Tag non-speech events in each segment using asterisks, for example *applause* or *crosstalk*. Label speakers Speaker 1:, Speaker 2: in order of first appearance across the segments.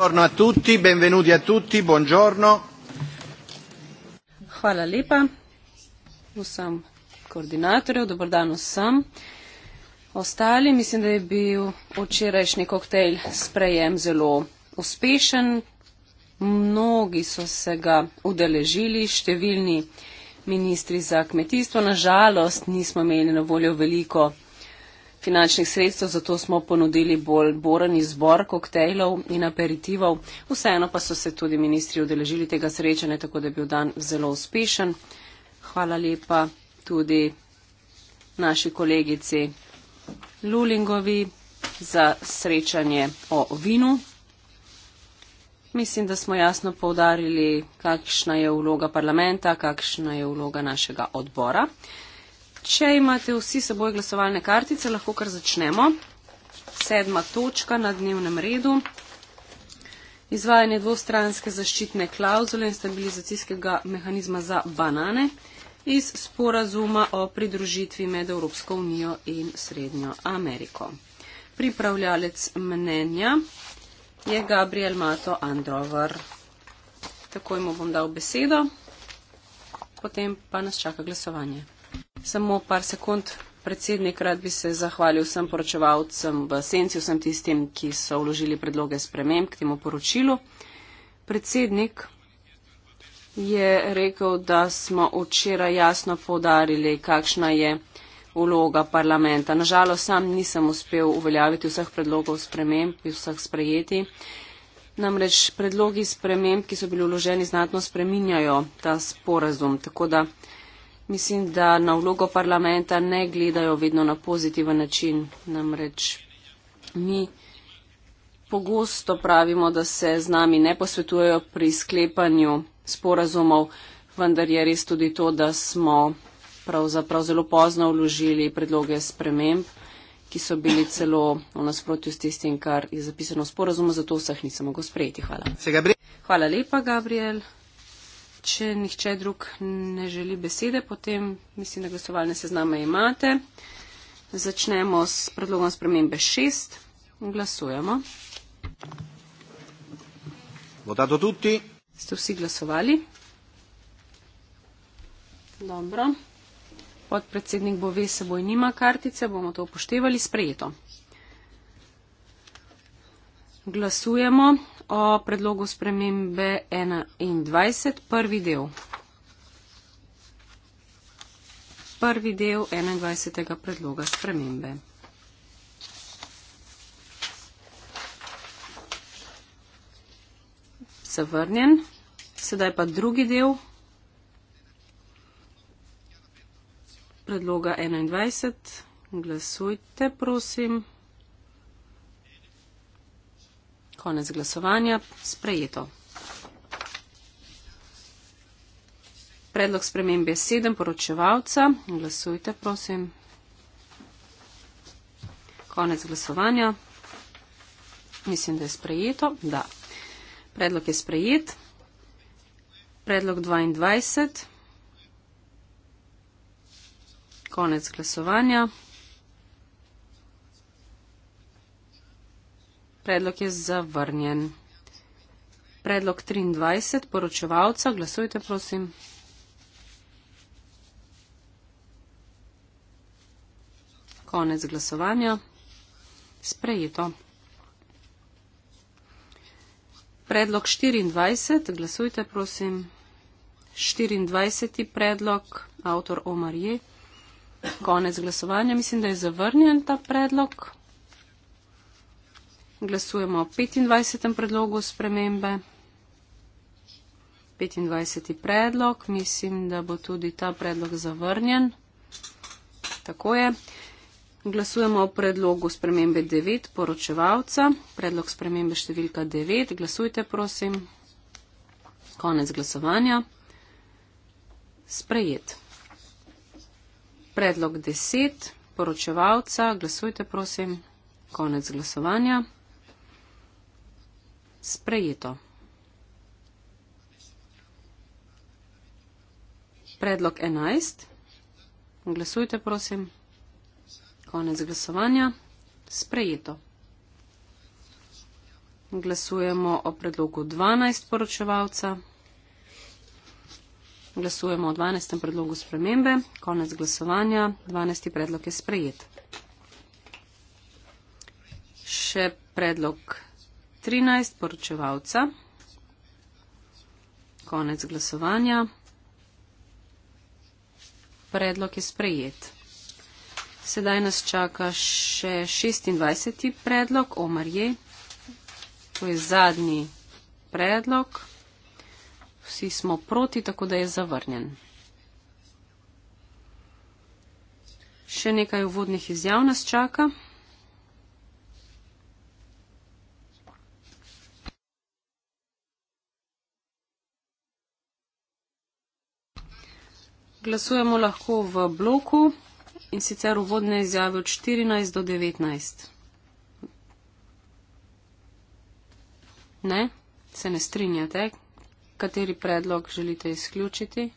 Speaker 1: Buongiorno a tutti, benvenuti a tutti, buongiorno.
Speaker 2: Hvala lepa vsem koordinatorjem, dobrodan vsem. Ostali, mislim, da je bil včerajšnji koktejl sprejem zelo uspešen. Mnogi so se ga udeležili, številni ministri za kmetijstvo. Nažalost nismo imeli na voljo veliko finančnih sredstev, zato smo ponudili bolj boren izbor koktejlov in aperitivov. Vseeno pa so se tudi ministri odeležili tega srečanja, tako da je bil dan zelo uspešen. Hvala lepa tudi naši kolegici Lulingovi za srečanje o vinu. Mislim, da smo jasno povdarili, kakšna je vloga parlamenta, kakšna je vloga našega odbora. Če imate vsi seboj glasovalne kartice, lahko kar začnemo. Sedma točka na dnevnem redu. Izvajanje dvostranske zaščitne klauzule in stabilizacijskega mehanizma za banane iz sporazuma o pridružitvi med Evropsko unijo in Srednjo Ameriko. Pripravljalec mnenja je Gabriel Mato Androvar. Takoj mu bom dal besedo, potem pa nas čaka glasovanje. Samo par sekund. Predsednik, rad bi se zahvalil vsem poročevalcem v senci, vsem tistim, ki so vložili predloge sprememb k temu poročilu. Predsednik je rekel, da smo včeraj jasno povdarili, kakšna je vloga parlamenta. Nažalost, sam nisem uspel uveljaviti vseh predlogov sprememb, vseh sprejeti. Namreč predlogi sprememb, ki so bili vloženi, znatno spreminjajo ta sporazum. Tako da mislim, da na vlogo parlamenta ne gledajo vedno na pozitiven način. Namreč mi pogosto pravimo, da se z nami ne posvetujejo pri sklepanju sporazumov, vendar je res tudi to, da smo pravzaprav zelo pozno vložili predloge sprememb ki so bili celo v nasprotju s tistim, kar je zapisano v sporazumu, zato vseh nisem mogel sprejeti. Hvala. Hvala lepa, Gabriel. Če nihče drug ne želi besede, potem mislim, da glasovalne sezname imate. Začnemo s predlogom spremembe 6. Glasujemo. Votato tutti. Ste vsi glasovali? Dobro. Podpredsednik bo ve, seboj nima kartice, bomo to upoštevali. Sprejeto. Glasujemo o predlogu spremembe 21, prvi del. Prvi del 21. predloga spremembe. Zavrnjen. Sedaj pa drugi del predloga 21. Glasujte, prosim. Konec glasovanja. Sprejeto. Predlog spremembe 7 poročevalca. Glasujte, prosim. Konec glasovanja. Mislim, da je sprejeto. Da. Predlog je sprejet. Predlog 22. Konec glasovanja. Predlog je zavrnjen. Predlog 23, poročevalca, glasujte prosim. Konec glasovanja. Sprejeto. Predlog 24, glasujte prosim. 24. predlog, avtor Omar J. Konec glasovanja. Mislim, da je zavrnjen ta predlog. Glasujemo o 25. predlogu spremembe. 25. predlog. Mislim, da bo tudi ta predlog zavrnjen. Tako je. Glasujemo o predlogu spremembe 9 poročevalca. Predlog spremembe številka 9. Glasujte, prosim. Konec glasovanja. Sprejet. Predlog 10 poročevalca. Glasujte, prosim. Konec glasovanja sprejeto. Predlog 11. Glasujte, prosim. Konec glasovanja. Sprejeto. Glasujemo o predlogu 12 poročevalca. Glasujemo o 12. predlogu spremembe. Konec glasovanja. 12. predlog je sprejet. Še predlog 13 poročevalca. Konec glasovanja. Predlog je sprejet. Sedaj nas čaka še 26. predlog o Marje. To je zadnji predlog. Vsi smo proti, tako da je zavrnjen. Še nekaj uvodnih izjav nas čaka. Glasujemo lahko v bloku in sicer v vodne izjave od 14 do 19. Ne? Se ne strinjate? Kateri predlog želite izključiti?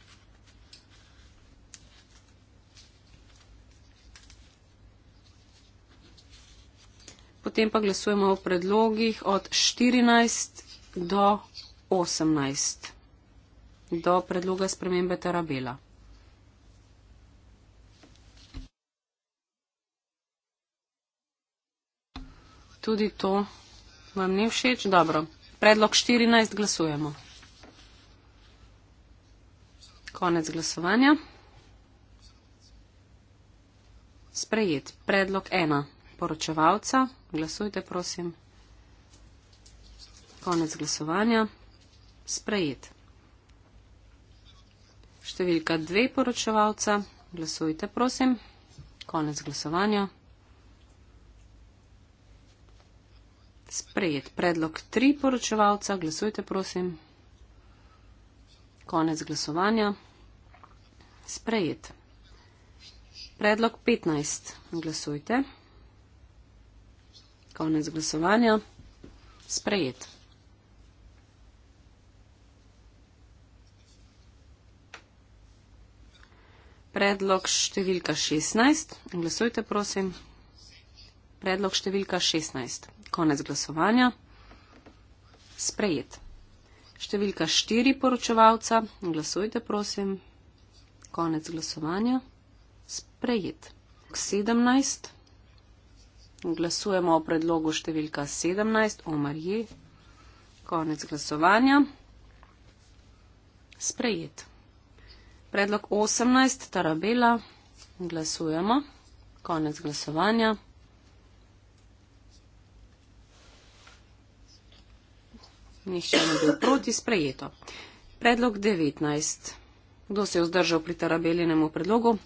Speaker 2: Potem pa glasujemo o predlogih od 14 do 18 do predloga spremembe terabela. tudi to vam ni všeč. Dobro, predlog 14 glasujemo. Konec glasovanja. Sprejet. Predlog 1. Poročevalca. Glasujte, prosim. Konec glasovanja. Sprejet. Številka 2. Poročevalca. Glasujte, prosim. Konec glasovanja. sprejet. Predlog tri poročevalca, glasujte prosim. Konec glasovanja. Sprejet. Predlog 15. Glasujte. Konec glasovanja. Sprejet. Predlog številka 16. Glasujte, prosim predlog številka 16. Konec glasovanja. Sprejet. Številka 4 poročevalca. Glasujte, prosim. Konec glasovanja. Sprejet. 17. Glasujemo o predlogu številka 17. Omar je. Konec glasovanja. Sprejet. Predlog 18. Tarabela. Glasujemo. Konec glasovanja. Nihče ni bil proti sprejeto. Predlog 19. Kdo se je vzdržal pri tarabeljenemu predlogu?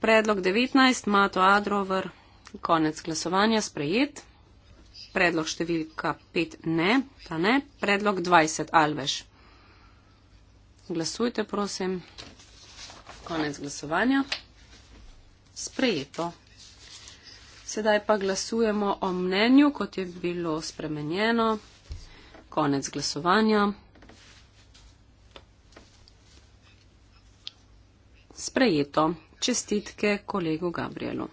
Speaker 2: Predlog 19. Mato Adrover. Konec glasovanja. Sprejet. Predlog številka 5. Ne. Ta ne. Predlog 20. Alveš. Glasujte, prosim. Konec glasovanja. Sprejeto. Sedaj pa glasujemo o mnenju, kot je bilo spremenjeno. Konec glasovanja. Sprejeto. Čestitke kolegu Gabrielu.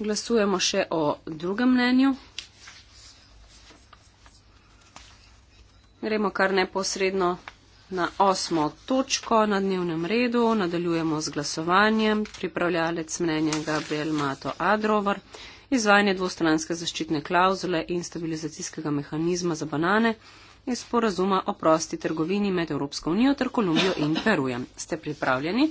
Speaker 2: Glasujemo še o drugem mnenju. Gremo kar neposredno na osmo točko na dnevnem redu. Nadaljujemo z glasovanjem. Pripravljalec mnenja Gabriel Mato Adrovar izvajanje dvostranske zaščitne klauzule in stabilizacijskega mehanizma za banane iz porazuma o prosti trgovini med Evropsko unijo ter Kolumbijo in Perujem. Ste pripravljeni?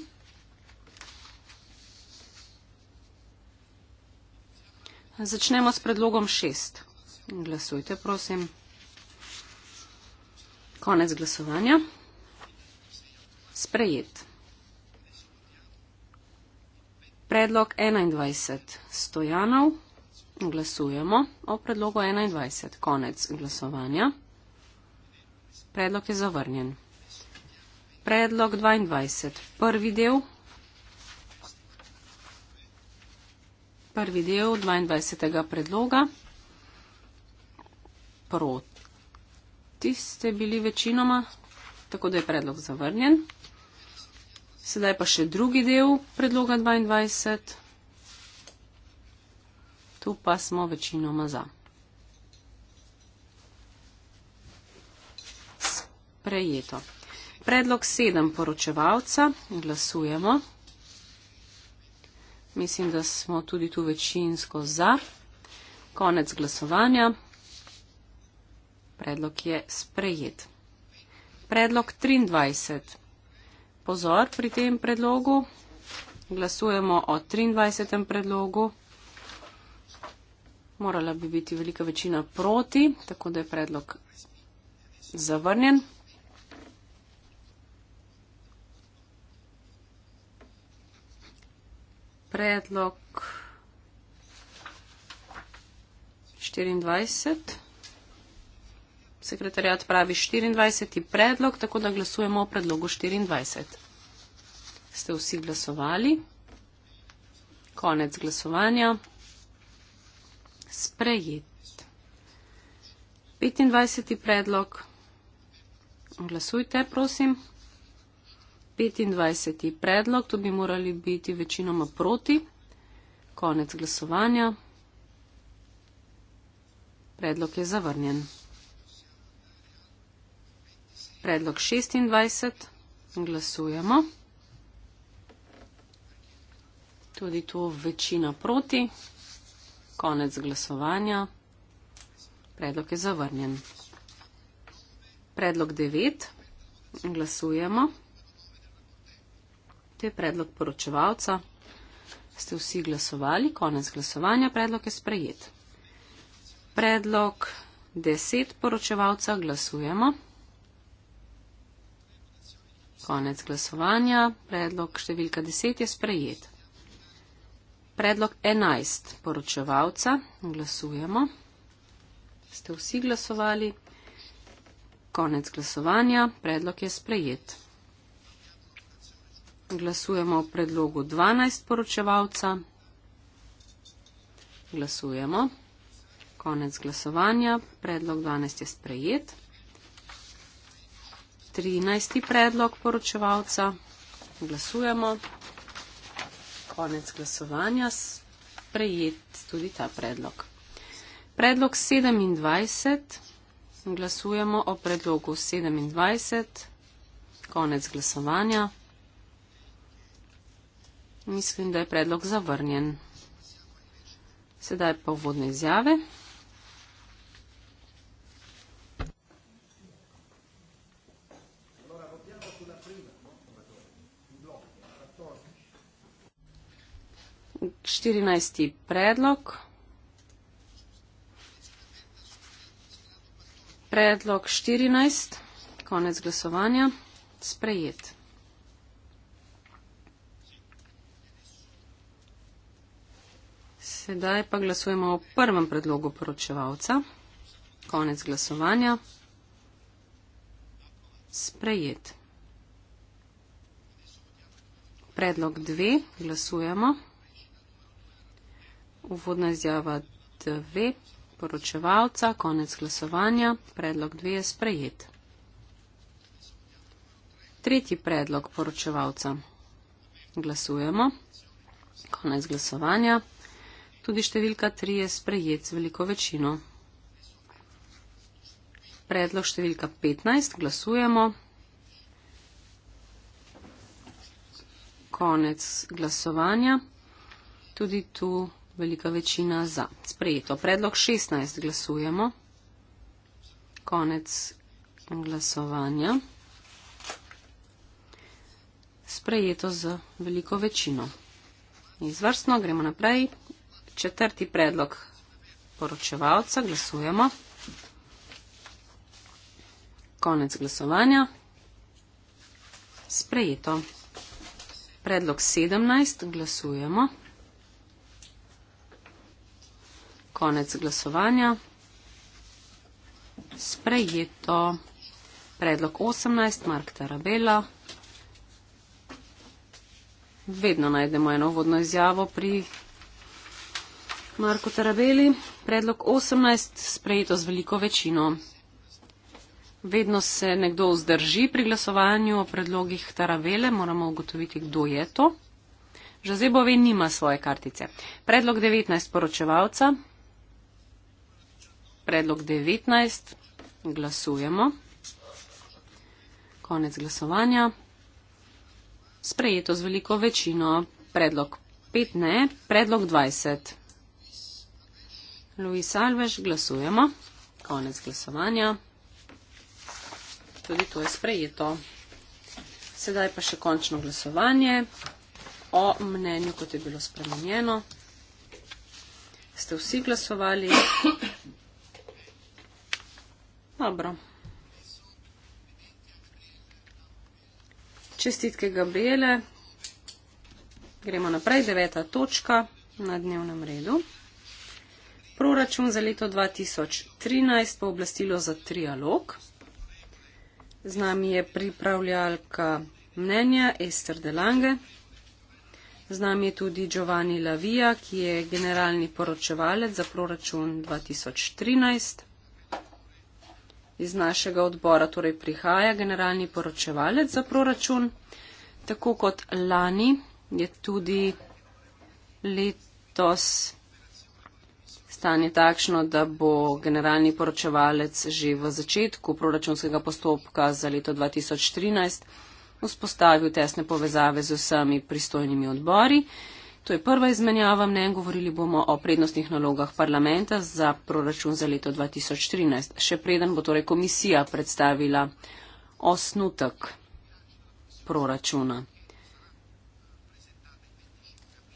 Speaker 2: Začnemo s predlogom šest. Glasujte, prosim. Konec glasovanja. Sprejet. Predlog 21. Stojanov. Glasujemo o predlogu 21. Konec glasovanja. Predlog je zavrnjen. Predlog 22. Prvi del. Prvi del 22. predloga. Proti ste bili večinoma, tako da je predlog zavrnjen. Sedaj pa še drugi del predloga 22. Tu pa smo večinoma za. Sprejeto. Predlog 7 poročevalca. Glasujemo. Mislim, da smo tudi tu večinsko za. Konec glasovanja. Predlog je sprejet. Predlog 23 pozor pri tem predlogu. Glasujemo o 23. predlogu. Morala bi biti velika večina proti, tako da je predlog zavrnjen. Predlog 24 sekretarjat pravi 24. predlog, tako da glasujemo o predlogu 24. Ste vsi glasovali? Konec glasovanja. Sprejet. 25. predlog. Glasujte, prosim. 25. predlog, to bi morali biti večinoma proti. Konec glasovanja. Predlog je zavrnjen predlog 26. Glasujemo. Tudi tu večina proti. Konec glasovanja. Predlog je zavrnjen. Predlog 9. Glasujemo. To je predlog poročevalca. Ste vsi glasovali. Konec glasovanja. Predlog je sprejet. Predlog 10 poročevalca. Glasujemo. Konec glasovanja. Predlog številka 10 je sprejet. Predlog 11 poročevalca. Glasujemo. Ste vsi glasovali? Konec glasovanja. Predlog je sprejet. Glasujemo o predlogu 12 poročevalca. Glasujemo. Konec glasovanja. Predlog 12 je sprejet. 13. predlog poročevalca. Glasujemo. Konec glasovanja. Prejet tudi ta predlog. Predlog 27. Glasujemo o predlogu 27. Konec glasovanja. Mislim, da je predlog zavrnjen. Sedaj pa vodne izjave. štirinajsti predlog. Predlog štirinajst, konec glasovanja, sprejet. Sedaj pa glasujemo o prvem predlogu poročevalca. Konec glasovanja. Sprejet. Predlog dve. Glasujemo uvodna izjava dve poročevalca, konec glasovanja, predlog dve je sprejet. Tretji predlog poročevalca. Glasujemo. Konec glasovanja. Tudi številka 3 je sprejet z veliko večino. Predlog številka 15. Glasujemo. Konec glasovanja. Tudi tu Velika večina za. Sprejeto. Predlog 16 glasujemo. Konec glasovanja. Sprejeto z veliko večino. Izvrstno gremo naprej. Četrti predlog poročevalca. Glasujemo. Konec glasovanja. Sprejeto. Predlog 17. Glasujemo. Konec glasovanja. Sprejeto. Predlog 18, Mark Tarabela. Vedno najdemo eno vodno izjavo pri Marku Tarabeli. Predlog 18, sprejeto z veliko večino. Vedno se nekdo vzdrži pri glasovanju o predlogih Tarabele. Moramo ugotoviti, kdo je to. Žazebove nima svoje kartice. Predlog 19, poročevalca. Predlog 19. Glasujemo. Konec glasovanja. Sprejeto z veliko večino. Predlog 5. Ne. Predlog 20. Luis Alves, glasujemo. Konec glasovanja. Tudi to je sprejeto. Sedaj pa še končno glasovanje o mnenju, kot je bilo spremenjeno. Ste vsi glasovali? Dobro. Čestitke Gabriele. Gremo naprej, deveta točka na dnevnem redu. Proračun za leto 2013 pa oblastilo za trialog. Z nami je pripravljalka mnenja Ester Delange. Z nami je tudi Giovanni Lavija, ki je generalni poročevalec za proračun 2013 iz našega odbora, torej prihaja generalni poročevalec za proračun. Tako kot lani je tudi letos stanje takšno, da bo generalni poročevalec že v začetku proračunskega postopka za leto 2013 vzpostavil tesne povezave z vsemi pristojnimi odbori. To je prva izmenjava mnen, govorili bomo o prednostnih nalogah parlamenta za proračun za leto 2013. Še preden bo torej komisija predstavila osnutek proračuna.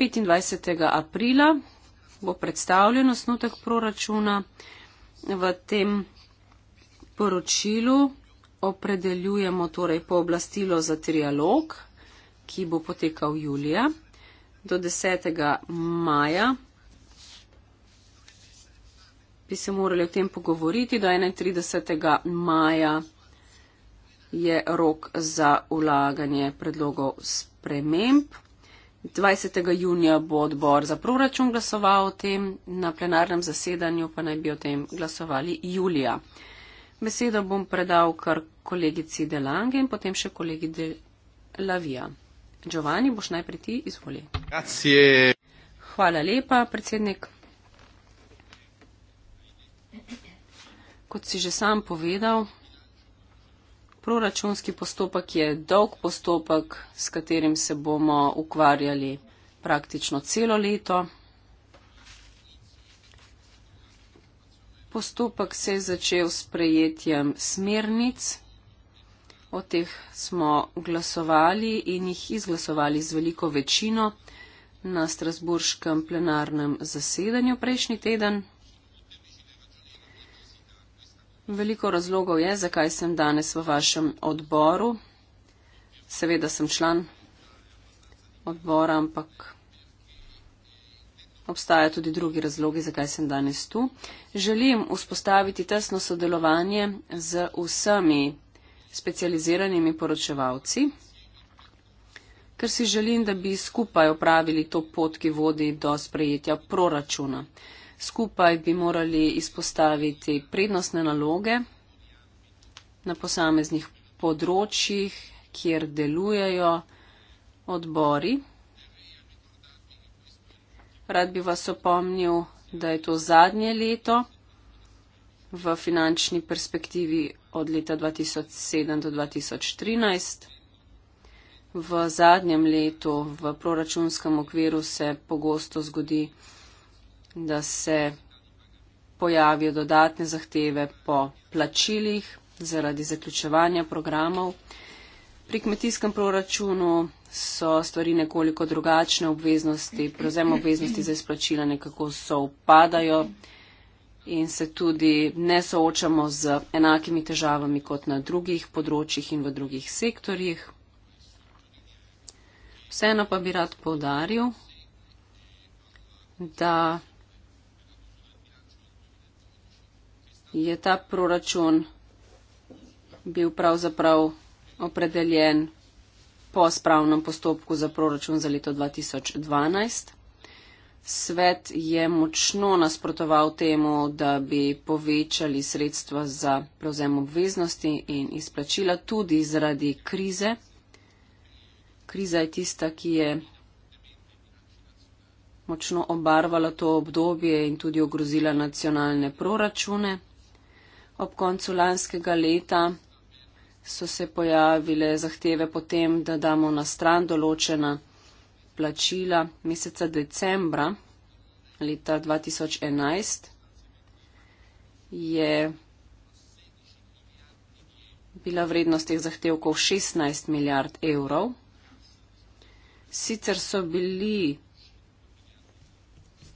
Speaker 2: 25. aprila bo predstavljen osnutek proračuna. V tem poročilu opredeljujemo torej pooblastilo za trialog, ki bo potekal julija do 10. maja. Bi se morali o tem pogovoriti, do 31. maja je rok za ulaganje predlogov sprememb. 20. junija bo odbor za proračun glasoval o tem, na plenarnem zasedanju pa naj bi o tem glasovali julija. Besedo bom predal kar kolegici Delange in potem še kolegi Delavija. Giovanni, boš najprej ti izvoli.
Speaker 1: Grazie.
Speaker 2: Hvala lepa, predsednik. Kot si že sam povedal, proračunski postopek je dolg postopek, s katerim se bomo ukvarjali praktično celo leto. Postopek se je začel s prejetjem smernic O teh smo glasovali in jih izglasovali z veliko večino na Strasburškem plenarnem zasedanju prejšnji teden. Veliko razlogov je, zakaj sem danes v vašem odboru. Seveda sem član odbora, ampak obstajajo tudi drugi razlogi, zakaj sem danes tu. Želim vzpostaviti tesno sodelovanje z vsemi specializiranimi poročevalci, ker si želim, da bi skupaj opravili to pot, ki vodi do sprejetja proračuna. Skupaj bi morali izpostaviti prednostne naloge na posameznih področjih, kjer delujejo odbori. Rad bi vas opomnil, da je to zadnje leto v finančni perspektivi od leta 2007 do 2013. V zadnjem letu v proračunskem okviru se pogosto zgodi, da se pojavijo dodatne zahteve po plačilih zaradi zaključevanja programov. Pri kmetijskem proračunu so stvari nekoliko drugačne, obveznosti, prevzem obveznosti za izplačila nekako so upadajo in se tudi ne soočamo z enakimi težavami kot na drugih področjih in v drugih sektorjih. Vseeno pa bi rad povdaril, da je ta proračun bil pravzaprav opredeljen po spravnem postopku za proračun za leto 2012. Svet je močno nasprotoval temu, da bi povečali sredstva za prevzem obveznosti in izplačila tudi zaradi krize. Kriza je tista, ki je močno obarvala to obdobje in tudi ogrozila nacionalne proračune. Ob koncu lanskega leta so se pojavile zahteve potem, da damo na stran določena plačila meseca decembra leta 2011 je bila vrednost teh zahtevkov 16 milijard evrov. Sicer so bili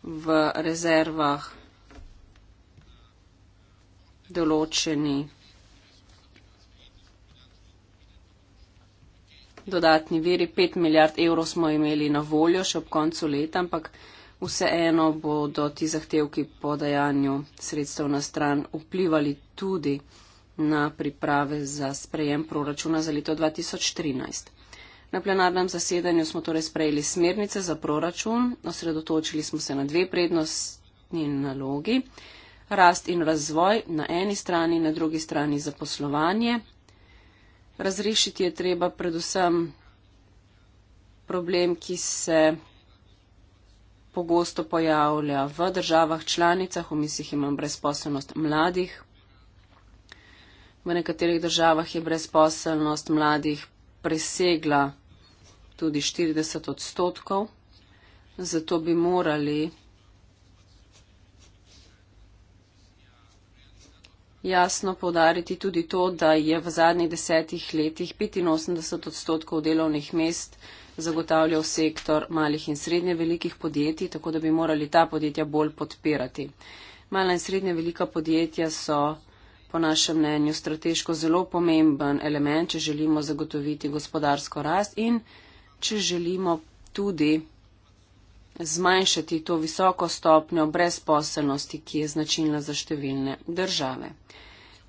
Speaker 2: v rezervah določeni dodatni veri. 5 milijard evrov smo imeli na voljo še ob koncu leta, ampak vseeno bodo ti zahtevki po dajanju sredstev na stran vplivali tudi na priprave za sprejem proračuna za leto 2013. Na plenarnem zasedanju smo torej sprejeli smernice za proračun, osredotočili smo se na dve prednostni nalogi, rast in razvoj na eni strani, na drugi strani zaposlovanje razrešiti je treba predvsem problem, ki se pogosto pojavlja v državah članicah, v mislih imam brezposelnost mladih. V nekaterih državah je brezposelnost mladih presegla tudi 40 odstotkov, zato bi morali jasno povdariti tudi to, da je v zadnjih desetih letih 85 odstotkov delovnih mest zagotavljal sektor malih in srednje velikih podjetij, tako da bi morali ta podjetja bolj podpirati. Mala in srednje velika podjetja so po našem mnenju strateško zelo pomemben element, če želimo zagotoviti gospodarsko rast in če želimo tudi zmanjšati to visoko stopnjo brezposelnosti, ki je značilna za številne države.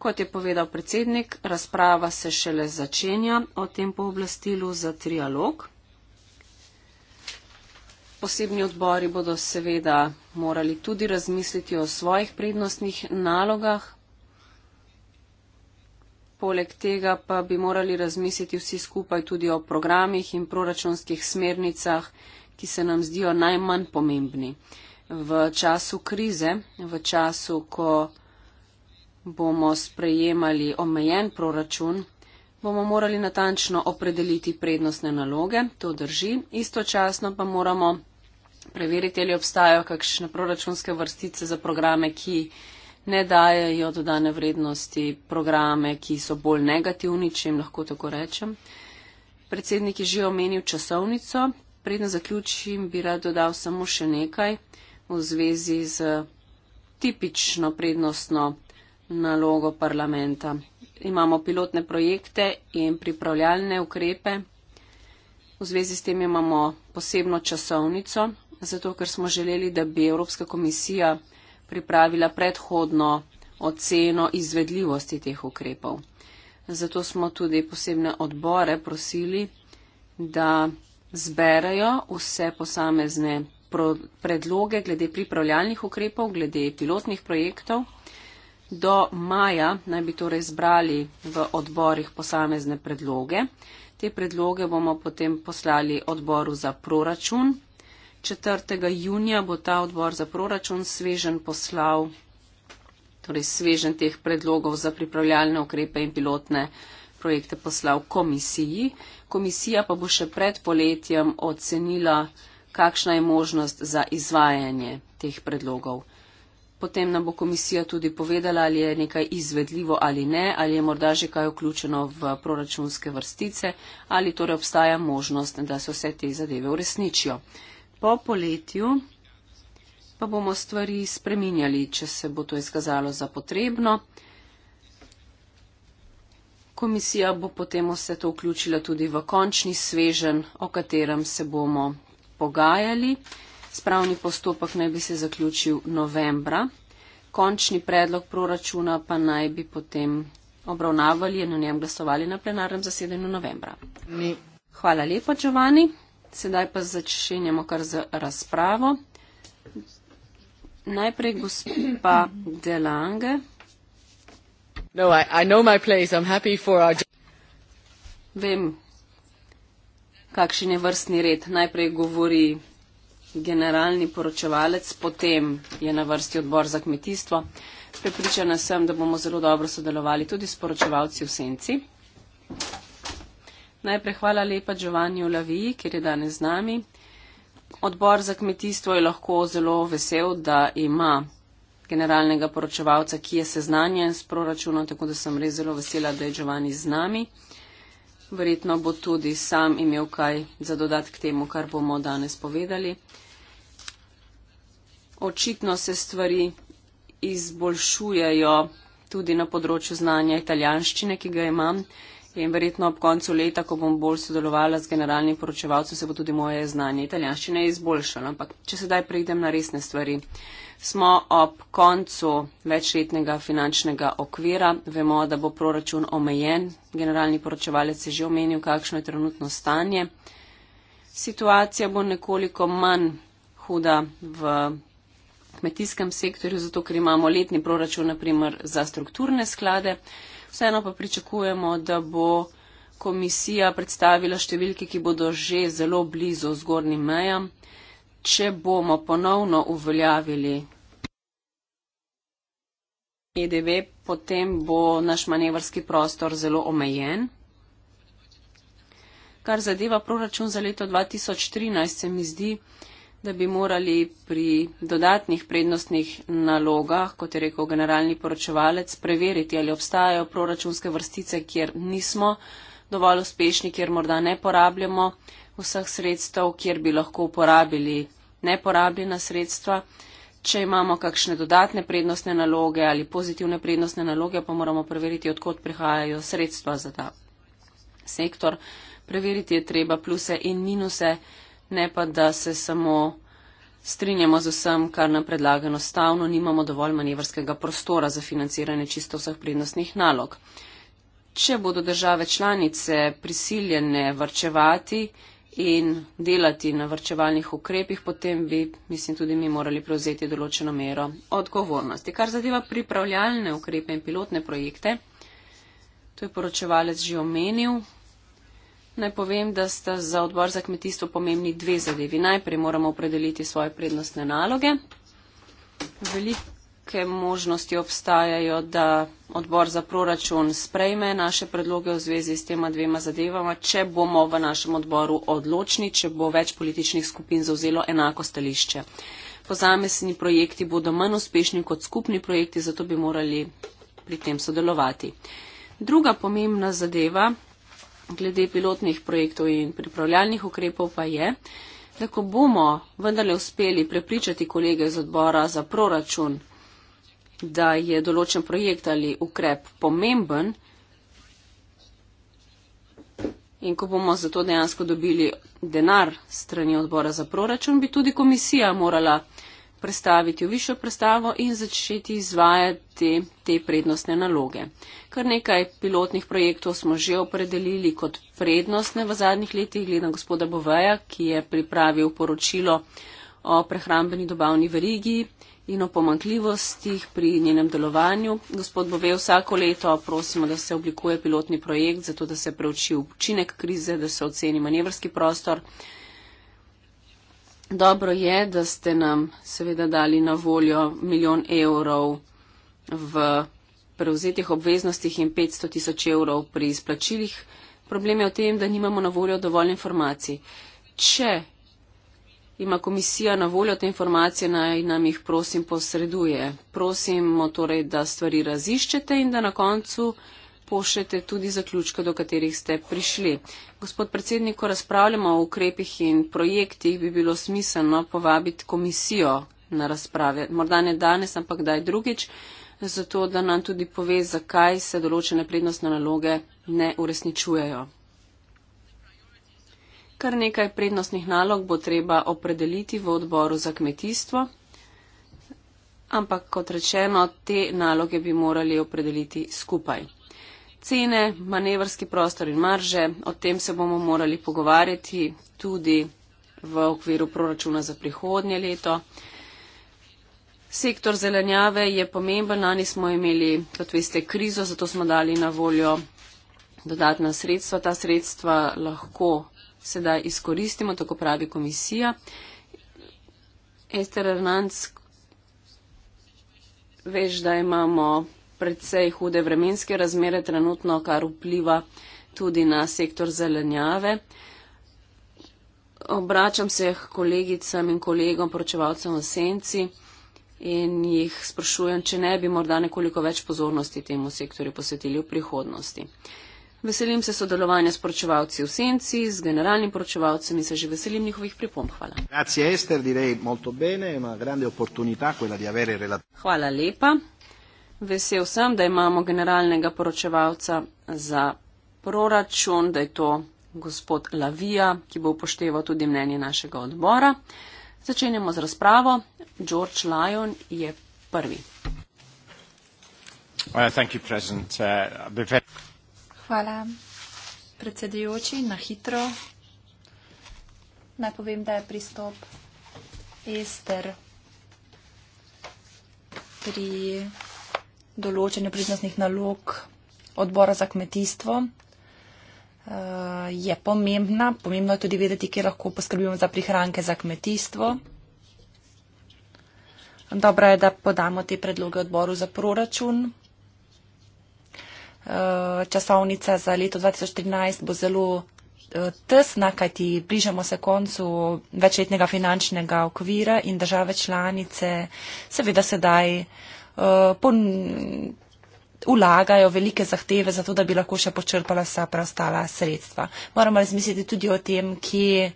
Speaker 2: Kot je povedal predsednik, razprava se šele začenja o tem pooblastilu za trialog. Posebni odbori bodo seveda morali tudi razmisliti o svojih prednostnih nalogah. Poleg tega pa bi morali razmisliti vsi skupaj tudi o programih in proračunskih smernicah, ki se nam zdijo najmanj pomembni. V času krize, v času, ko bomo sprejemali omejen proračun, bomo morali natančno opredeliti prednostne naloge, to drži. Istočasno pa moramo preveriti, ali obstajajo kakšne proračunske vrstice za programe, ki ne dajejo dodane vrednosti, programe, ki so bolj negativni, če jim lahko tako rečem. Predsednik je že omenil časovnico, Predno zaključim, bi rad dodal samo še nekaj v zvezi z tipično prednostno nalogo parlamenta. Imamo pilotne projekte in pripravljalne ukrepe. V zvezi s tem imamo posebno časovnico, zato ker smo želeli, da bi Evropska komisija pripravila predhodno oceno izvedljivosti teh ukrepov. Zato smo tudi posebne odbore prosili, da zberajo vse posamezne predloge glede pripravljalnih ukrepov, glede pilotnih projektov. Do maja naj bi torej zbrali v odborih posamezne predloge. Te predloge bomo potem poslali odboru za proračun. 4. junija bo ta odbor za proračun svežen poslal, torej svežen teh predlogov za pripravljalne ukrepe in pilotne projekte poslal komisiji komisija pa bo še pred poletjem ocenila, kakšna je možnost za izvajanje teh predlogov. Potem nam bo komisija tudi povedala, ali je nekaj izvedljivo ali ne, ali je morda že kaj vključeno v proračunske vrstice, ali torej obstaja možnost, da se vse te zadeve uresničijo. Po poletju pa bomo stvari spreminjali, če se bo to izkazalo za potrebno komisija bo potem vse to vključila tudi v končni svežen, o katerem se bomo pogajali. Spravni postopek naj bi se zaključil novembra. Končni predlog proračuna pa naj bi potem obravnavali in o njem glasovali na plenarnem zasedanju novembra. Ni. Hvala lepa, Giovanni. Sedaj pa začenjamo kar z razpravo. Najprej gospa Delange. No, I, I know my place. I'm happy for our. Vem, kakšen je vrstni red. Najprej govori generalni poročevalec, potem je na vrsti odbor za kmetijstvo. Prepričana sem, da bomo zelo dobro sodelovali tudi s poročevalci v Senci. Najprej hvala lepa Giovanniu Laviji, ker je danes z nami. Odbor za kmetijstvo je lahko zelo vesel, da ima generalnega poročevalca, ki je seznanjen s proračunom, tako da sem res zelo vesela, da je Giovanni z nami. Verjetno bo tudi sam imel kaj za dodat k temu, kar bomo danes povedali. Očitno se stvari izboljšujejo tudi na področju znanja italijanščine, ki ga imam. In verjetno ob koncu leta, ko bom bolj sodelovala z generalnim poročevalcem, se bo tudi moje znanje italijanščine izboljšalo. Ampak če sedaj pridem na resne stvari. Smo ob koncu večletnega finančnega okvira. Vemo, da bo proračun omejen. Generalni poročevalec je že omenil, kakšno je trenutno stanje. Situacija bo nekoliko manj huda v kmetijskem sektorju, zato ker imamo letni proračun, naprimer, za strukturne sklade. Vseeno pa pričakujemo, da bo komisija predstavila številke, ki bodo že zelo blizu zgornjim mejam, če bomo ponovno uveljavili. EDV, potem bo naš manevrski prostor zelo omejen. Kar zadeva proračun za leto 2013, se mi zdi, da bi morali pri dodatnih prednostnih nalogah, kot je rekel generalni poročevalec, preveriti, ali obstajajo proračunske vrstice, kjer nismo dovolj uspešni, kjer morda ne porabljamo vseh sredstev, kjer bi lahko uporabili neporabljena sredstva. Če imamo kakšne dodatne prednostne naloge ali pozitivne prednostne naloge, pa moramo preveriti, odkot prihajajo sredstva za ta sektor. Preveriti je treba pluse in minuse ne pa da se samo strinjamo z vsem, kar nam predlagano stavno, nimamo dovolj manevrskega prostora za financiranje čisto vseh prednostnih nalog. Če bodo države članice prisiljene vrčevati in delati na vrčevalnih ukrepih, potem bi, mislim, tudi mi morali prevzeti določeno mero odgovornosti. Kar zadeva pripravljalne ukrepe in pilotne projekte, to je poročevalec že omenil, Naj povem, da sta za odbor za kmetijstvo pomembni dve zadevi. Najprej moramo opredeliti svoje prednostne naloge. Velike možnosti obstajajo, da odbor za proračun sprejme naše predloge v zvezi s tema dvema zadevama, če bomo v našem odboru odločni, če bo več političnih skupin zauzelo enako stališče. Pozamesni projekti bodo manj uspešni kot skupni projekti, zato bi morali pri tem sodelovati. Druga pomembna zadeva glede pilotnih projektov in pripravljalnih ukrepov pa je, da ko bomo vendarle uspeli prepričati kolege z odbora za proračun, da je določen projekt ali ukrep pomemben in ko bomo zato dejansko dobili denar strani odbora za proračun, bi tudi komisija morala prestaviti v višjo prestavo in začeti izvajati te prednostne naloge. Kar nekaj pilotnih projektov smo že opredelili kot prednostne v zadnjih letih, gleda gospoda Boveja, ki je pripravil poročilo o prehrambeni dobavni verigi in o pomankljivostih pri njenem delovanju. Gospod Bove, vsako leto prosimo, da se oblikuje pilotni projekt, zato da se preuči učinek krize, da se oceni manevrski prostor. Dobro je, da ste nam seveda dali na voljo milijon evrov v prevzetih obveznostih in 500 tisoč evrov pri izplačilih. Problem je v tem, da nimamo na voljo dovolj informacij. Če ima komisija na voljo te informacije, naj nam jih prosim posreduje. Prosimo torej, da stvari raziščete in da na koncu pošljete tudi zaključke, do katerih ste prišli. Gospod predsednik, ko razpravljamo o ukrepih in projektih, bi bilo smiselno povabiti komisijo na razprave. Morda ne danes, ampak daj drugič, zato da nam tudi pove, zakaj se določene prednostne naloge ne uresničujejo. Kar nekaj prednostnih nalog bo treba opredeliti v odboru za kmetijstvo, ampak kot rečeno, te naloge bi morali opredeliti skupaj cene, manevrski prostor in marže, o tem se bomo morali pogovarjati tudi v okviru proračuna za prihodnje leto. Sektor zelenjave je pomemben, lani smo imeli, kot veste, krizo, zato smo dali na voljo dodatna sredstva. Ta sredstva lahko sedaj izkoristimo, tako pravi komisija. Ester Hernanc, veš, da imamo predvsej hude vremenske razmere trenutno, kar vpliva tudi na sektor zelenjave. Obračam se k kolegicam in kolegom, poročevalcem v senci in jih sprašujem, če ne bi morda nekoliko več pozornosti temu sektorju posvetili v prihodnosti. Veselim se sodelovanja s poročevalci v senci, z generalnim poročevalcem in se že veselim njihovih pripomb. Hvala.
Speaker 3: Grazie, Ester, direi, bene,
Speaker 2: Hvala lepa. Vesel sem, da imamo generalnega poročevalca za proračun, da je to gospod Lavija, ki bo upošteval tudi mnenje našega odbora. Začenjamo z razpravo. George Lyon je prvi.
Speaker 1: Uh,
Speaker 3: Hvala, predsedujoči, na hitro. Naj povem, da je pristop Ester pri določanju priznostnih nalog odbora za kmetijstvo eh, je pomembna. Pomembno je tudi vedeti, kje lahko poskrbimo za prihranke za kmetijstvo. Dobro je, da podamo te predloge odboru za proračun. Eh, časovnica za leto 2013 bo zelo eh, tesna, kajti bližamo se koncu večletnega finančnega okvira in države članice seveda sedaj Eh, pon, ulagajo velike zahteve za to, da bi lahko še počrpala vsa preostala sredstva. Moramo razmisliti tudi o tem, kje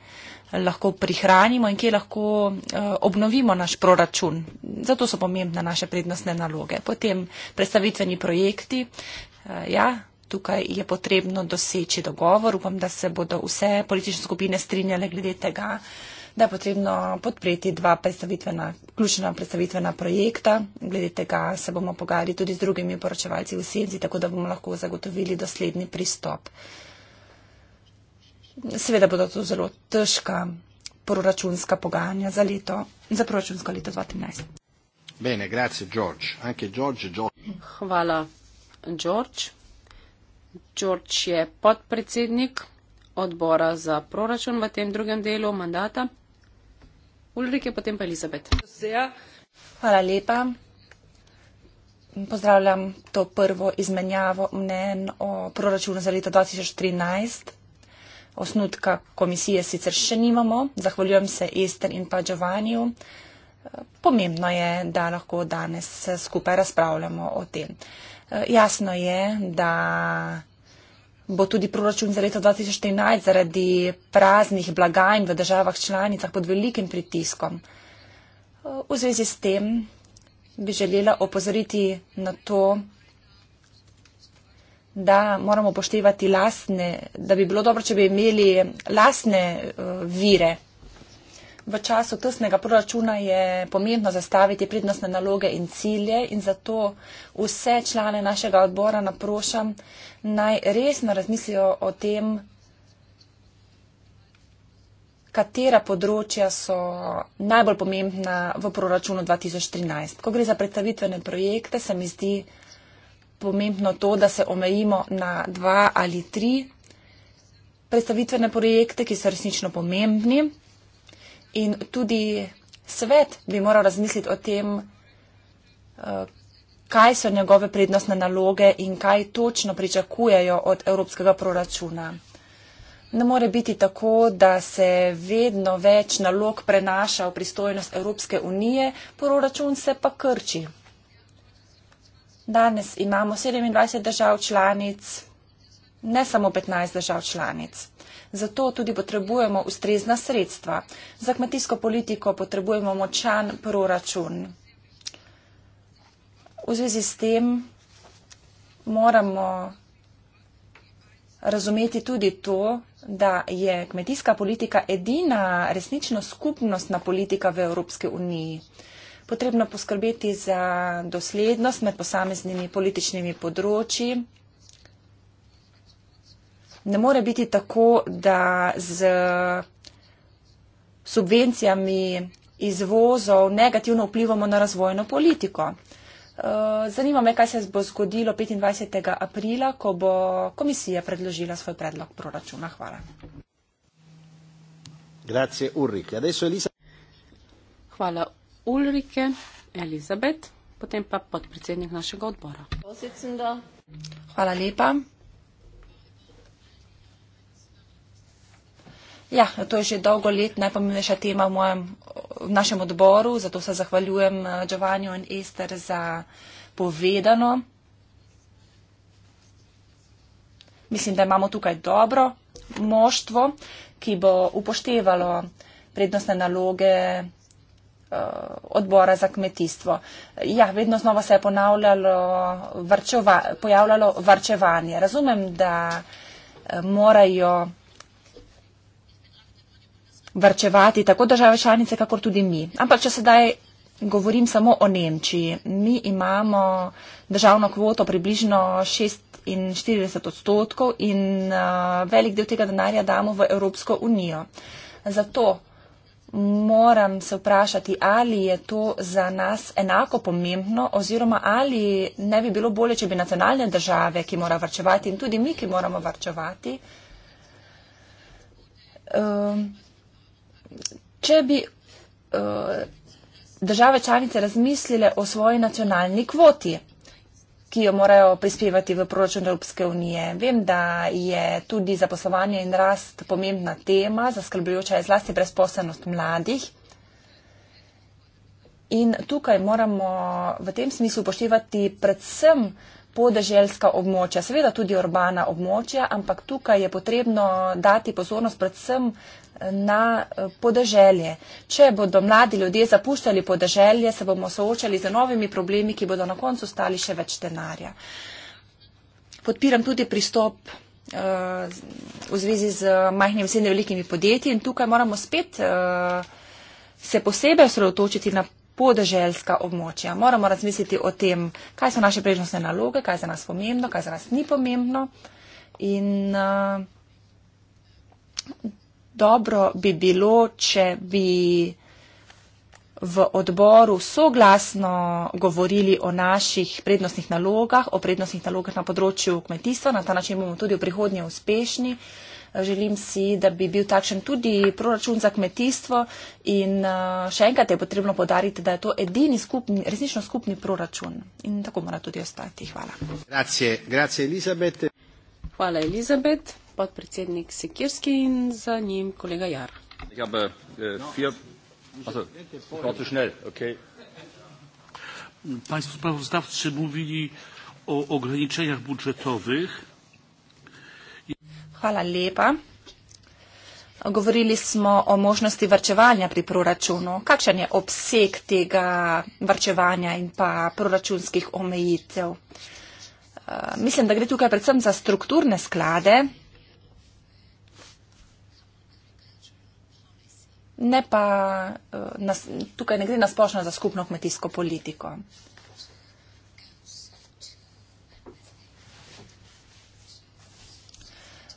Speaker 3: lahko prihranimo in kje lahko eh, obnovimo naš proračun. Zato so pomembne naše prednostne naloge. Potem predstavitveni projekti. Eh, ja, tukaj je potrebno doseči dogovor. Upam, da se bodo vse politične skupine strinjale glede tega, da je potrebno podpreti dva predstavitvena, ključna predstavitvena projekta. Glede tega se bomo pogajali tudi z drugimi poročevalci v senci, tako da bomo lahko zagotovili dosledni pristop. Seveda bodo to zelo težka proračunska pogajanja za, leto, za proračunsko leto 2013. Bene, grazie George. Anche George, George.
Speaker 2: Hvala, George. George je podpredsednik odbora za proračun v tem drugem delu mandata. Ulrike, potem pa Elizabeth.
Speaker 3: Hvala lepa. Pozdravljam to prvo izmenjavo mnen o proračunu za leto 2013. Osnutka komisije sicer še nimamo. Zahvaljujem se Ester in pa Giovanniju. Pomembno je, da lahko danes skupaj razpravljamo o tem. Jasno je, da bo tudi proračun za leto 2013 zaradi praznih blagajn v državah članicah pod velikim pritiskom. V zvezi s tem bi želela opozoriti na to, da moramo poštevati lastne, da bi bilo dobro, če bi imeli lastne eh, vire. V času tesnega proračuna je pomembno zastaviti prednostne naloge in cilje in zato vse člane našega odbora naprošam, naj resno razmislijo o tem, katera področja so najbolj pomembna v proračunu 2013. Ko gre za predstavitvene projekte, se mi zdi pomembno to, da se omejimo na dva ali tri predstavitvene projekte, ki so resnično pomembni in tudi svet bi moral razmisliti o tem, eh, kaj so njegove prednostne naloge in kaj točno pričakujejo od evropskega proračuna. Ne more biti tako, da se vedno več nalog prenaša v pristojnost Evropske unije, proračun se pa krči. Danes imamo 27 držav članic, ne samo 15 držav članic. Zato tudi potrebujemo ustrezna sredstva. Za kmetijsko politiko potrebujemo močan proračun. V zvezi s tem moramo razumeti tudi to, da je kmetijska politika edina resnično skupnostna politika v Evropske uniji. Potrebno poskrbeti za doslednost med posameznimi političnimi področji ne more biti tako, da z subvencijami izvozov negativno vplivamo na razvojno politiko. Eh, zanima me, kaj se bo zgodilo 25. aprila, ko bo komisija predložila svoj predlog proračuna. Hvala.
Speaker 2: Grazie, Ulrike. Adesso Elisa. Hvala, Ulrike, Elizabet, potem pa podpredsednik našega odbora.
Speaker 3: Hvala lepa. Ja, to je že dolgo let najpomembnejša tema v, mojem, v našem odboru, zato se zahvaljujem eh, Giovanni in Ester za povedano. Mislim, da imamo tukaj dobro moštvo, ki bo upoštevalo prednostne naloge eh, odbora za kmetijstvo. Ja, vedno znova se je vrčeva, pojavljalo varčevanje. Razumem, da eh, morajo varčevati, tako države članice, kakor tudi mi. Ampak če sedaj govorim samo o Nemčiji, mi imamo državno kvoto približno 46 odstotkov in uh, velik del tega denarja damo v Evropsko unijo. Zato moram se vprašati, ali je to za nas enako pomembno oziroma ali ne bi bilo bolje, če bi nacionalne države, ki morajo varčevati in tudi mi, ki moramo varčevati, um, če bi eh, države članice razmislile o svoji nacionalni kvoti, ki jo morajo prispevati v proračun Evropske unije. Vem, da je tudi zaposlovanje in rast pomembna tema, zaskrbljujoča je zlasti brezposelnost mladih. In tukaj moramo v tem smislu upoštevati predvsem podeželska območja, seveda tudi urbana območja, ampak tukaj je potrebno dati pozornost predvsem na eh, podeželje. Če bodo mladi ljudje zapuščali podeželje, se bomo soočali z novimi problemi, ki bodo na koncu stali še več denarja. Podpiram tudi pristop eh, v zvezi z majhnimi in velikimi podjetji in tukaj moramo spet eh, se posebej osredotočiti na podeželska območja. Moramo razmisliti o tem, kaj so naše prednostne naloge, kaj za nas pomembno, kaj za nas ni pomembno. In uh, dobro bi bilo, če bi v odboru soglasno govorili o naših prednostnih nalogah, o prednostnih nalogah na področju kmetijstva. Na ta način bomo tudi v prihodnje uspešni. Želim si, da bi bil takšen tudi proračun za kmetijstvo in eh, še enkrat je potrebno podariti, da je to edini skupni, resnično skupni proračun in tako mora tudi ostati. Hvala.
Speaker 2: Grazie, grazie Elizabeth. Hvala Elizabeth podpredsednik Sekirski in za njim kolega Jar. Äh,
Speaker 3: Państwo sprawozdawcy mówili o ograniczeniach budżetowych. Hvala lepa. Govorili smo o možnosti varčevanja pri proračunu. Kakšen je obseg tega varčevanja in pa proračunskih omejitev? Mislim, da gre tukaj predvsem za strukturne sklade, ne pa eh, nas, tukaj ne gre nasplošno za skupno kmetijsko politiko.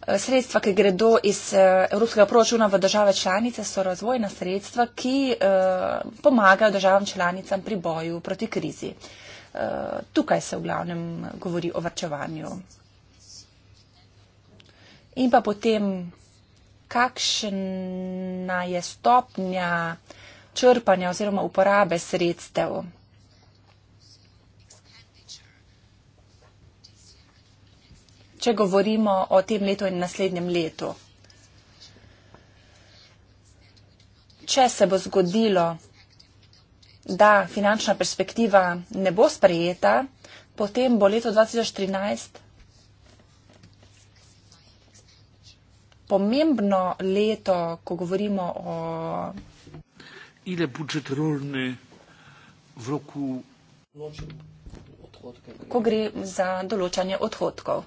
Speaker 3: Eh, sredstva, ki gredo iz eh, evropskega proračuna v države članice, so razvojna sredstva, ki pomagajo državam članicam pri boju proti krizi. Tukaj se v glavnem govori o vrčevanju. In pa potem kakšna je stopnja črpanja oziroma uporabe sredstev. Če govorimo o tem letu in naslednjem letu, če se bo zgodilo, da finančna perspektiva ne bo sprejeta, potem bo leto 2013 pomembno leto, ko govorimo o.
Speaker 1: Ile budžet rolne
Speaker 3: v roku. Ko gre za določanje odhodkov.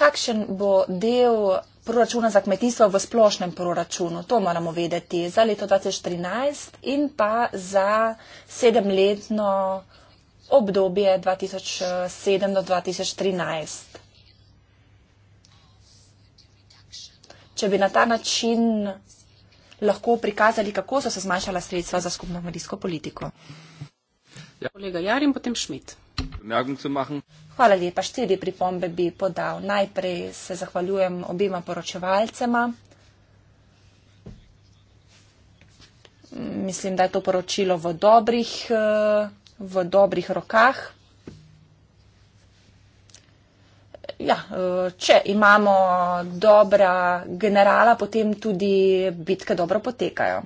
Speaker 3: Kakšen bo del proračuna za kmetijstvo v splošnem proračunu? To moramo vedeti za leto 2013 in pa za sedemletno obdobje 2007 do 2013. če bi na ta način lahko prikazali, kako so se zmanjšala sredstva za skupno medijsko politiko.
Speaker 2: Ja. Kolega Jar in potem Šmit.
Speaker 3: Hvala lepa. Štiri pripombe bi podal. Najprej se zahvaljujem obima poročevalcema. Mislim, da je to poročilo v dobrih, eh, v dobrih rokah. ja, e, če imamo dobra generala, potem tudi bitke dobro potekajo.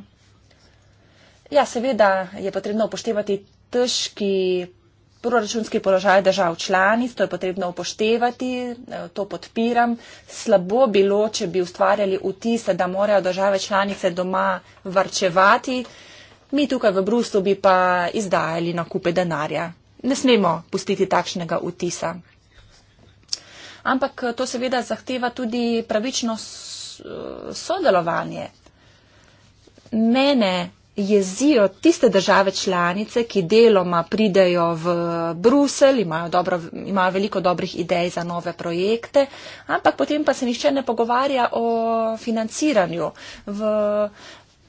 Speaker 3: Ja, seveda je potrebno upoštevati težki proračunski položaj držav članic, to je potrebno upoštevati, e, to podpiram. Slabo bilo, če bi ustvarjali vtise, da morajo države članice doma varčevati, mi tukaj v Bruslu bi pa izdajali nakupe denarja. Ne smemo pustiti takšnega vtisa ampak eh, to seveda zahteva tudi pravično eh, sodelovanje. Mene jezijo tiste države članice, ki deloma pridejo v eh, Brusel, imajo, dobro, imajo veliko dobrih idej za nove projekte, ampak potem pa se nišče ne pogovarja o financiranju. V,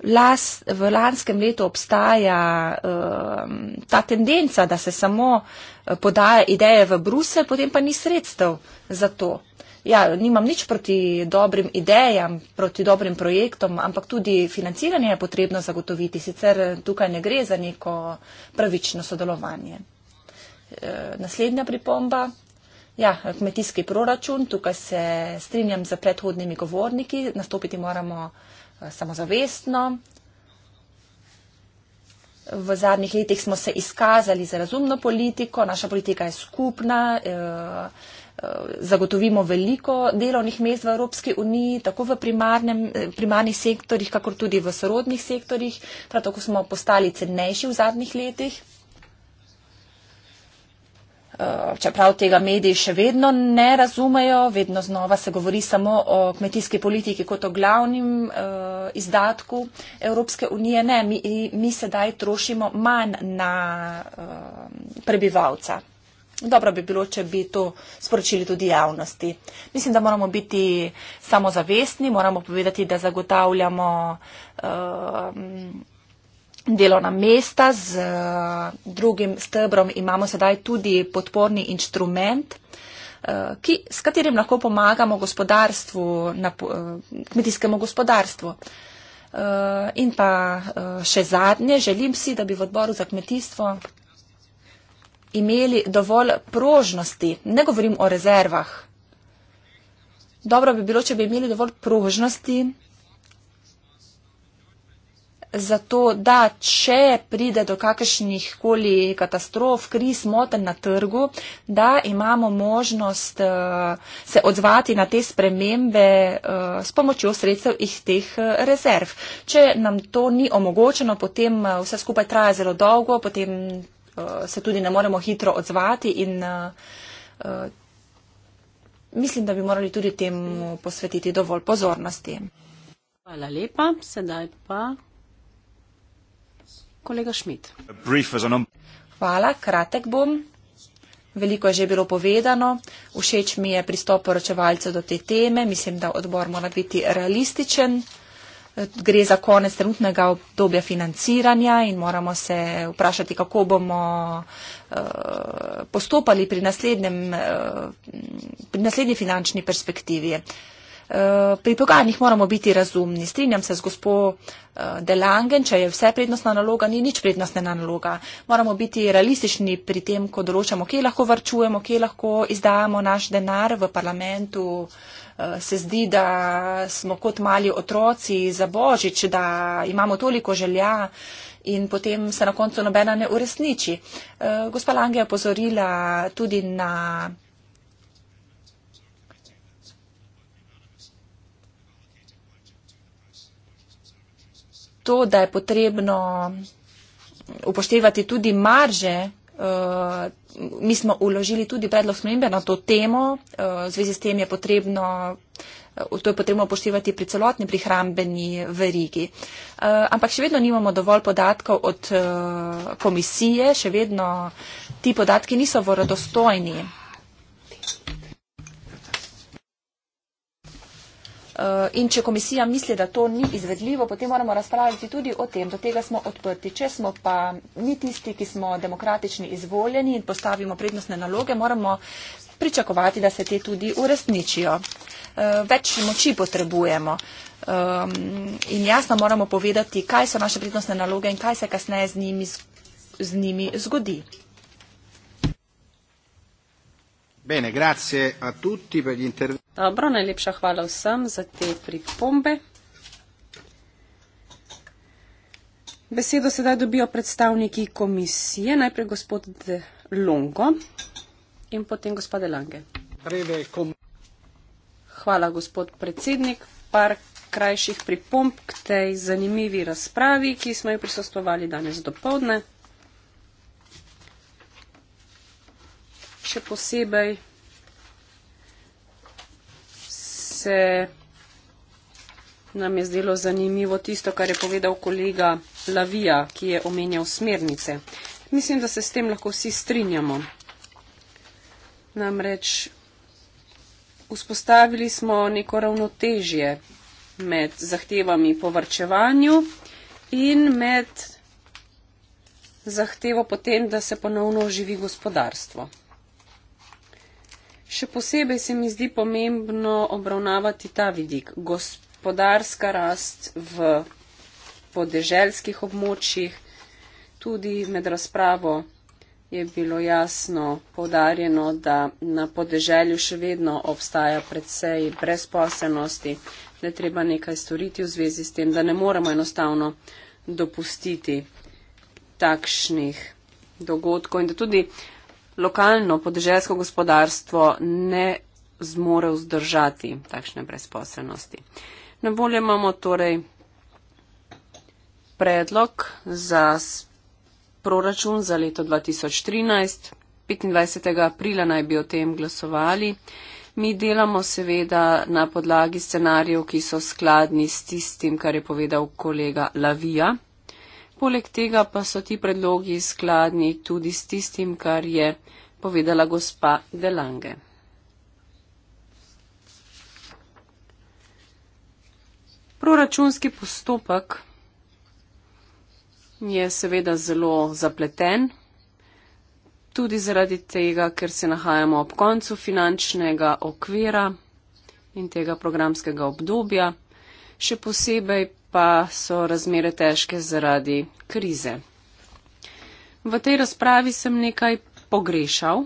Speaker 3: las, v lanskem letu obstaja uh, ta tendenca, da se samo eh, podaja ideje v Brusel, potem pa ni sredstev za to. Ja, nimam nič proti dobrim idejam, proti dobrim projektom, ampak tudi financiranje je potrebno zagotoviti, sicer eh, tukaj ne gre za neko pravično sodelovanje. Eh, naslednja pripomba, ja, kmetijski proračun, tukaj se strinjam z predhodnimi govorniki, nastopiti moramo uh, Eh, samozavestno. V zadnjih letih smo se izkazali za razumno politiko, naša politika je skupna, eh, eh, zagotovimo veliko delovnih mest v Evropski uniji, tako v primarnih sektorjih, kako tudi v sorodnih sektorjih. Prav tako smo postali cenejši v zadnjih letih. Eh, čeprav tega mediji še vedno ne razumejo, vedno znova se govori samo o kmetijski politiki kot o glavnem eh, izdatku Evropske unije. Ne, mi, mi sedaj trošimo manj na eh, prebivalca. Dobro bi bilo, če bi to sporočili tudi javnosti. Mislim, da moramo biti samozavestni, moramo povedati, da zagotavljamo uh, delovna mesta, z eh, drugim stebrom imamo sedaj tudi podporni inštrument, eh, ki, s katerim lahko pomagamo gospodarstvu, na, eh, kmetijskemu gospodarstvu. In pa še zadnje, želim si, da bi v odboru za kmetijstvo imeli dovolj prožnosti, ne govorim o rezervah. Dobro bi bilo, če bi imeli dovolj prožnosti, zato da če pride do kakršnih koli katastrof, kriz, moten na trgu, da imamo možnost uh, se odzvati na te spremembe uh, s pomočjo sredstev iz teh eh, rezerv. Če nam to ni omogočeno, potem vse skupaj traja zelo dolgo, potem uh, se tudi ne moremo hitro odzvati in. Uh, Mislim, da bi morali tudi temu posvetiti dovolj pozornosti. Hvala lepa. Sedaj pa kolega Šmit. Hvala, kratek bom. Veliko je že bilo povedano. Všeč mi je pristop poročevalcev do te teme. Mislim, da odbor mora biti realističen. Gre za konec trenutnega obdobja financiranja in moramo se vprašati, kako bomo eh, postopali eh, pri naslednji finančni perspektivi. Eh, pri pogajanjih moramo biti razumni. Strinjam se z gospod eh, Delangen, če je vse prednostna naloga, ni nič prednostna naloga. Moramo biti realistični pri tem, ko določamo, kje lahko varčujemo, kje lahko izdajamo naš denar v parlamentu. Eh, se zdi, da smo kot mali otroci za božič, da imamo toliko želja in potem se na koncu nobena ne uresniči. Gospa Lange je pozorila tudi na to, da je potrebno upoštevati tudi marže. Eh, mi smo uložili tudi predlog spremembe na to temo. Eh, v zvezi s tem je potrebno, eh, to je potrebno upoštevati pri celotni prihrambeni verigi. Ampak še vedno nimamo dovolj podatkov od komisije, še vedno ti podatki niso vorodostojni. Eh, in če komisija misli, da to ni izvedljivo, potem moramo razpravljati tudi o tem. Do tega smo odprti. Če smo pa mi tisti, ki smo demokratični izvoljeni in postavimo prednostne naloge, moramo pričakovati, da se te tudi uresničijo. Eh, več moči potrebujemo. In jasno moramo povedati, kaj so naše prednostne naloge in kaj se kasneje z njimi, z njimi zgodi. Bene, grazie a tutti per gli interventi.
Speaker 2: Dobro, najlepša hvala vsem za te pripombe. Besedo sedaj dobijo predstavniki komisije, najprej gospod Longo in potem gospod Lange. Hvala, gospod predsednik. Par krajših pripomb k tej zanimivi razpravi, ki smo jo prisostovali danes dopoledne. še posebej se nam je zdelo zanimivo tisto, kar je povedal kolega Lavija, ki je omenjal smernice. Mislim, da se s tem lahko vsi strinjamo. Namreč vzpostavili smo neko ravnotežje med zahtevami po vrčevanju in med zahtevo potem, da se ponovno oživi gospodarstvo. Še posebej se mi zdi pomembno obravnavati ta vidik. Gospodarska rast v podeželskih območjih, tudi med razpravo je bilo jasno podarjeno, da na podeželju še vedno obstaja predvsej brezposelnosti, da je treba nekaj storiti v zvezi s tem, da ne moremo enostavno dopustiti takšnih dogodkov in da tudi lokalno podeželsko gospodarstvo ne zmore vzdržati takšne brezposelnosti. Na voljo imamo torej predlog za proračun za leto 2013. 25. aprila naj bi o tem glasovali. Mi delamo seveda na podlagi scenarijev, ki so skladni s tistim, kar je povedal kolega Lavija. Poleg tega pa so ti predlogi skladni tudi s tistim, kar je povedala gospa Delange. Proračunski postopek je seveda zelo zapleten, tudi zaradi tega, ker se nahajamo ob koncu finančnega okvira in tega programskega obdobja, še posebej pa so razmere težke zaradi krize. V tej razpravi sem nekaj pogrešal.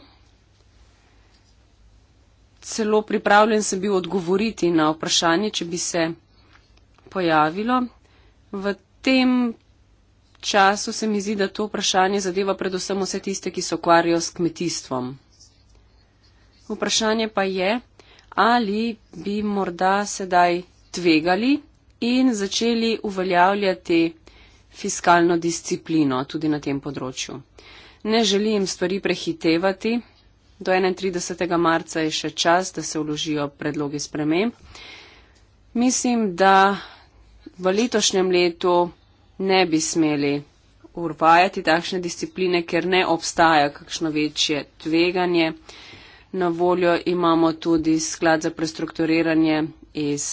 Speaker 2: Celo pripravljen sem bil odgovoriti na vprašanje, če bi se pojavilo. V tem času se mi zdi, da to vprašanje zadeva predvsem vse tiste, ki se okvarjajo s kmetijstvom. Vprašanje pa je, ali bi morda sedaj tvegali in začeli uveljavljati fiskalno disciplino tudi na tem področju. Ne želim stvari prehitevati, do 31. marca je še čas, da se vložijo predlogi sprememb. Mislim, da v letošnjem letu ne bi smeli urvajati takšne discipline, ker ne obstaja kakšno večje tveganje. Na voljo imamo tudi sklad za prestrukturiranje iz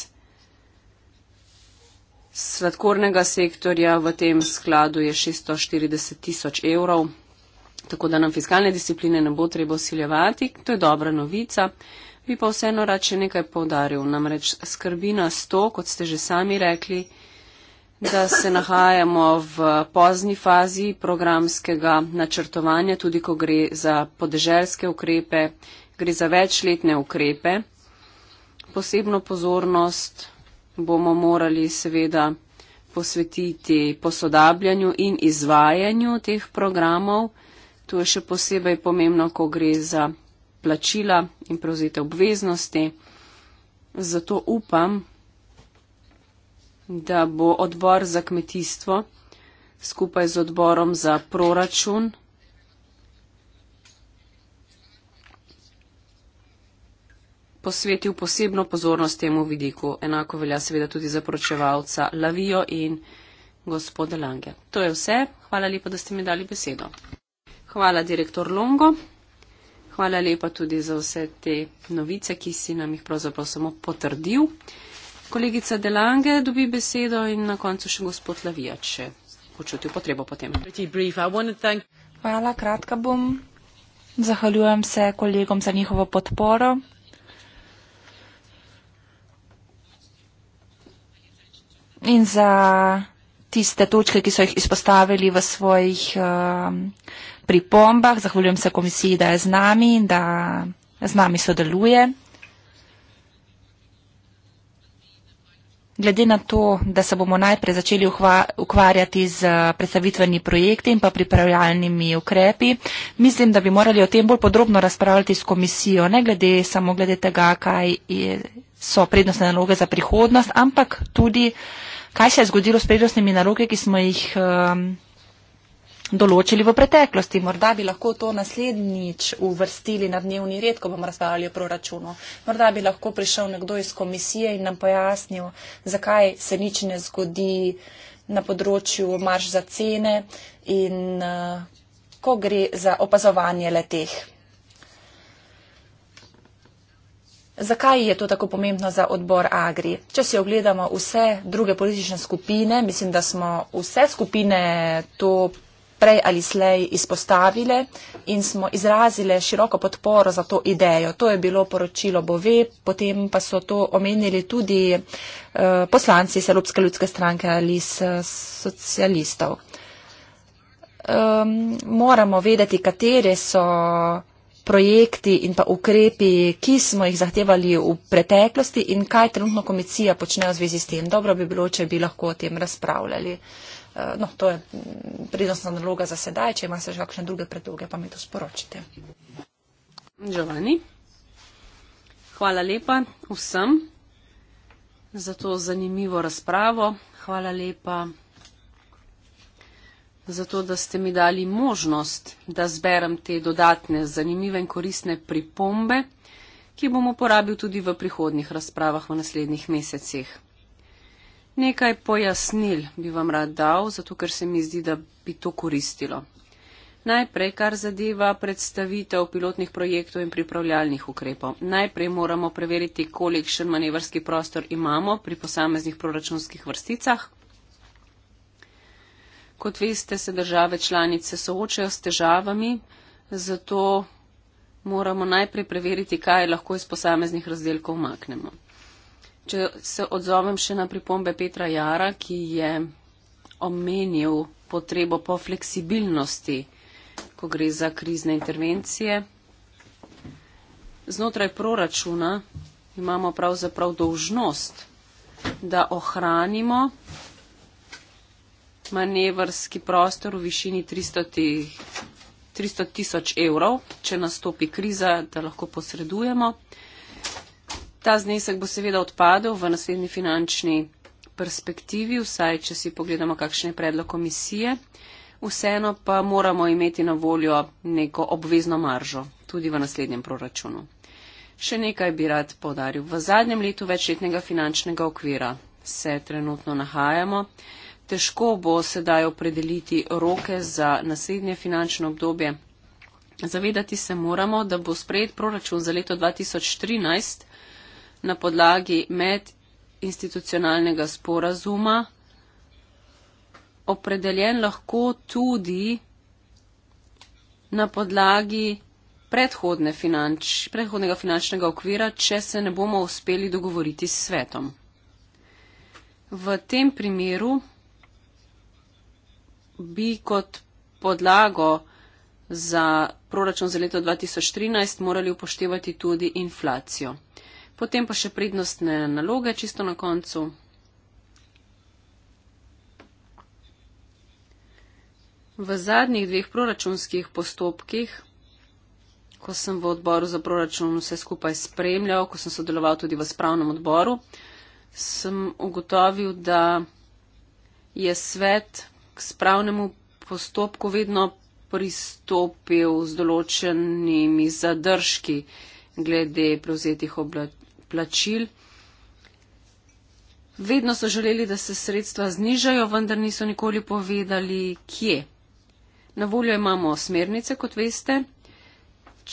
Speaker 2: sladkornega sektorja v tem skladu je 640 tisoč evrov, tako da nam fiskalne discipline ne bo treba usiljevati. To je dobra novica. Bi pa vseeno rad še nekaj povdaril. Namreč skrbi nas to, kot ste že sami rekli, da se nahajamo v pozni fazi programskega načrtovanja, tudi ko gre za podeželske ukrepe, gre za večletne ukrepe. Posebno pozornost bomo morali seveda posvetiti posodabljanju in izvajanju teh programov. To je še posebej pomembno, ko gre za plačila in prevzete obveznosti. Zato upam, da bo odbor za kmetijstvo skupaj z odborom za proračun posvetil posebno pozornost temu vidiku. Enako velja seveda tudi za poročevalca Lavijo in gospoda Lange. To je vse. Hvala lepa, da ste mi dali besedo. Hvala, direktor Longo. Hvala lepa tudi za vse te novice, ki si nam jih pravzaprav samo potrdil. Kolegica Delange dobi besedo in na koncu še gospod Lavija, če počuti potrebo potem.
Speaker 3: Hvala, kratka bom. Zahvaljujem se kolegom za njihovo podporo. in za tiste točke, ki so jih izpostavili v svojih uh, pripombah. Zahvaljujem se komisiji, da je z nami in da z nami sodeluje. Glede na to, da se bomo najprej začeli ukvarjati z uh, predstavitveni projekti in pa pripravljalnimi ukrepi, mislim, da bi morali o tem bolj podrobno razpravljati s komisijo, ne glede samo glede tega, kaj so prednostne naloge za prihodnost, ampak tudi uh, kaj se je zgodilo s prednostnimi naroki, ki smo jih um, določili v preteklosti. Morda bi lahko to naslednjič uvrstili na dnevni red, ko bomo razpravljali o proračunu. Morda bi lahko prišel nekdo iz komisije in nam pojasnil, zakaj se nič ne zgodi na področju marš za cene in uh, ko gre za opazovanje le teh. Zakaj je to tako pomembno za odbor Agri? Če si ogledamo vse druge politične skupine, mislim, da smo vse skupine to prej ali slej izpostavile in smo izrazile široko podporo za to idejo. To je bilo poročilo Bove, potem pa so to omenili tudi uh, poslanci Srpske ljudske stranke ali eh, socialistov. Um, moramo vedeti, katere so projekti in pa ukrepi, ki smo jih zahtevali v preteklosti in kaj trenutno komisija počne v zvezi s tem. Dobro bi bilo, če bi lahko o tem razpravljali. Eh, no, to je prednostna naloga za sedaj. Če imate še kakšne druge predloge, pa mi to sporočite.
Speaker 2: Giovanni, hvala lepa vsem za to zanimivo razpravo. Hvala lepa zato da ste mi dali možnost, da zberem te dodatne zanimive in koristne pripombe, ki bom uporabil tudi v prihodnih razpravah v naslednjih mesecih. Nekaj pojasnil bi vam rad dal, zato ker se mi zdi, da bi to koristilo. Najprej, kar zadeva predstavitev pilotnih projektov in pripravljalnih ukrepov. Najprej moramo preveriti, kolikšen manevrski prostor imamo pri posameznih proračunskih vrsticah. Kot veste, se države članice soočajo s težavami, zato moramo najprej preveriti, kaj lahko iz posameznih razdelkov maknemo. Če se odzovem še na pripombe Petra Jara, ki je omenil potrebo po fleksibilnosti, ko gre za krizne intervencije. Znotraj proračuna imamo pravzaprav dožnost, da ohranimo manevrski prostor v višini 300, 300 tisoč evrov, če nastopi kriza, da lahko posredujemo. Ta znesek bo seveda odpadel v naslednji finančni perspektivi, vsaj če si pogledamo, kakšen je predlog komisije. Vseeno pa moramo imeti na voljo neko obvezno maržo tudi v naslednjem proračunu. Še nekaj bi rad podaril. V zadnjem letu večletnega finančnega okvira se trenutno nahajamo. Težko bo sedaj opredeliti roke za naslednje finančno obdobje. Zavedati se moramo, da bo sprejet proračun za leto 2013 na podlagi medinstitucionalnega sporazuma opredeljen lahko tudi na podlagi predhodne finanč, predhodnega finančnega okvira, če se ne bomo uspeli dogovoriti s svetom. V tem primeru bi kot podlago za proračun za leto 2013 morali upoštevati tudi inflacijo. Potem pa še prednostne naloge, čisto na koncu. V zadnjih dveh proračunskih postopkih, ko sem v odboru za proračun vse skupaj spremljal, ko sem sodeloval tudi v spravnem odboru, sem ugotovil, da je svet k spravnemu postopku vedno pristopil z določenimi zadržki glede prevzetih oblačil. Vedno so želeli, da se sredstva znižajo, vendar niso nikoli povedali, kje. Na voljo imamo smernice, kot veste.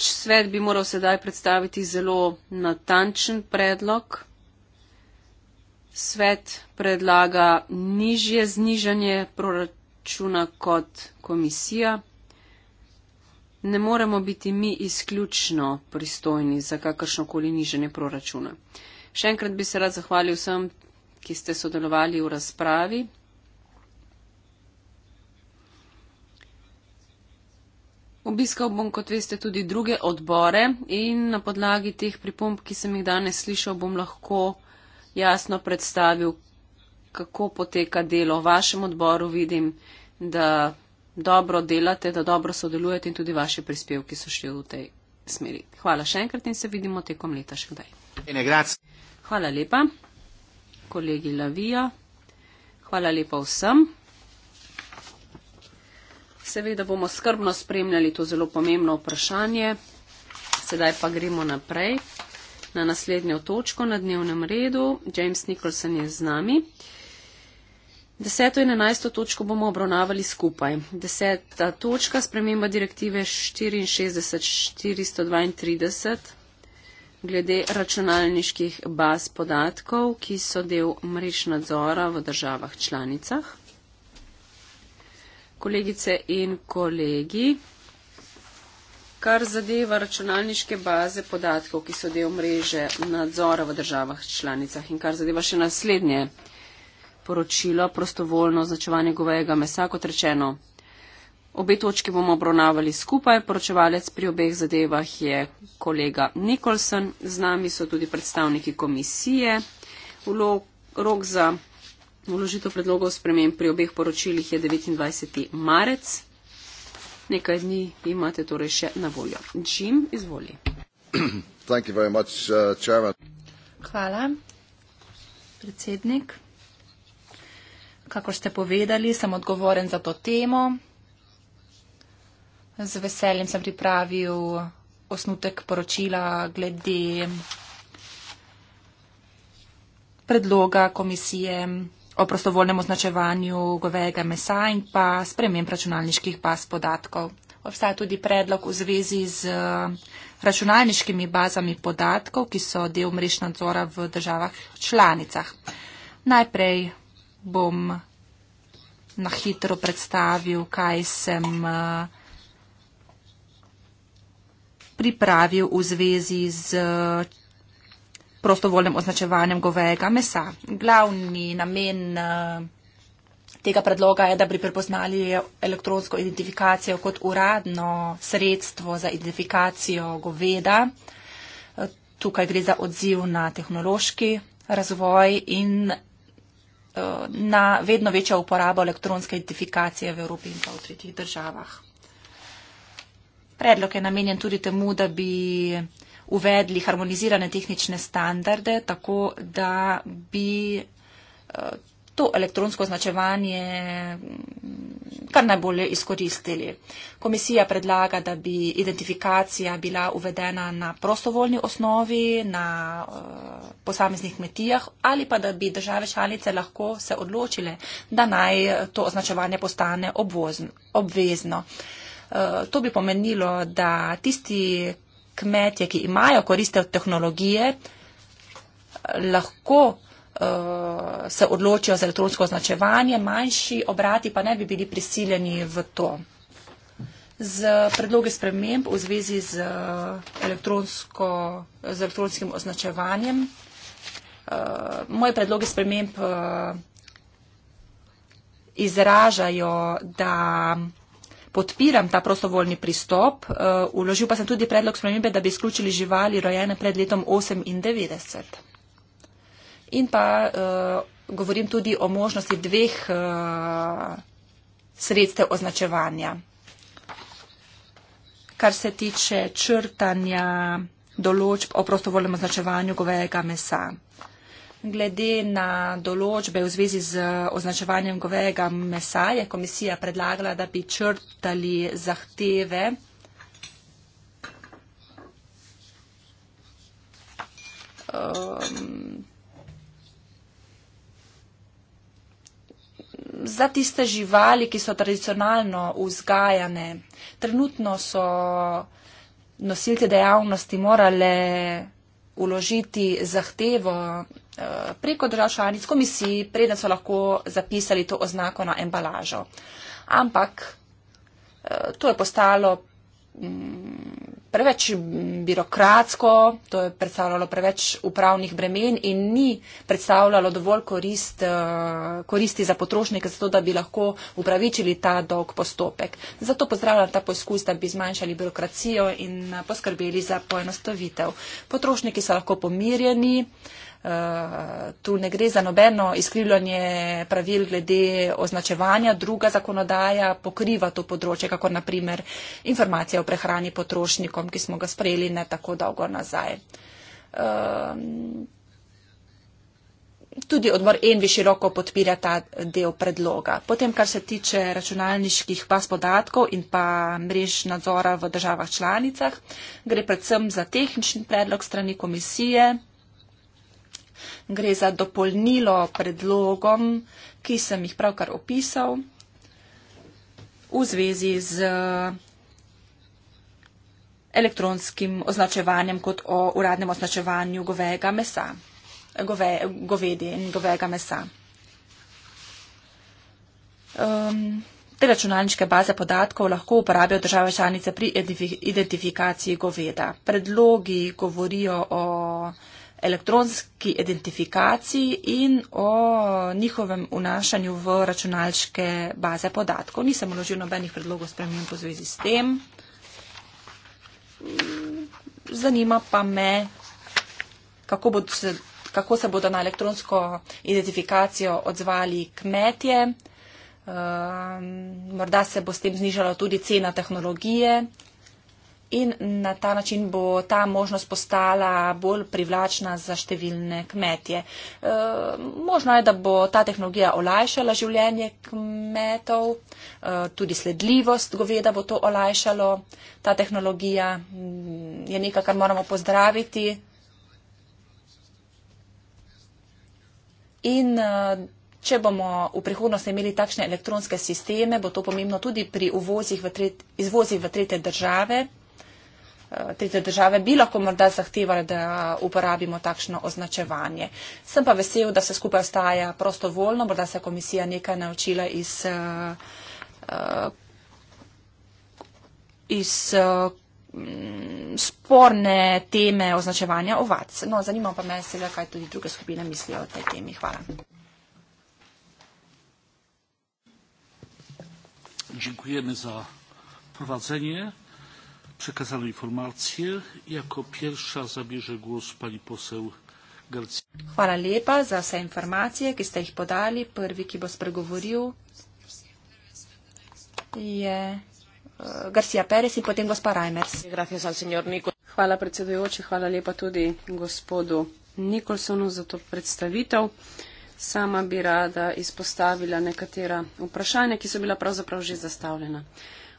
Speaker 2: Svet bi moral sedaj predstaviti zelo natančen predlog svet predlaga nižje znižanje proračuna kot komisija, ne moremo biti mi izključno pristojni za kakršnokoli nižanje proračuna. Še enkrat bi se rad zahvalil vsem, ki ste sodelovali v razpravi. Obiskal bom, kot veste, tudi druge odbore in na podlagi teh pripomb, ki sem jih danes slišal, bom lahko jasno predstavil, kako poteka delo. V vašem odboru vidim, da dobro delate, da dobro sodelujete in tudi vaše prispevki so šli v tej smeri. Hvala še enkrat in se vidimo tekom leta še kdaj. Hvala lepa, kolegi Lavija. Hvala lepa vsem. Seveda bomo skrbno spremljali to zelo pomembno vprašanje. Sedaj pa gremo naprej na naslednjo točko na dnevnem redu. James Nicholson je z nami. Deseto in enajsto točko bomo obravnavali skupaj. Deseta točka sprememba direktive 64.432 glede računalniških baz podatkov, ki so del mrež nadzora v državah članicah. Kolegice in kolegi, Kar zadeva računalniške baze podatkov, ki so del mreže nadzora v državah članicah in kar zadeva še naslednje poročilo, prostovoljno označevanje govejega mesa, kot rečeno, obe točki bomo obravnavali skupaj. Poročevalec pri obeh zadevah je kolega Nikolson, z nami so tudi predstavniki komisije. Vlog, rok za vložitev predlogov spremem pri obeh poročilih je 29. marec nekaj dni imate torej še na voljo. Jim, izvoli.
Speaker 3: *clears throat* Much, uh, Hvala, predsednik. Kako ste povedali, sem odgovoren za to temo. Z veseljem sem pripravil osnutek poročila glede predloga komisije o prostovoljnem označevanju govejega mesa in pa spremem računalniških baz podatkov. Obstaja tudi predlog v zvezi z eh, računalniškimi bazami podatkov, ki so del mrež nadzora v državah članicah. Najprej bom na hitro predstavil, kaj sem eh, pripravil v zvezi z prostovoljnem označevanjem govejega mesa. Glavni namen eh, tega predloga je, da bi prepoznali elektronsko identifikacijo kot uradno sredstvo za identifikacijo goveda. Eh, tukaj gre za odziv na tehnološki razvoj in eh, na vedno večjo uporabo elektronske identifikacije v Evropi in pa v tretjih državah. Predlog je namenjen tudi temu, da bi uvedli harmonizirane tehnične standarde, tako da bi eh, to elektronsko označevanje mm, kar najbolj izkoristili. Komisija predlaga, da bi identifikacija bila uvedena na prostovoljni osnovi, na eh, posameznih kmetijah ali pa da bi države članice lahko se odločile, da naj to označevanje postane obvozno, obvezno. Eh, to bi pomenilo, da tisti, kmetje, ki imajo koriste od tehnologije, lahko uh, se odločijo za elektronsko označevanje, manjši obrati pa ne bi bili prisiljeni v to. Z predloge sprememb v zvezi z, eh, z elektronskim označevanjem. Uh, eh, moje predloge sprememb uh, izražajo, da podpiram ta prostovoljni pristop, uložil eh, pa sem tudi predlog spremembe, da bi izključili živali rojene pred letom 98. In pa eh, govorim tudi o možnosti dveh eh, sredstev označevanja. Kar se tiče črtanja določb o prostovoljnem označevanju govejega mesa glede na določbe v zvezi z označevanjem govejega mesa je komisija predlagala, da bi črtali zahteve. Um, za tiste živali, ki so tradicionalno vzgajane, trenutno so nosilce dejavnosti morale uložiti zahtevo Eh, preko držav članic komisiji, preden so lahko zapisali to oznako na embalažo. Ampak eh, to je postalo mm, preveč birokratsko, to je predstavljalo preveč upravnih bremen in ni predstavljalo dovolj korist, eh, koristi za potrošnike, zato da bi lahko upravičili ta dolg postopek. Zato pozdravljam ta poskus, da bi zmanjšali birokracijo in poskrbeli za poenostavitev. Potrošniki so lahko pomirjeni, tu ne gre za nobeno izkrivljanje pravil glede označevanja, druga zakonodaja pokriva to področje, kako naprimer informacija o prehrani potrošnikom, ki smo ga sprejeli ne tako dolgo nazaj. Ehm, tudi odbor Envi široko podpira ta del predloga. Potem, kar se tiče računalniških baz podatkov in pa mrež nadzora v državah članicah, gre predvsem za tehnični predlog strani komisije gre za dopolnilo predlogom, ki sem jih pravkar opisal v zvezi z elektronskim označevanjem kot o uradnem označevanju govega mesa, gove, govedi in govega mesa. Um, te računalniške baze podatkov lahko uporabijo države članice pri identifikaciji goveda. Predlogi govorijo o elektronski identifikaciji in o njihovem vnašanju v računalške baze podatkov. Nisem vložil nobenih predlogov spremljen po zvezi s tem. Zanima pa me, kako, bodo se, kako se bodo na elektronsko identifikacijo odzvali kmetje. Uh, morda se bo s tem znižala tudi cena tehnologije, in na ta način bo ta možnost postala bolj privlačna za številne kmetje. E, možno je, da bo ta tehnologija olajšala življenje kmetov, e, tudi sledljivost goveda bo to olajšalo. Ta tehnologija mm, je nekaj, kar moramo pozdraviti. In e, če bomo v prihodnosti imeli takšne elektronske sisteme, bo to pomembno tudi pri uvozih v tretje, izvozih v tretje države. Eh, tretje države bi lahko morda zahtevali, da uporabimo takšno označevanje. Sem pa vesel, da se skupaj ostaja prostovoljno, morda se je komisija nekaj naučila iz, eh, eh, iz sporne teme označevanja ovac. No, zanima pa me seveda, kaj tudi druge skupine mislijo o tej temi. Hvala.
Speaker 2: Dziękujemy za prowadzenie przekazaną informację. Jako pierwsza zabierze głos pani poseł Garcia.
Speaker 3: Hvala lepa za vse informacije, ki ste jih podali. Prvi, ki bo spregovoril, je eh, Garcia Perez in potem gospa Reimers.
Speaker 2: Hvala predsedujoči, hvala lepa tudi gospodu Nikolsonu za to predstavitev. Sama bi rada izpostavila nekatera vprašanja, ki so bila pravzaprav že zastavljena.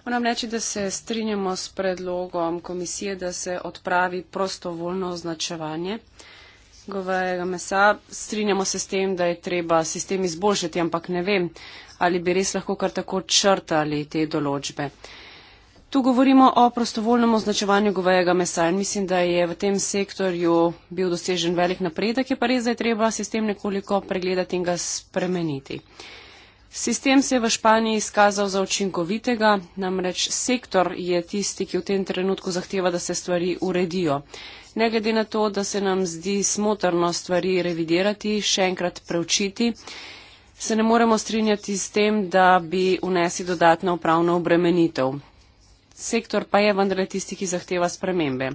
Speaker 2: Moram reči, da se strinjamo s predlogom komisije, da se odpravi prostovoljno označevanje govejega mesa. Strinjamo se s tem, da je treba sistem izboljšati, ampak ne vem, ali bi res lahko kar tako črtali te določbe. Tu govorimo o prostovoljnem označevanju govejega mesa in mislim, da je v tem sektorju bil dosežen velik napredek, je pa res, da je treba sistem nekoliko pregledati in ga spremeniti. Sistem se je v Španiji izkazal za učinkovitega, namreč sektor je tisti, ki v tem trenutku zahteva, da se stvari uredijo. Ne glede na to, da se nam zdi smotrno stvari revidirati, še enkrat preučiti, se ne moremo strinjati s tem, da bi unesi dodatno upravno obremenitev. Sektor pa je vendarle tisti, ki zahteva spremembe.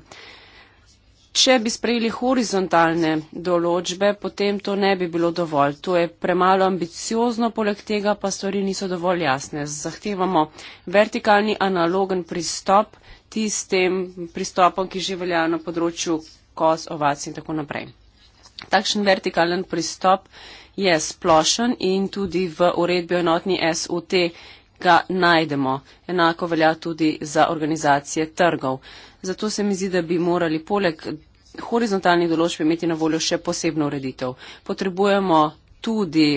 Speaker 2: Če bi sprejeli horizontalne določbe, potem to ne bi bilo dovolj. To je premalo ambiciozno, poleg tega pa stvari niso dovolj jasne. Zahtevamo vertikalni analogen pristop, ti s tem pristopom, ki že velja na področju kos, ovac in tako naprej. Takšen vertikalen pristop je splošen in tudi v uredbi enotni SUT ga najdemo. Enako velja tudi za organizacije trgov. Zato se mi zdi, da bi morali poleg horizontalnih določb imeti na voljo še posebno ureditev. Potrebujemo tudi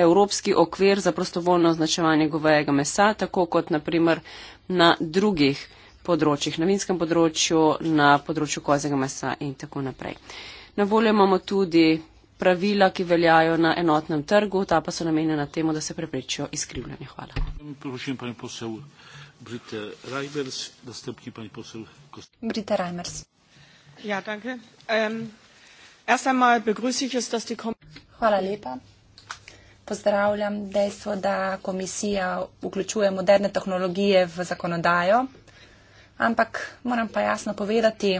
Speaker 2: evropski okvir za prostovoljno označevanje govejega mesa, tako kot naprimer na drugih področjih, na vinskem področju, na področju kozega mesa in tako naprej. Na voljo imamo tudi pravila, ki veljajo na enotnem trgu, ta pa so namenjena temu, da se preprečijo izkrivljanje.
Speaker 3: Hvala. Brita Reimers, następnie pani poseł Kostyn. Brita Reimers. Ja, danke. Um, erst einmal begrüße ich es, dass die Hvala lepa. Pozdravljam dejstvo, da komisija vključuje moderne tehnologije v zakonodajo. Ampak moram pa jasno povedati,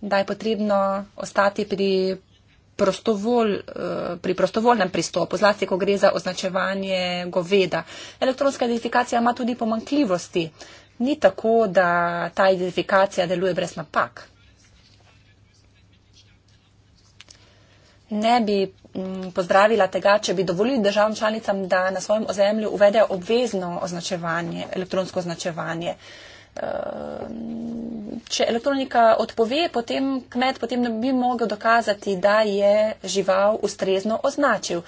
Speaker 3: da je potrebno ostati pri prostovol, eh, pri prostovolnem pristopu, zlasti ko gre za označevanje goveda. Elektronska identifikacija ima tudi pomankljivosti. Ni tako, da ta identifikacija deluje brez napak. Ne bi mm, pozdravila tega, če bi dovolili državam članicam, da na svojem ozemlju uvedejo obvezno označevanje, elektronsko označevanje. Uh, če elektronika odpove, potem kmet potem ne bi mogel dokazati, da je žival ustrezno označil.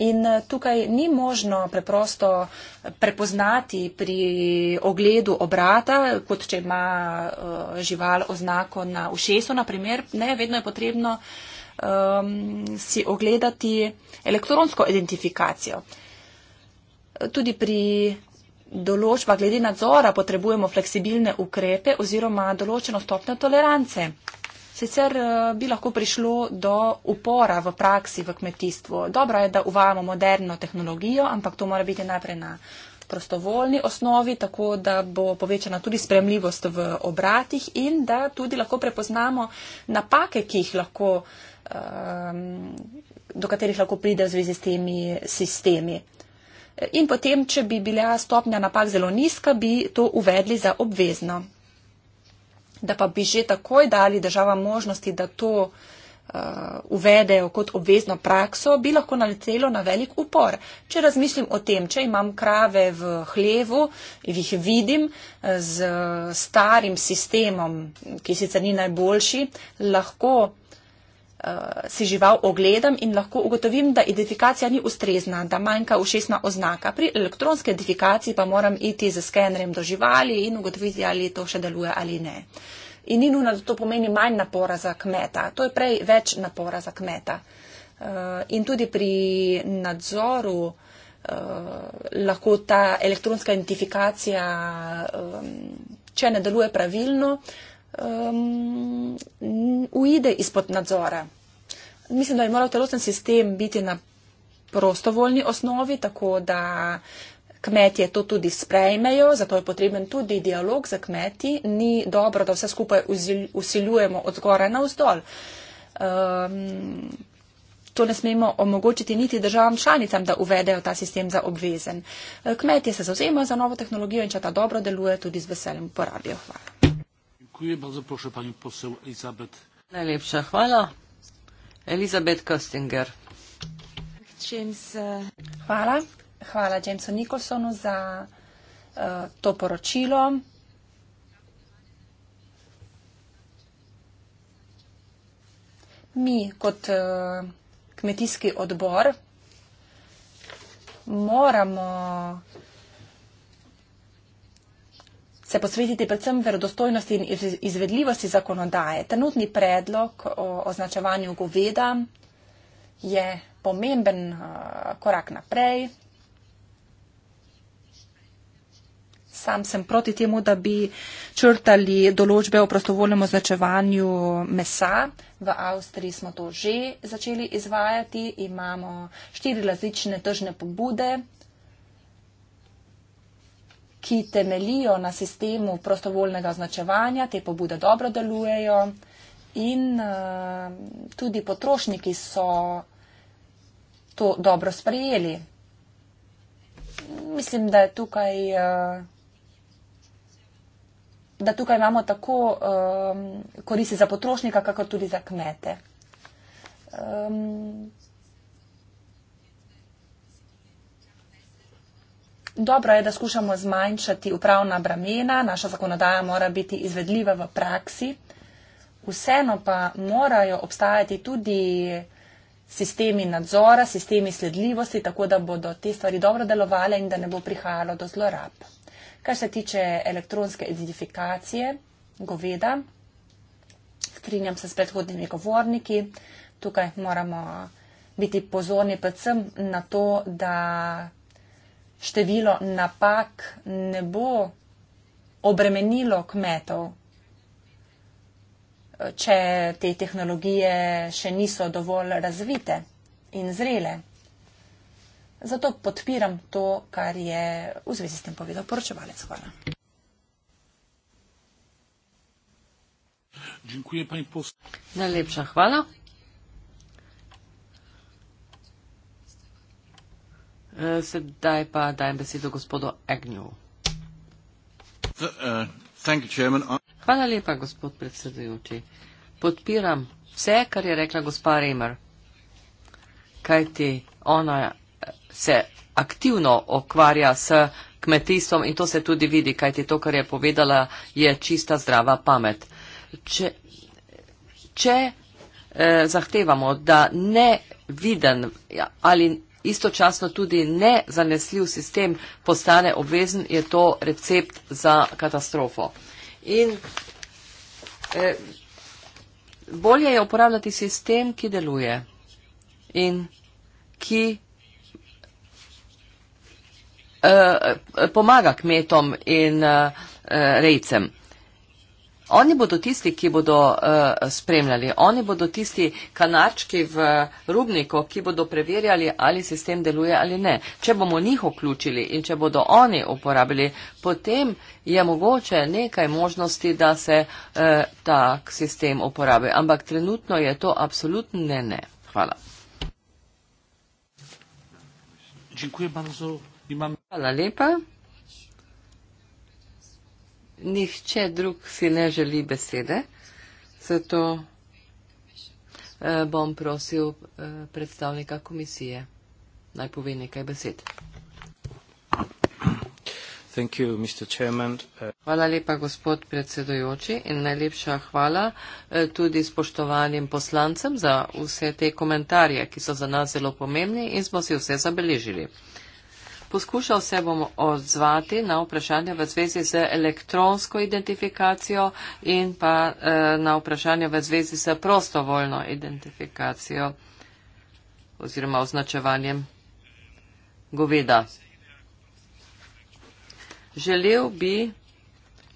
Speaker 3: In eh, tukaj ni možno preprosto eh, prepoznati pri ogledu obrata, kot če ima eh, žival oznako na ušesu, na primer, ne, vedno je potrebno um, si ogledati elektronsko identifikacijo. Tudi pri določba glede nadzora potrebujemo fleksibilne ukrepe oziroma določeno stopnjo tolerance. Sicer eh, bi lahko prišlo do upora v praksi v kmetijstvu. Dobro je, da uvajamo moderno tehnologijo, ampak to mora biti najprej na prostovoljni osnovi, tako da bo povečana tudi spremljivost v obratih in da tudi lahko prepoznamo napake, ki jih lahko, ehm, do katerih lahko pride v zvezi s temi sistemi in potem, če bi bila stopnja napak zelo nizka, bi to uvedli za obvezno. Da pa bi že takoj dali državam možnosti, da to uh, uvedejo kot obvezno prakso, bi lahko naletelo na velik upor. Če razmislim o tem, če imam krave v hlevu in jih vidim eh, z starim sistemom, ki sicer ni najboljši, lahko uh, si žival ogledam in lahko ugotovim, da identifikacija ni ustrezna, da manjka ušesna oznaka. Pri elektronski identifikaciji pa moram iti z skenerjem do živali in ugotoviti, ali to še deluje ali ne. In ni nujno, da to pomeni manj napora za kmeta. To je prej več napora za kmeta. Uh, in tudi pri nadzoru uh, lahko ta elektronska identifikacija, um, če ne deluje pravilno, uh, um, uide izpod nadzora. Mislim, da je moral telosen sistem biti na prostovoljni osnovi, tako da kmetje to tudi sprejmejo, zato je potreben tudi dialog za kmeti. Ni dobro, da vse skupaj usiljujemo od zgore na vzdol. Um, To ne smemo omogočiti niti državam članicam, da uvedejo ta sistem za obvezen. Kmetje se zauzemajo za novo tehnologijo in če ta dobro deluje, tudi z veseljem uporabijo. Hvala.
Speaker 1: Dziękuję. Bardzo proszę panią poseł Elisabeth. Najlepsza chwala. Elisabeth Kostinger.
Speaker 3: James, e, hvala. Hvala Jamesu Nicholsonu za uh, to poročilo. Mi kot uh, kmetijski odbor moramo se posvetiti predvsem verodostojnosti in izvedljivosti zakonodaje. Trenutni predlog o označevanju goveda je pomemben uh, korak naprej. Sam sem proti temu, da bi črtali določbe o prostovoljnem označevanju mesa. V Avstriji smo to že začeli izvajati. Imamo štiri različne tržne pobude ki temelijo na sistemu prostovoljnega označevanja, te pobude dobro delujejo in uh, tudi potrošniki so to dobro sprejeli. Mislim, da je tukaj. Uh, da tukaj imamo tako um, koristi za potrošnika, kako tudi za kmete. Um, dobro je, da skušamo zmanjšati upravna bremena, naša zakonodaja mora biti izvedljiva v praksi, vseeno pa morajo obstajati tudi sistemi nadzora, sistemi sledljivosti, tako da bodo te stvari dobro delovale in da ne bo prihajalo do zlorab. Kar se tiče elektronske identifikacije goveda, strinjam se s predhodnimi govorniki, tukaj moramo biti pozorni predvsem na to, da število napak ne bo obremenilo kmetov, če te tehnologije še niso dovolj razvite in zrele. Zato podpiram to, kar je v zvezi s tem povedal poročevalec. Hvala. Najlepša
Speaker 1: hvala. Eh, sedaj pa dajem besedo gospodu Agnew. Eh, Hvala lepa, gospod predsedujoči. Podpiram vse, kar je rekla gospa Reimer, kajti ona eh, se aktivno okvarja s kmetijstvom in to se tudi vidi, kajti to, kar je povedala, je čista zdrava pamet. Če, če eh, zahtevamo, da ne viden ali istočasno tudi nezanesljiv sistem postane obvezen, je to recept za katastrofo. In eh, bolje je uporabljati sistem, ki deluje in ki eh, eh pomaga kmetom in eh, rejcem. Oni bodo tisti, ki bodo uh, spremljali, oni bodo tisti kanarčki v rubniku, ki bodo preverjali, ali sistem deluje ali ne. Če bomo njih vključili in če bodo oni uporabili, potem je mogoče nekaj možnosti, da se uh, tak sistem uporabi. Ampak trenutno je to absolutno ne, ne. Hvala. Hvala lepa. Nihče drug si ne želi besede, zato eh, bom prosil eh, predstavnika komisije naj pove nekaj besed.
Speaker 2: Thank you, Mr. Chairman.
Speaker 1: Hvala lepa, gospod predsedujoči, in najlepša hvala eh, tudi spoštovanim poslancem za vse te komentarje, ki so za nas zelo pomembni in smo si vse zabeležili. Poskušal se bom odzvati na vprašanje v zvezi z elektronsko identifikacijo in pa eh, na vprašanje v zvezi z prostovoljno identifikacijo oziroma označevanjem goveda. Želel bi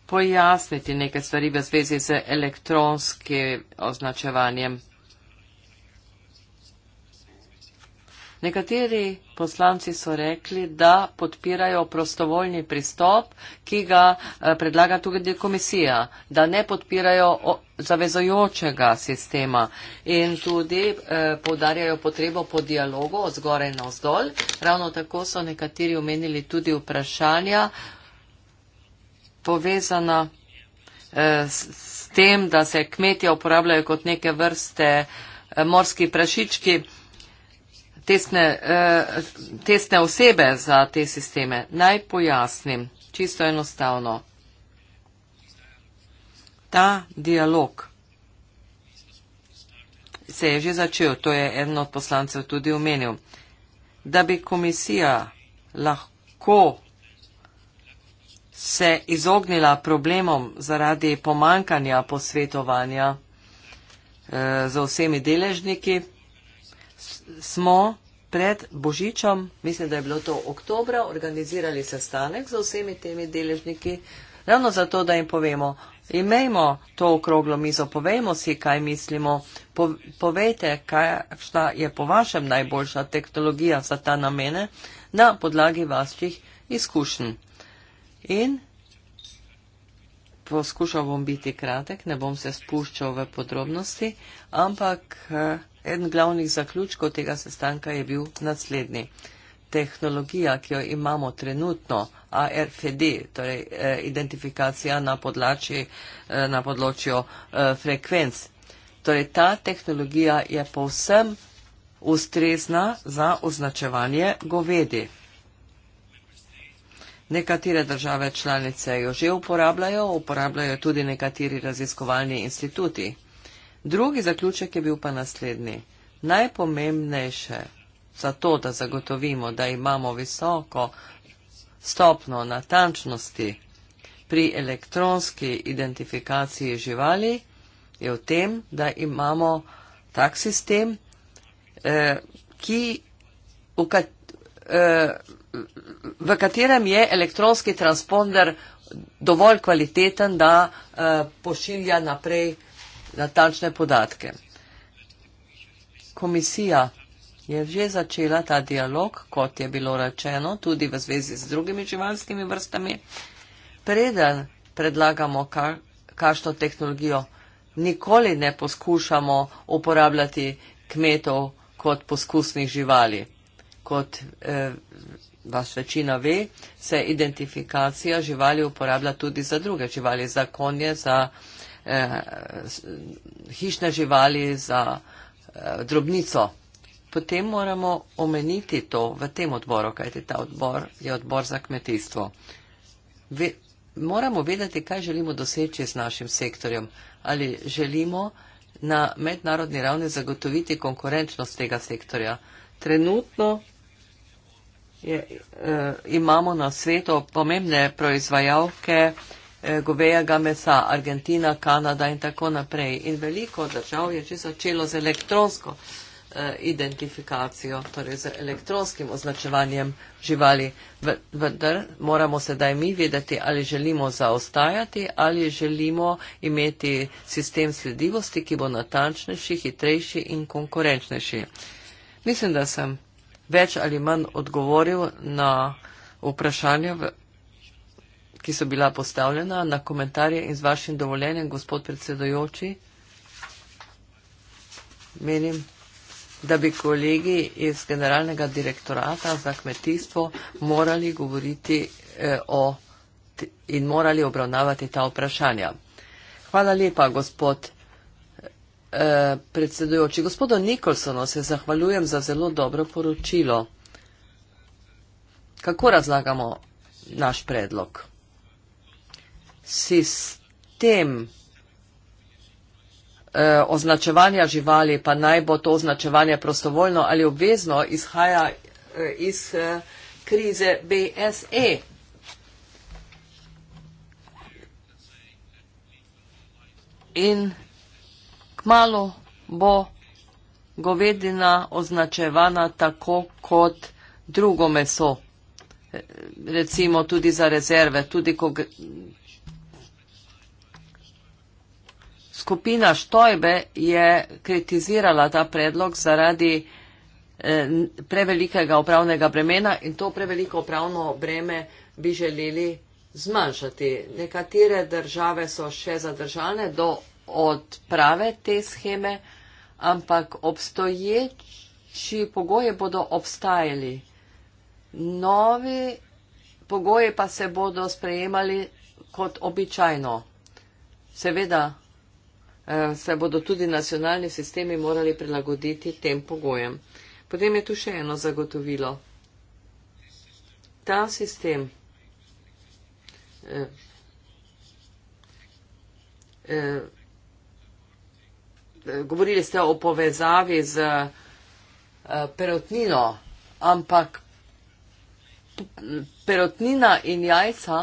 Speaker 1: pojasniti nekaj stvari v zvezi z elektronskim označevanjem. Nekateri poslanci so rekli, da podpirajo prostovoljni pristop, ki ga eh, predlaga tudi komisija, da ne podpirajo zavezojočega sistema in tudi eh, podarjajo potrebo po dialogu od zgore na vzdolj. Ravno tako so nekateri omenili tudi vprašanja povezana eh, s tem, da se kmetje uporabljajo kot neke vrste eh, morski prašički testne, uh, testne osebe za te sisteme. Naj pojasnim, čisto enostavno. Ta dialog se je že začel, to je eno od poslancev tudi omenil, da bi komisija lahko se izognila problemom zaradi pomankanja posvetovanja eh, z vsemi deležniki, smo pred Božičem, mislim, da je bilo to oktobra, organizirali sestanek z vsemi temi deležniki, ravno zato, da jim povemo, imejmo to okroglo mizo, povejmo si, kaj mislimo, povejte, kakšna je po vašem najboljša tehnologija za ta namene na podlagi vaših izkušenj. In poskušal bom biti kratek, ne bom se spuščal v podrobnosti, ampak eh, Eden glavnih zaključkov tega sestanka je bil naslednji. Tehnologija, ki jo imamo trenutno, ARFD, torej eh, identifikacija na, podlači, eh, na podločju eh, frekvenc, torej ta tehnologija je povsem ustrezna za označevanje govedi. Nekatere države članice jo že uporabljajo, uporabljajo tudi nekateri raziskovalni instituti. Drugi zaključek je bil pa naslednji. Najpomembnejše za to, da zagotovimo, da imamo visoko stopno natančnosti pri elektronski identifikaciji živali, je v tem, da imamo tak sistem, eh, ki, v, kat, eh, v katerem je elektronski transponder dovolj kvaliteten, da eh, pošilja naprej natančne podatke. Komisija je že začela ta dialog, kot je bilo rečeno, tudi v zvezi z drugimi živalskimi vrstami. Preden predlagamo kašno tehnologijo, nikoli ne poskušamo uporabljati kmetov kot poskusnih živali. Kot eh, vas večina ve, se identifikacija živali uporablja tudi za druge živali, za konje, za eh, eh, hišne živali za eh, drobnico. Potem moramo omeniti to v tem odboru, kajti ta odbor je odbor za kmetijstvo. Ve, moramo vedeti, kaj želimo doseči s našim sektorjem. Ali želimo na mednarodni ravni zagotoviti konkurenčnost tega sektorja. Trenutno je, eh, imamo na svetu pomembne proizvajalke. Eh, Eh, govejega mesa, Argentina, Kanada in tako naprej. In veliko držav je že začelo z elektronsko eh, identifikacijo, torej z elektronskim označevanjem živali. Vendar moramo sedaj mi vedeti, ali želimo zaostajati, ali želimo imeti sistem sledivosti, ki bo natančnejši, hitrejši in konkurenčnejši. Mislim, da sem več ali manj odgovoril na vprašanje ki so bila postavljena, na komentarje in z vašim dovoljenjem, gospod predsedojoči, menim, da bi kolegi iz Generalnega direktorata za kmetijstvo morali govoriti eh, o, in morali obravnavati ta vprašanja. Hvala lepa, gospod eh, predsedojoči. Gospodo Nikolsono se zahvaljujem za zelo dobro poročilo. Kako razlagamo naš predlog? sistem eh, označevanja živali, pa naj bo to označevanje prostovoljno ali obvezno, izhaja eh, iz eh, krize BSE. In kmalo bo govedina označevana tako kot drugo meso, recimo tudi za rezerve, tudi ko skupina Štojbe je kritizirala ta predlog zaradi eh, prevelikega upravnega bremena in to preveliko upravno breme bi želeli zmanjšati. Nekatere države so še zadržane do odprave te scheme, ampak obstoječi pogoji bodo obstajali. Novi pogoji pa se bodo sprejemali kot običajno. Seveda, Eh, se bodo tudi nacionalni sistemi morali prilagoditi tem pogojem. Potem je tu še eno zagotovilo. Ta sistem eh, eh, eh govorili ste o povezavi z eh, perotnino, ampak perotnina in jajca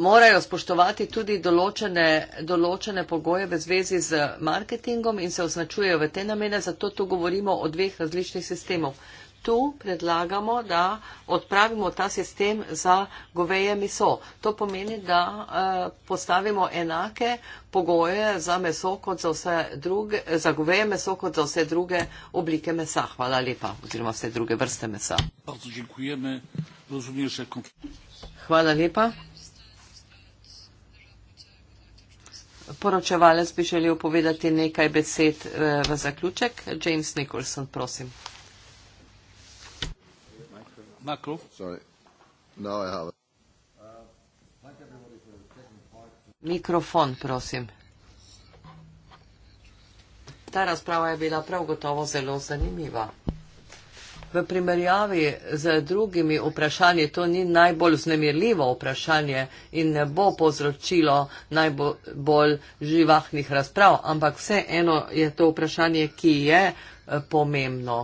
Speaker 1: morajo spoštovati tudi določene, določene pogoje v zvezi z marketingom in se označujejo v te namene, zato tu govorimo o dveh različnih sistemov. Tu predlagamo, da odpravimo ta sistem za goveje meso. To pomeni, da eh, postavimo enake pogoje za, meso kot za, vse druge, za goveje meso kot za vse druge oblike mesa. Hvala lepa, oziroma vse druge vrste mesa. Hvala lepa. poročevalec bi želel povedati nekaj besed eh, v zaključek. James Nicholson, prosim. Mikrofon, prosim. Ta razprava je bila prav gotovo zelo zanimiva v primerjavi z drugimi vprašanji to ni najbolj znemirljivo vprašanje in ne bo povzročilo najbolj živahnih razprav, ampak vseeno je to vprašanje, ki je eh, pomembno.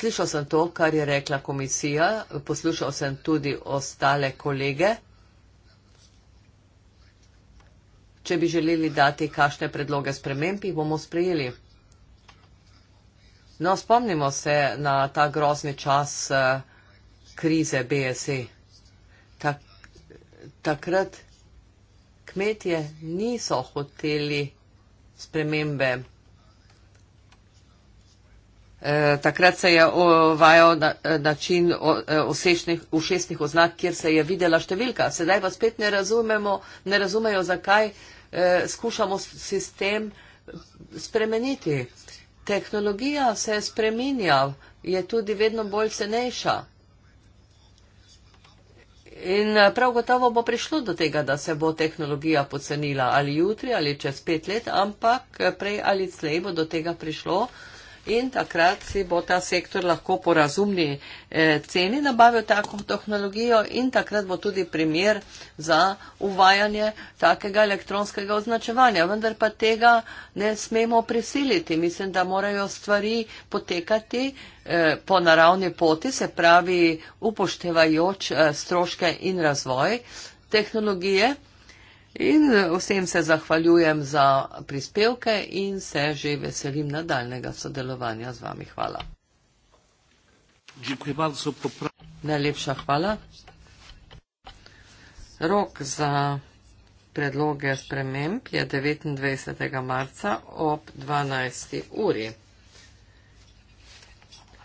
Speaker 1: Slišal sem to, kar je rekla komisija, poslušal sem tudi ostale kolege. Če bi želeli dati kakšne predloge sprememb, jih bomo sprejeli. No, spomnimo se na ta grozni čas uh, krize BSE. Ta, takrat kmetje niso hoteli spremembe. Uh, takrat se je uvajal na, eh, način ušesnih uh, oznak, kjer se je videla številka. Sedaj pa spet ne, razumemo, ne razumejo, zakaj uh, skušamo sistem spremeniti. Uh, Tehnologija se spreminja, je tudi vedno bolj cenejša. In eh, prav gotovo bo prišlo do tega, da se bo tehnologija pocenila ali jutri ali čez pet let, ampak eh, prej ali slej bo do tega prišlo in takrat si bo ta sektor lahko po razumni eh, ceni nabavil tako tehnologijo in takrat bo tudi primer za uvajanje takega elektronskega označevanja. Vendar pa tega ne smemo prisiliti. Mislim, da morajo stvari potekati eh, po naravni poti, se pravi upoštevajoč eh, stroške in razvoj tehnologije. In eh, vsem se zahvaljujem za prispevke in se že veselim nadaljnega sodelovanja z vami. Hvala. Najlepša hvala. Rok za predloge sprememb je 29. marca ob 12. uri.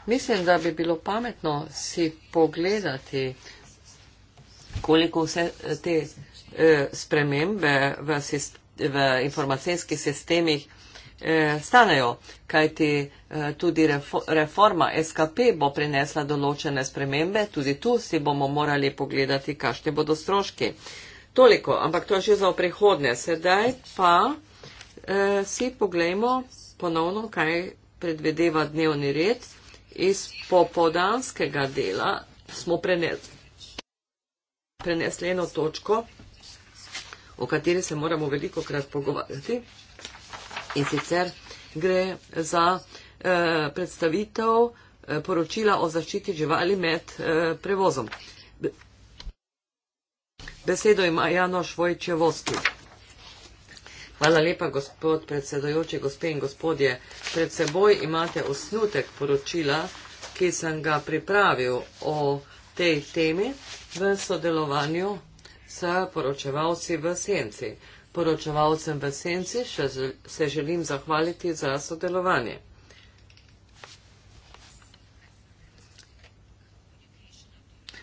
Speaker 1: Mislim, da bi bilo pametno si pogledati, koliko vse te Eh, spremembe v, v informacijskih sistemih eh, stanejo, kajti eh, tudi reforma SKP bo prinesla določene spremembe, tudi tu si bomo morali pogledati, kakšne bodo stroški. Toliko, ampak to je že za prihodnje. Sedaj pa eh, si pogledajmo ponovno, kaj predvedeva dnevni red. Iz popodanskega dela smo prenesli eno točko, o kateri se moramo veliko krat pogovarjati. In sicer gre za eh, predstavitev eh, poročila o zaščiti živali med eh, prevozom. Besedo ima Janoš Vojčevoski. Hvala lepa, gospod predsedojoči, gospe in gospodje. Pred seboj imate osnutek poročila, ki sem ga pripravil o tej temi v sodelovanju s poročevalci v senci. Poročevalcem v senci še, se želim zahvaliti za sodelovanje.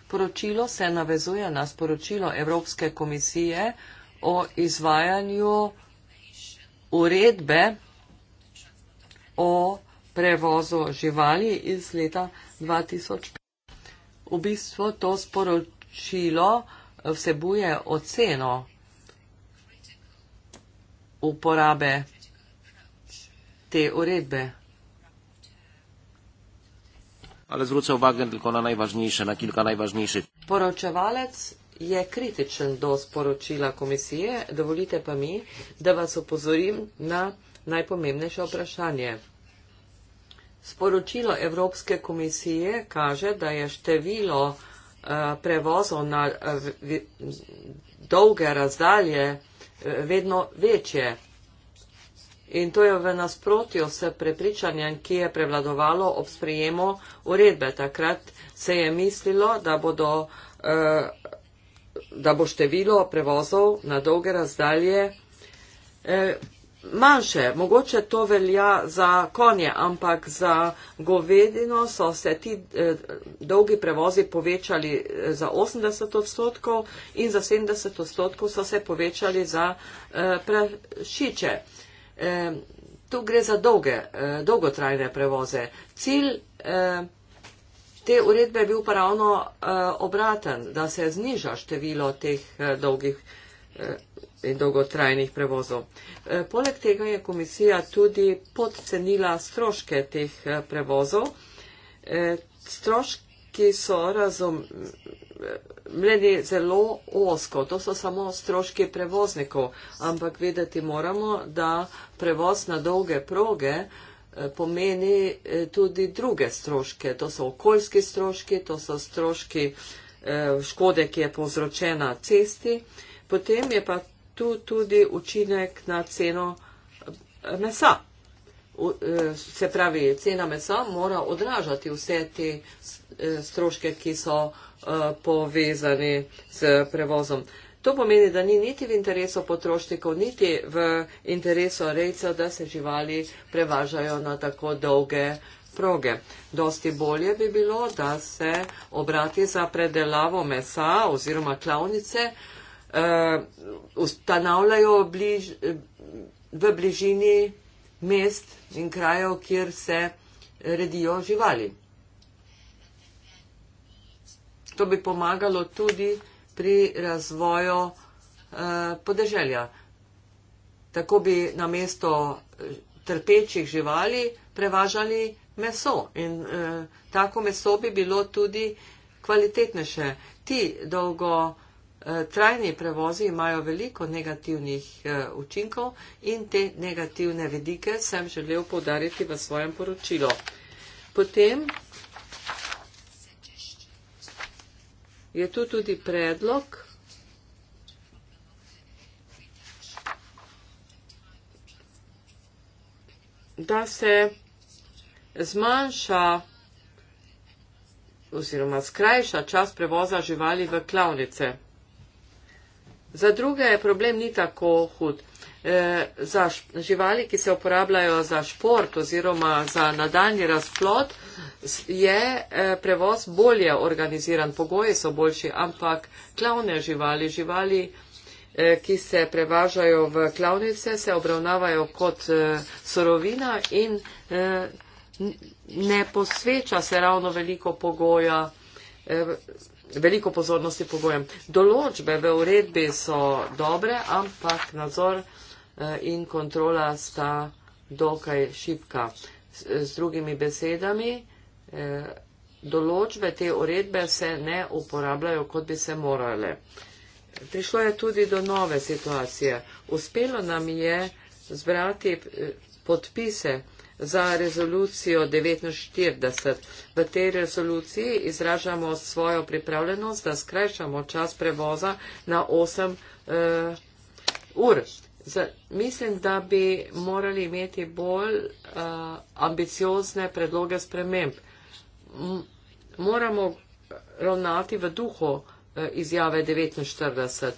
Speaker 1: Poročilo se navezuje na sporočilo Evropske komisije o izvajanju uredbe o prevozu živali iz leta 2005. V bistvu to sporočilo vsebuje oceno uporabe te uredbe.
Speaker 3: Ali zvruče vagen tako na najvažnejše, na kilka najvažnejše.
Speaker 1: Poročevalec je kritičen do sporočila komisije, dovolite pa mi, da vas opozorim na najpomembnejše vprašanje. Sporočilo Evropske komisije kaže, da je število Eh, prevozov na eh, dolge razdalje eh, vedno večje. In to je v nasprotju s prepričanjem, ki je prevladovalo ob sprejemu uredbe. Takrat se je mislilo, da, bodo, da bo število prevozov na dolge razdalje manjše, mogoče to velja za konje, ampak za govedino so se ti eh, dolgi prevozi povečali eh, za 80 odstotkov in za 70 odstotkov so se povečali za eh, prešiče. Eh, tu gre za dolge, eh, dolgotrajne prevoze. Cilj eh, te uredbe je bil pa ravno eh, obraten, da se zniža število teh eh, dolgih. Eh, in dolgotrajnih prevozov. E, poleg tega je komisija tudi podcenila stroške teh e, prevozov. E, stroški so razumljeni zelo osko, to so samo stroški prevoznikov, ampak vedeti moramo, da prevoz na dolge proge pomeni tudi druge stroške. To so okoljski stroški, to so stroški škode, ki je povzročena cesti. Potem je pa tu tudi učinek na ceno eh, mesa. Eh, se pravi, cena mesa mora odražati vse te eh, stroške, ki so povezani s prevozom. To pomeni, da ni niti v interesu potrošnikov, niti v interesu rejcev, da se živali prevažajo na tako dolge proge. Dosti bolje bi bilo, da se obrati za predelavo mesa oziroma klavnice uh, uh, ustanavljajo bliž, v bližini mest in krajev, kjer se redijo živali. To bi pomagalo tudi pri razvoju uh, podeželja. Tako bi na mesto eh, trpečih živali prevažali meso in uh, tako meso bi bilo tudi kvalitetnejše. Ti dolgo Eh, trajni prevozi imajo veliko negativnih eh, učinkov in te negativne vedike sem želel povdariti v svojem poročilu. Potem je tu tudi predlog. da se zmanjša oziroma skrajša čas prevoza živali v klavnice. Za druge problem ni tako hud. E, za živali, ki se uporabljajo za šport oziroma za nadaljni razplot, je e, prevoz bolje organiziran, pogoji so boljši, ampak klavne živali, živali, e, ki se prevažajo v klavnice, se obravnavajo kot e, sorovina in e, ne posveča se ravno veliko pogoja. E, veliko pozornosti pogojem. Določbe v uredbi so dobre, ampak nadzor eh, in kontrola sta dokaj šipka. Eh, z drugimi besedami, eh, določbe te uredbe se ne uporabljajo, kot bi se morale. Prišlo je tudi do nove situacije. Uspelo nam je zbrati podpise za rezolucijo 49. V tej rezoluciji izražamo svojo pripravljenost, da skrajšamo čas prevoza na 8 uh, eh, ur. Z, mislim, da bi morali imeti bolj uh, ambiciozne predloge sprememb. M moramo ravnati v duhu uh, izjave 49.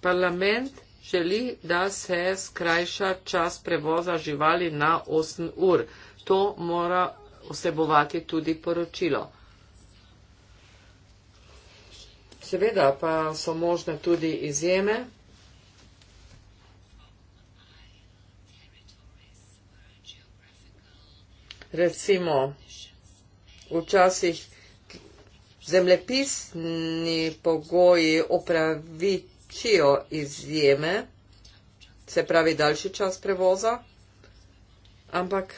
Speaker 1: Parlament želi, da se skrajša čas prevoza živali na 8 ur. To mora osebovati tudi poročilo. Seveda pa so možne tudi izjeme. Recimo, včasih zemljepisni pogoji opraviti določijo izjeme, se pravi daljši čas prevoza, ampak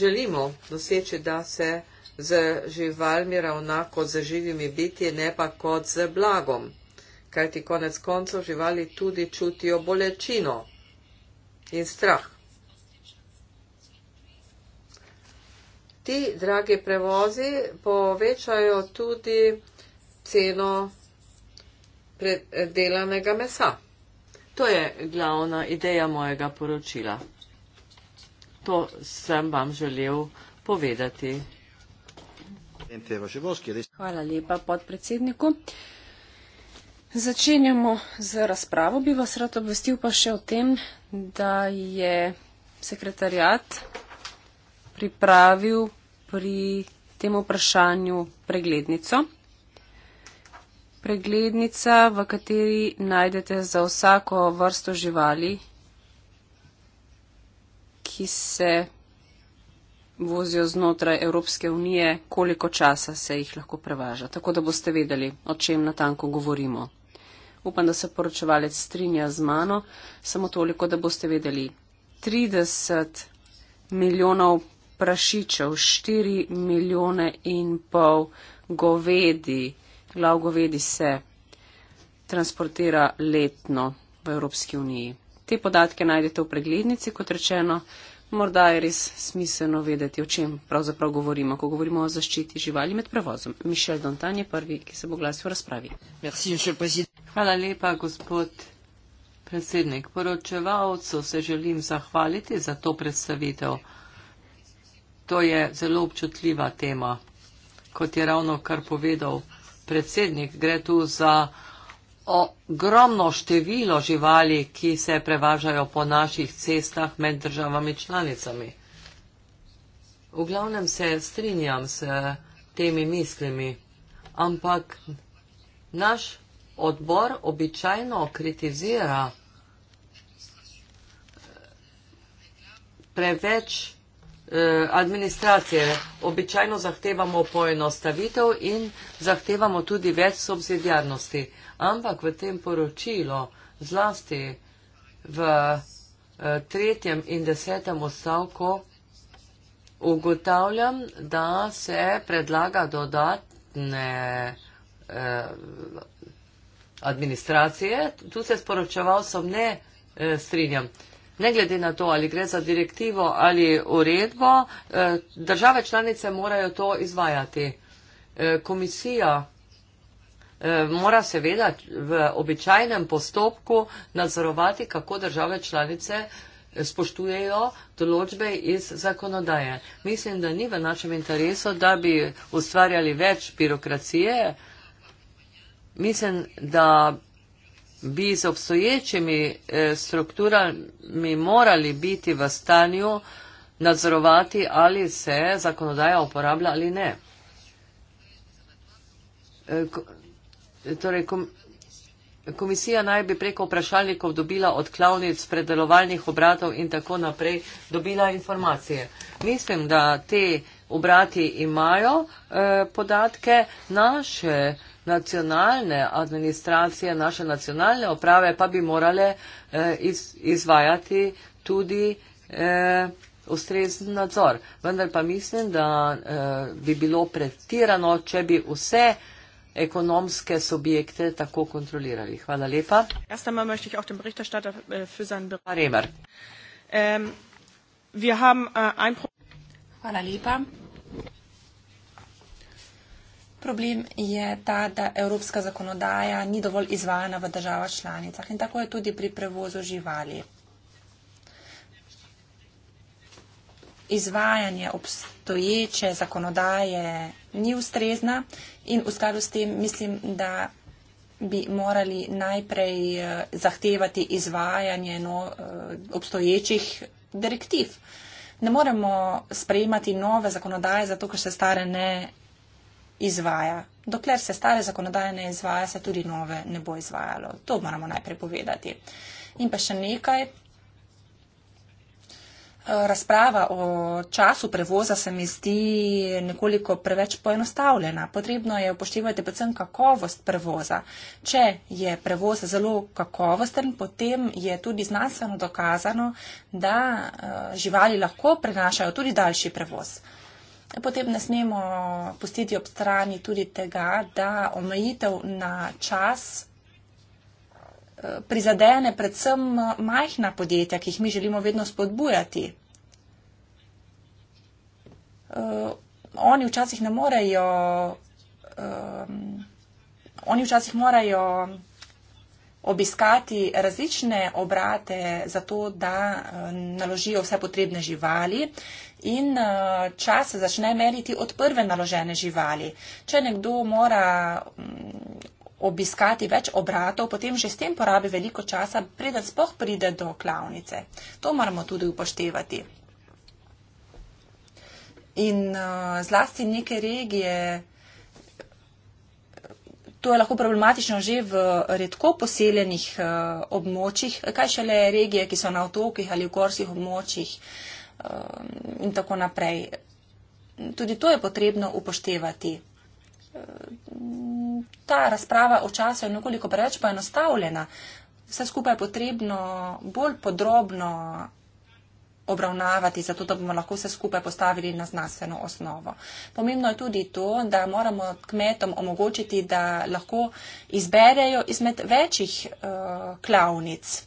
Speaker 1: želimo doseči, da se z živalmi ravna kot z živimi bitje, ne pa kot z blagom, kajti konec koncev živali tudi čutijo bolečino in strah. Ti dragi prevozi povečajo tudi ceno predelanega mesa. To je glavna ideja mojega poročila. To sem vam želel povedati.
Speaker 2: Hvala lepa podpredsedniku. Začenjamo z razpravo. Bi vas rad obvestil pa še o tem, da je sekretarjat pripravil pri tem vprašanju preglednico preglednica, v kateri najdete za vsako vrsto živali, ki se vozijo znotraj Evropske unije, koliko časa se jih lahko prevaža. Tako da boste vedeli, o čem natanko govorimo. Upam, da se poročevalec strinja z mano, samo toliko, da boste vedeli. 30 milijonov prašičev, 4 milijone in pol govedi glav govedi se transportira letno v Evropski uniji. Te podatke najdete v preglednici, kot rečeno, morda je res smiselno vedeti, o čem pravzaprav govorimo, ko govorimo o zaščiti živali med prevozom. Mišel Dontan je prvi, ki se bo glasil v razpravi. Merci, Hvala lepa, gospod
Speaker 1: predsednik. Poročevalcu se želim zahvaliti za to predstavitev. To je zelo občutljiva tema, kot je ravno kar povedal predsednik, gre tu za ogromno število živali, ki se prevažajo po naših cestah med državami članicami. V glavnem se strinjam s temi mislimi, ampak naš odbor običajno kritizira eh, preveč Eh, administracije. Običajno zahtevamo poenostavitev in zahtevamo tudi več subsidijarnosti. Ampak v tem poročilu, zlasti v eh, tretjem in desetem odstavku, ugotavljam, da se predlaga dodatne eh, administracije. Tu se sporočevalcem ne strinjam ne glede na to, ali gre za direktivo ali uredbo, eh, države članice morajo to izvajati. Eh, komisija eh, mora seveda v običajnem postopku nadzorovati, kako države članice spoštujejo določbe iz zakonodaje. Mislim, da ni v našem interesu, da bi ustvarjali več birokracije. Mislim, da bi z obstoječimi eh, strukturami morali biti v stanju nadzorovati, ali se zakonodaja uporablja ali ne. Eh, torej, komisija naj bi preko vprašalnikov dobila od klavnic, predelovalnih obratov in tako naprej dobila informacije. Mislim, da te obrati imajo eh, podatke naše vprašalnike, nacionalne administracije, naše nacionalne oprave pa bi morale eh, iz, izvajati tudi eh, ustrezen nadzor. Vendar pa mislim, da eh, bi bilo pretirano, če bi vse ekonomske subjekte tako kontrolirali. Hvala lepa.
Speaker 3: Äh, ähm, äh, Hvala lepa. Problem je ta, da evropska zakonodaja ni dovolj izvajana v državah članicah in tako je tudi pri prevozu živali. Izvajanje obstoječe zakonodaje ni ustrezna in v skladu s tem mislim, da bi morali najprej eh, zahtevati izvajanje no, eh, obstoječih direktiv. Ne moremo sprejemati nove zakonodaje, zato ker se stare ne izvaja. Dokler se stare zakonodaje ne izvaja, se tudi nove ne bo izvajalo. To moramo najprej povedati. In pa še nekaj. Eh, razprava o času prevoza se mi zdi nekoliko preveč poenostavljena. Potrebno je upoštevati predvsem kakovost prevoza. Če je prevoz zelo kakovosten, potem je tudi znanstveno dokazano, da eh, živali lahko prenašajo tudi daljši prevoz. Potem ne smemo pustiti ob strani tudi tega, da omejitev na čas eh, prizadene predvsem majhna podjetja, ki jih mi želimo vedno spodbujati. Eh, oni včasih ne morejo, um, oni včasih morajo obiskati različne obrate za to, da naložijo vse potrebne živali, in eh, čas začne meriti od prve naložene živali. Če nekdo mora mm, obiskati več obratov, potem že s tem porabi veliko časa, preden spoh pride do klavnice. To moramo tudi upoštevati. In eh, zlasti neke regije. To je lahko problematično že v redko poseljenih uh, območjih, kaj šele regije, ki so na otokih ali v gorskih območjih. Uh, Um, in tako naprej. Tudi to je potrebno upoštevati. Ta razprava o času je nekoliko preveč poenostavljena. Vse skupaj je potrebno bolj podrobno obravnavati, zato da bomo lahko vse skupaj postavili na znanstveno osnovo. Pomembno je tudi to, da moramo kmetom omogočiti, da lahko izberejo izmed večjih uh, klavnic.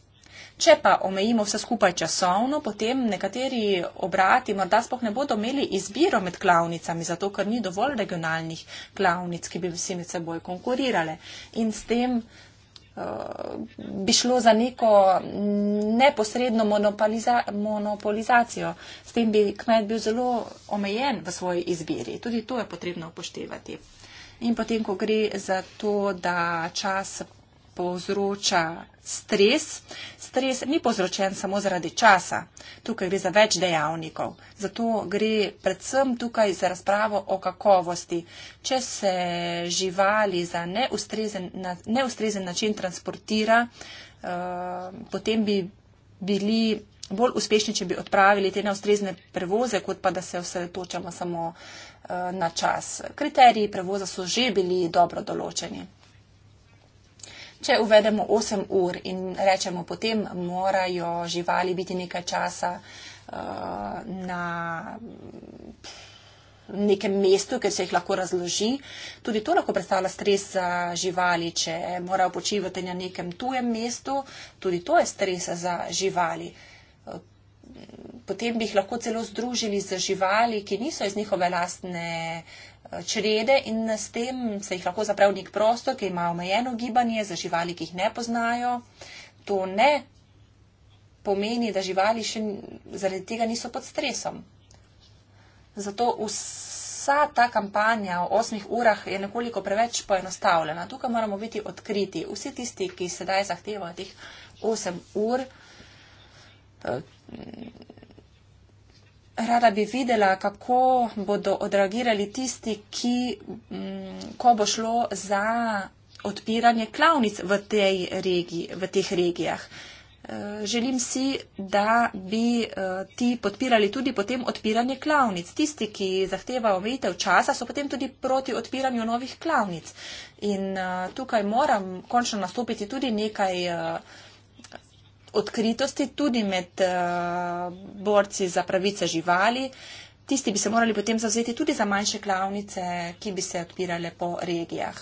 Speaker 3: Če pa omejimo vse skupaj časovno, potem nekateri obrati morda spoh ne bodo imeli izbiro med klavnicami, zato ker ni dovolj regionalnih klavnic, ki bi vsi med seboj konkurirale. In s tem uh, bi šlo za neko neposredno monopoliza monopolizacijo. S tem bi kmet bil zelo omejen v svoji izbiri. Tudi to je potrebno upoštevati. In potem, ko gre za to, da čas povzroča stres. Stres ni povzročen samo zaradi časa. Tukaj gre za več dejavnikov. Zato gre predvsem tukaj za razpravo o kakovosti. Če se živali za neustrezen, na, neustrezen način transportira, uh, potem bi bili bolj uspešni, če bi odpravili te neustrezne prevoze, kot pa da se osredotočamo samo uh, na čas. Kriteriji prevoza so že bili dobro določeni. Če uvedemo 8 ur in rečemo, potem morajo živali biti nekaj časa uh, na nekem mestu, ker se jih lahko razloži, tudi to lahko predstavlja stres za živali. Če morajo počivati na nekem tujem mestu, tudi to je stres za živali. Potem bi jih lahko celo združili z živali, ki niso iz njihove lastne uh, črede in s tem se jih lahko zapre v nek prostor, ki ima omejeno gibanje za živali, ki jih ne poznajo. To ne pomeni, da živali še zaradi tega niso pod stresom. Zato vsa ta kampanja o osmih urah je nekoliko preveč poenostavljena. Tukaj moramo biti odkriti. Vsi tisti, ki sedaj zahtevajo teh osem ur, eh, Rada bi videla, kako bodo odreagirali tisti, ki, mm, ko bo šlo za odpiranje klavnic v, regiji, v teh regijah. Eh, želim si, da bi eh, ti podpirali tudi potem odpiranje klavnic. Tisti, ki zahtevajo omejitev časa, so potem tudi proti odpiranju novih klavnic. In eh, tukaj moram končno nastopiti tudi nekaj odkritosti tudi med uh, borci za pravice živali. Tisti bi se morali potem zavzeti tudi za manjše klavnice, ki bi se odpirale po regijah.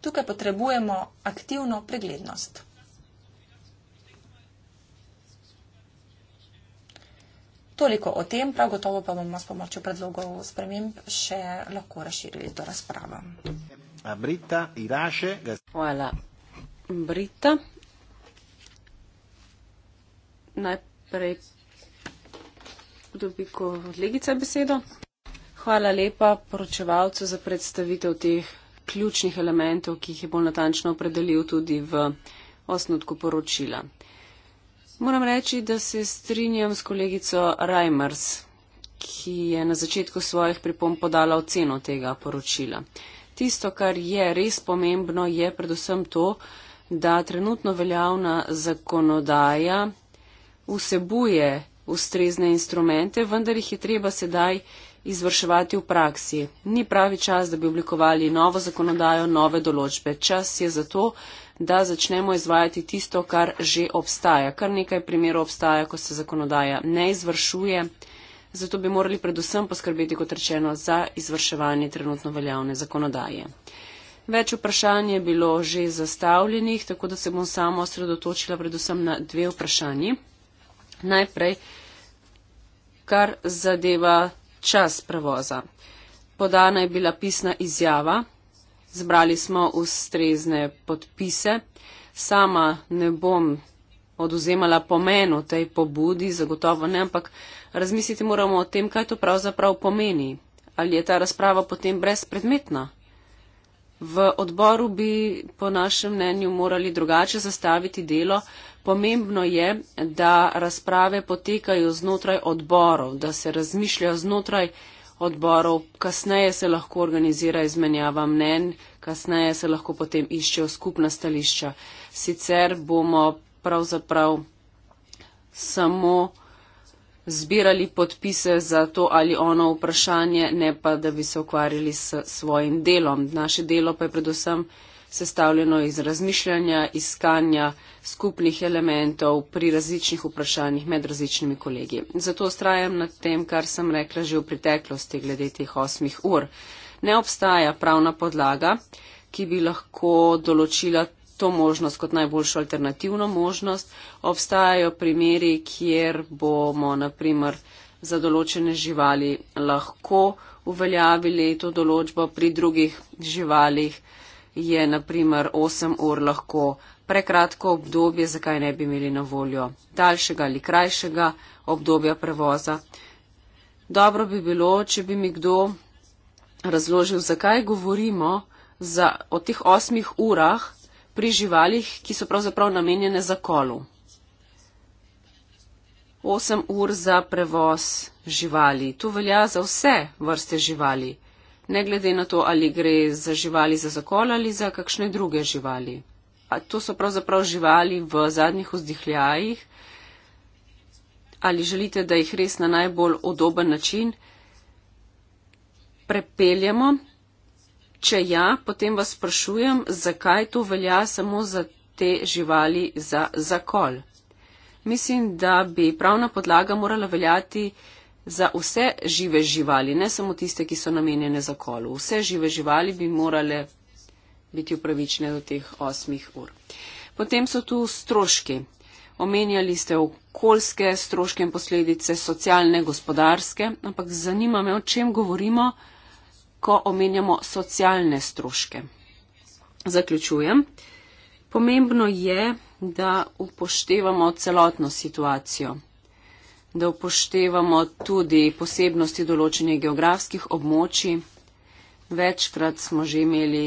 Speaker 3: Tukaj potrebujemo aktivno preglednost. Toliko o tem, prav gotovo pa bomo s pomočjo predlogov sprememb še lahko razširili to razpravo
Speaker 2: a Britta
Speaker 1: Irace.
Speaker 2: Hvala,
Speaker 3: Britta.
Speaker 2: Najprej dobi kolegica besedo. Hvala lepa poročevalcu za predstavitev teh ključnih elementov, ki jih je bolj natančno opredelil tudi v osnutku poročila. Moram reči, da se strinjam s kolegico Reimers, ki je na začetku svojih pripomb podala oceno tega poročila. Uh, tisto, kar je res pomembno, je predvsem to, da trenutno veljavna zakonodaja vsebuje ustrezne instrumente, vendar jih je treba sedaj izvrševati v praksi. Ni pravi čas, da bi oblikovali novo zakonodajo, nove določbe. Čas je zato, da začnemo izvajati tisto, kar že obstaja. Kar nekaj primerov obstaja, ko se zakonodaja ne izvršuje zato bi morali predvsem poskrbeti, kot rečeno, za izvrševanje trenutno veljavne zakonodaje. Več vprašanj je bilo že zastavljenih, tako da se bom samo osredotočila predvsem na dve vprašanji. Najprej, kar zadeva čas prevoza. Podana je bila pisna izjava, zbrali smo ustrezne podpise. Sama ne bom oduzemala pomenu tej pobudi, zagotovo ne, ampak Razmisliti moramo o tem, kaj to pravzaprav pomeni. Ali je ta razprava potem brezpredmetna? V odboru bi po našem mnenju morali drugače zastaviti delo. Pomembno je, da razprave potekajo znotraj odborov, da se razmišljajo znotraj odborov, kasneje se lahko organizira izmenjava mnen, kasneje se lahko potem iščejo skupna stališča. Sicer bomo pravzaprav samo zbirali podpise za to ali ono vprašanje, ne pa da bi se ukvarjali s svojim delom. Naše delo pa je predvsem sestavljeno iz razmišljanja, iskanja skupnih elementov pri različnih vprašanjih med različnimi kolegi. Zato ustrajam nad tem, kar sem rekla že v preteklosti glede teh osmih ur. Ne obstaja pravna podlaga, ki bi lahko določila to možnost kot najboljšo alternativno možnost. Obstajajo primeri, kjer bomo naprimer za določene živali lahko uveljavili to določbo, pri drugih živalih je naprimer 8 ur lahko prekratko obdobje, zakaj ne bi imeli na voljo daljšega ali krajšega obdobja prevoza. Dobro bi bilo, če bi mi kdo razložil, zakaj govorimo za, o teh osmih urah pri živalih, ki so pravzaprav namenjene za kolu. 8 ur za prevoz živali. To velja za vse vrste živali, ne glede na to, ali gre za živali za zakol ali za kakšne druge živali. A to so pravzaprav živali v zadnjih vzdihljajih. Ali želite, da jih res na najbolj odoben način prepeljemo Če ja, potem vas sprašujem, zakaj to velja samo za te živali za zakol. Mislim, da bi pravna podlaga morala veljati za vse žive živali, ne samo tiste, ki so namenjene zakolu. Vse žive živali bi morale biti upravičene do teh osmih ur. Potem so tu stroški. Omenjali ste okoljske stroške in posledice, socialne, gospodarske, ampak zanima me, o čem govorimo ko omenjamo socialne stroške. Zaključujem. Pomembno je, da upoštevamo celotno situacijo, da upoštevamo tudi posebnosti določenih geografskih območij. Večkrat smo že imeli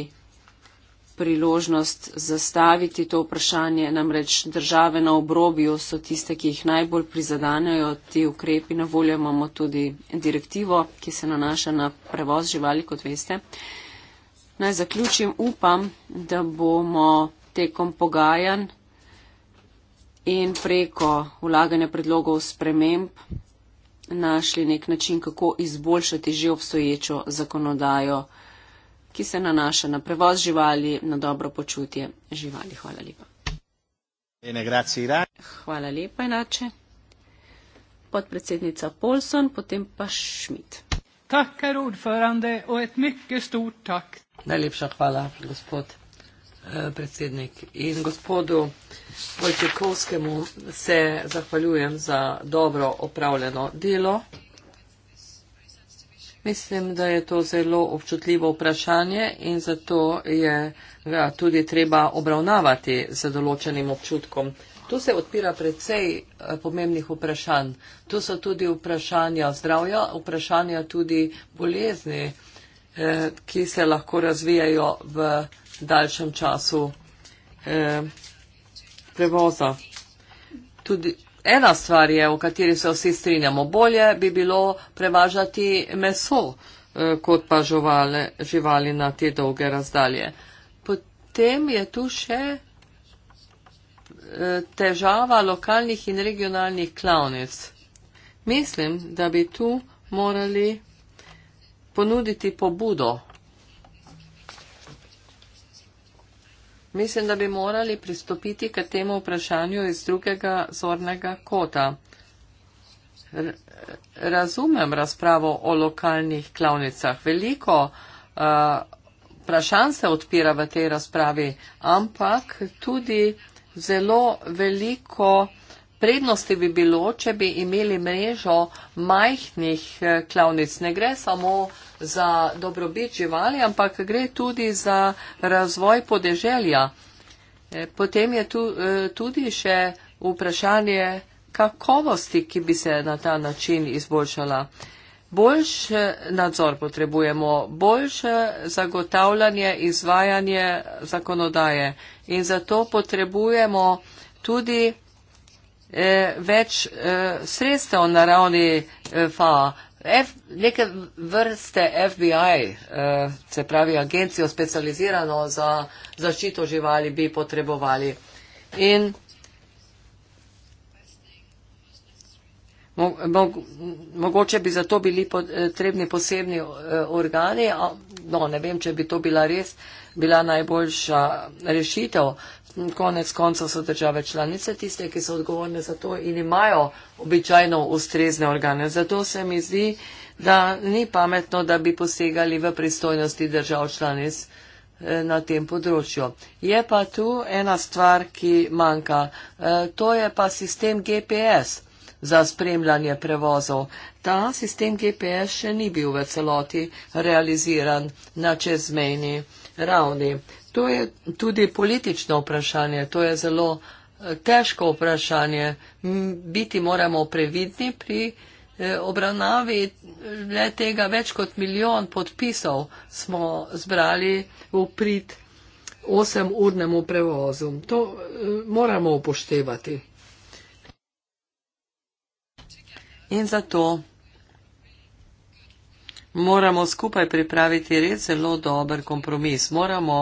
Speaker 2: priložnost zastaviti to vprašanje. Namreč države na obrobju so tiste, ki jih najbolj prizadanejo ti ukrepi. Na voljo imamo tudi direktivo, ki se nanaša na prevoz živali, kot veste. Naj zaključim. Upam, da bomo tekom pogajanj in preko ulaganja predlogov sprememb našli nek način, kako izboljšati že obstoječo zakonodajo ki se nanaša na prevoz živali, na dobro počutje živali. Hvala lepa. Hvala lepa inače. Podpredsednica Polson, potem pa Šmit. Najlepša hvala, gospod
Speaker 1: eh, predsednik. In gospodu Vojčekovskemu se zahvaljujem za dobro opravljeno delo. Mislim, da je to zelo občutljivo vprašanje in zato je ga tudi treba obravnavati z določenim občutkom. Tu se odpira precej eh, pomembnih vprašanj. Tu so tudi vprašanja zdravja, vprašanja tudi bolezni, eh, ki se lahko razvijajo v daljšem času eh, prevoza. Tudi, Ena stvar je, o kateri se vsi strinjamo, bolje bi bilo prevažati meso eh, kot pa živali, živali na te dolge razdalje. Potem je tu še eh, težava lokalnih in regionalnih klavnic. Mislim, da bi tu morali ponuditi pobudo Mislim, da bi morali pristopiti k temu vprašanju iz drugega zornega kota. R razumem razpravo o lokalnih klavnicah. Veliko uh, vprašanj se odpira v tej razpravi, ampak tudi zelo veliko prednosti bi bilo, če bi imeli mrežo majhnih klavnic. Ne gre samo za dobrobit živali, ampak gre tudi za razvoj podeželja. E, potem je tu e, tudi še vprašanje kakovosti, ki bi se na ta način izboljšala. Boljš nadzor potrebujemo, boljše zagotavljanje, izvajanje zakonodaje in zato potrebujemo tudi eh, več eh, sredstev na ravni eh, FA, F, neke vrste FBI, eh, se pravi agencijo specializirano za zaščito živali, bi potrebovali. In Mogoče bi zato bili eh, potrebni posebni eh, organi, no, ne vem, če bi to bila res bila najboljša rešitev. Konec koncev so države članice tiste, ki so odgovorne za to in imajo običajno ustrezne organe. Zato se mi zdi, da ni pametno, da bi posegali v pristojnosti držav članic eh, na tem področju. Je pa tu ena stvar, ki manjka. Eh, to je pa sistem GPS za spremljanje prevozov. Ta sistem GPS še ni bil v celoti realiziran na čezmejni ravni. To je tudi politično vprašanje, to je zelo eh, težko vprašanje. Biti moramo previdni pri eh, obravnavi le tega več kot milijon podpisov smo zbrali v prid osem urnemu prevozu. To eh, moramo upoštevati. In zato moramo skupaj pripraviti res zelo dober kompromis. Moramo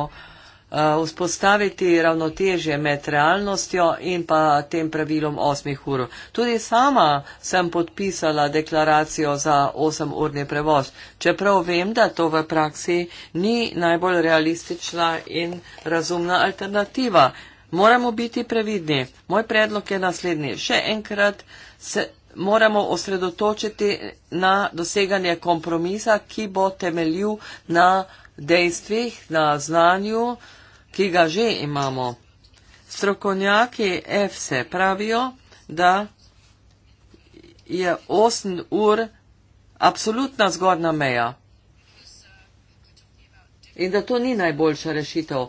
Speaker 1: Eh, vzpostaviti ravnotežje med realnostjo in pa tem pravilom 8 ur. Tudi sama sem podpisala deklaracijo za 8-urni prevoz, čeprav vem, da to v praksi ni najbolj realistična in razumna alternativa. Moramo biti previdni. Moj predlog je naslednji. Še enkrat se moramo osredotočiti na doseganje kompromisa, ki bo temeljil na dejstvih, na znanju, ki ga že imamo. Strokovnjaki EFSE pravijo, da je 8 ur absolutna zgodna meja in da to ni najboljša rešitev.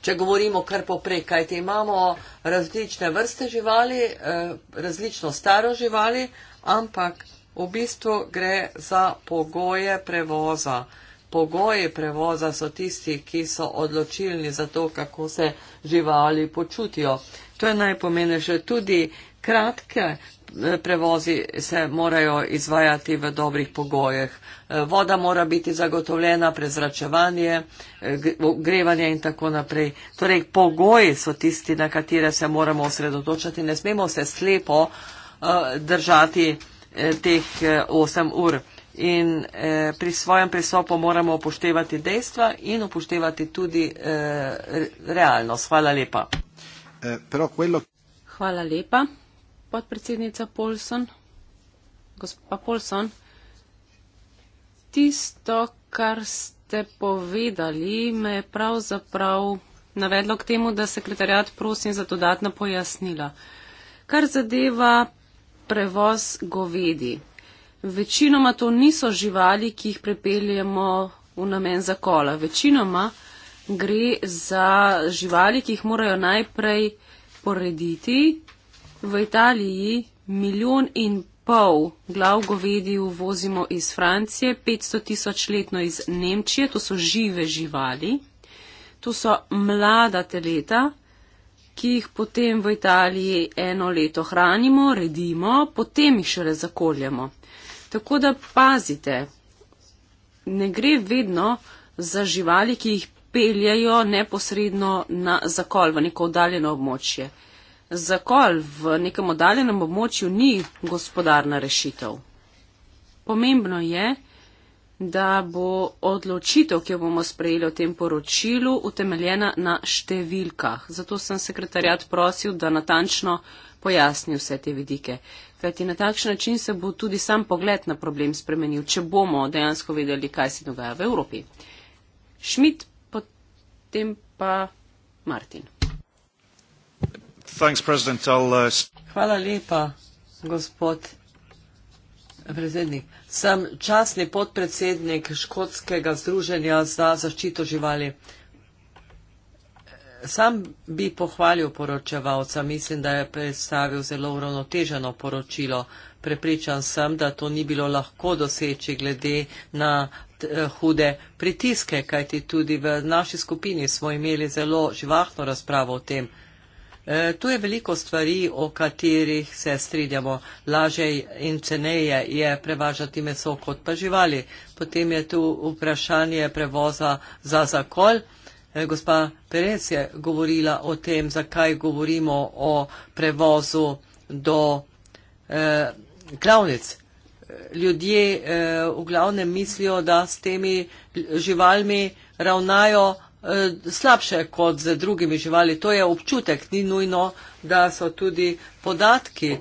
Speaker 1: Če govorimo kar poprej, kajte imamo različne vrste živali, eh, različno staro živali, ampak v bistvu gre za pogoje prevoza pogoji prevoza so tisti, ki so odločilni za to, kako se živali počutijo. To je najpomenejše. Tudi
Speaker 2: kratke
Speaker 1: eh, prevozi se morajo izvajati v dobrih pogojih. Eh, voda mora biti zagotovljena, prezračevanje, eh, grevanje in tako naprej. Torej, pogoji so tisti, na katere se moramo osredotočati. Ne smemo se slepo držati teh 8 ur in eh, pri svojem pristopu moramo upoštevati dejstva in upoštevati tudi eh, realnost. Hvala lepa.
Speaker 3: Eh,
Speaker 2: Hvala lepa, podpredsednica Polson. Gospa Polson, tisto, kar ste povedali, me je pravzaprav navedlo k temu, da sekretarjat prosim za dodatna pojasnila. Kar zadeva prevoz govedi. Večinoma to niso živali, ki jih prepeljemo v namen zakola. Večinoma gre za živali, ki jih morajo najprej porediti. V Italiji milijon in pol glav govedi uvozimo iz Francije, 500 tisoč letno iz Nemčije, to so žive živali. To so mlada teleta, ki jih potem v Italiji eno leto hranimo, redimo, potem jih šele zakoljemo. Tako da pazite, ne gre vedno za živali, ki jih peljajo neposredno na zakol v neko oddaljeno območje. Zakol v nekem oddaljenem območju ni gospodarna rešitev. Pomembno je, da bo odločitev, ki jo bomo sprejeli v tem poročilu, utemeljena na številkah. Zato sem sekretarjat prosil, da natančno pojasni vse te vidike kajti na takšen način se bo tudi sam pogled na problem spremenil, če bomo dejansko vedeli, kaj se dogaja v Evropi. Šmit, potem pa Martin. Thanks, uh, Hvala
Speaker 1: lepa, gospod predsednik. Sem časni podpredsednik Škotskega združenja za zaščito živali. Sam bi pohvalil poročevalca, mislim, da je predstavil zelo uravnoteženo poročilo. Prepričan sem, da to ni bilo lahko doseči glede na eh, hude pritiske, kajti tudi v naši skupini smo imeli zelo živahno razpravo o tem. E, tu je veliko stvari, o katerih se stridjamo. Laže in ceneje je prevažati meso kot pa živali. Potem je tu vprašanje prevoza za zakol. Eh, gospa Perez je govorila o tem, zakaj govorimo o prevozu do eh, klavnic. Ljudje eh, v glavnem mislijo, da s temi živalmi ravnajo eh, slabše kot z drugimi živali. To je občutek, ni nujno, da so tudi podatki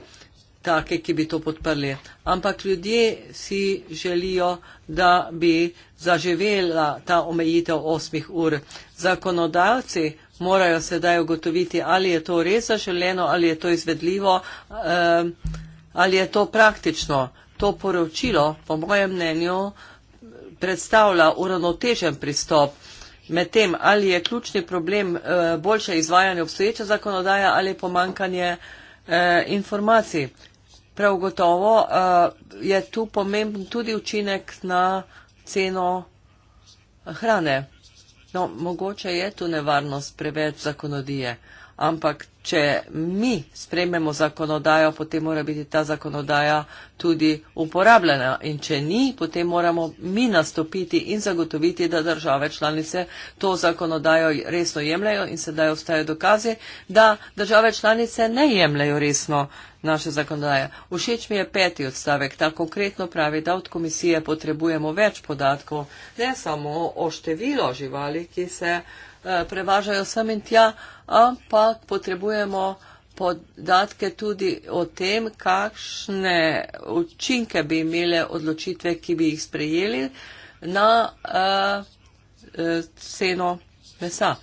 Speaker 1: take, ki bi to podprli. Ampak ljudje si želijo, da bi zaživela ta omejitev osmih ur. Zakonodajalci morajo sedaj ugotoviti, ali je to res zaželeno, ali je to izvedljivo, ehm, ali je to praktično. To poročilo, po mojem mnenju, predstavlja uravnotežen pristop. Medtem, ali je ključni problem eh, boljše izvajanje obstoječe zakonodaje ali pomankanje eh, informacij. Prav gotovo uh, je tu pomemben tudi učinek na ceno hrane. No, mogoče je tu nevarnost preveč zakonodije. Uh, ampak če mi sprememo zakonodajo, potem mora biti ta zakonodaja tudi uporabljena in če ni, potem moramo mi nastopiti in zagotoviti, da države članice to zakonodajo resno jemljajo in sedaj ostajajo dokazi, da države članice ne jemljajo resno naše zakonodaje. Všeč mi je peti odstavek, ta konkretno pravi, da od komisije potrebujemo več podatkov, ne samo o število živali, ki se eh, prevažajo sem in tja, ampak potrebujemo podatke tudi o tem, kakšne učinke bi imele odločitve, ki bi jih sprejeli na uh, uh, ceno mesa.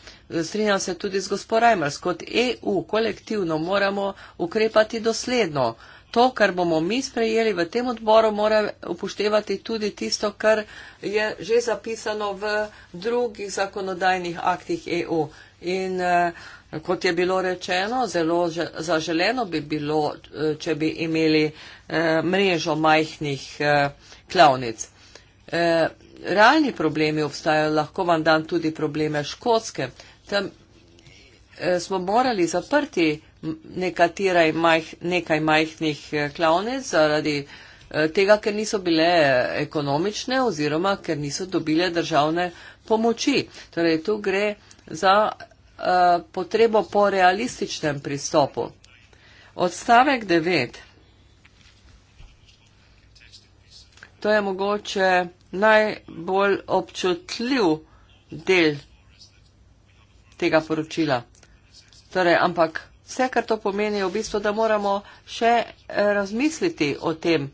Speaker 1: Strinjam se tudi z gospod Reimers, kot EU kolektivno moramo ukrepati dosledno. To, kar bomo mi sprejeli v tem odboru, mora upoštevati tudi tisto, kar je že zapisano v drugih zakonodajnih aktih EU. In uh, kot je bilo rečeno, zelo že, zaželeno bi bilo, eh, če bi imeli uh, mrežo majhnih uh, klavnic. Uh, realni problemi obstajajo, lahko vam dam tudi probleme škotske. Tam uh, smo morali zaprti nekatere majh, nekaj majhnih uh, klavnic zaradi tega, ker niso bile ekonomične oziroma ker niso dobile državne pomoči. Torej, tu gre za Eh, potrebo po realističnem pristopu. Odstavek 9. To je mogoče najbolj občutljiv del tega poročila. Torej, ampak vse, kar to pomeni, je v bistvu, da moramo še eh, razmisliti o tem,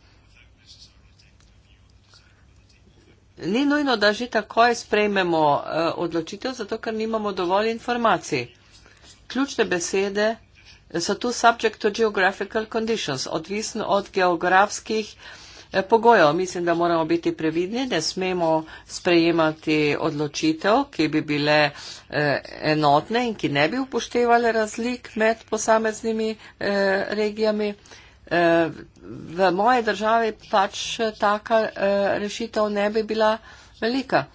Speaker 1: ni nujno, da že takoj sprejmemo uh, odločitev, zato ker nimamo dovolj informacij. Ključne besede so tu subject to geographical conditions, odvisno od geografskih eh, pogojev. Mislim, da moramo biti previdni, ne smemo sprejemati odločitev, ki bi bile eh, enotne in ki ne bi upoštevali razlik med posameznimi eh, regijami. Eh, Eh, v moje državi pač eh, taka eh, rešitev ne bi bila velika,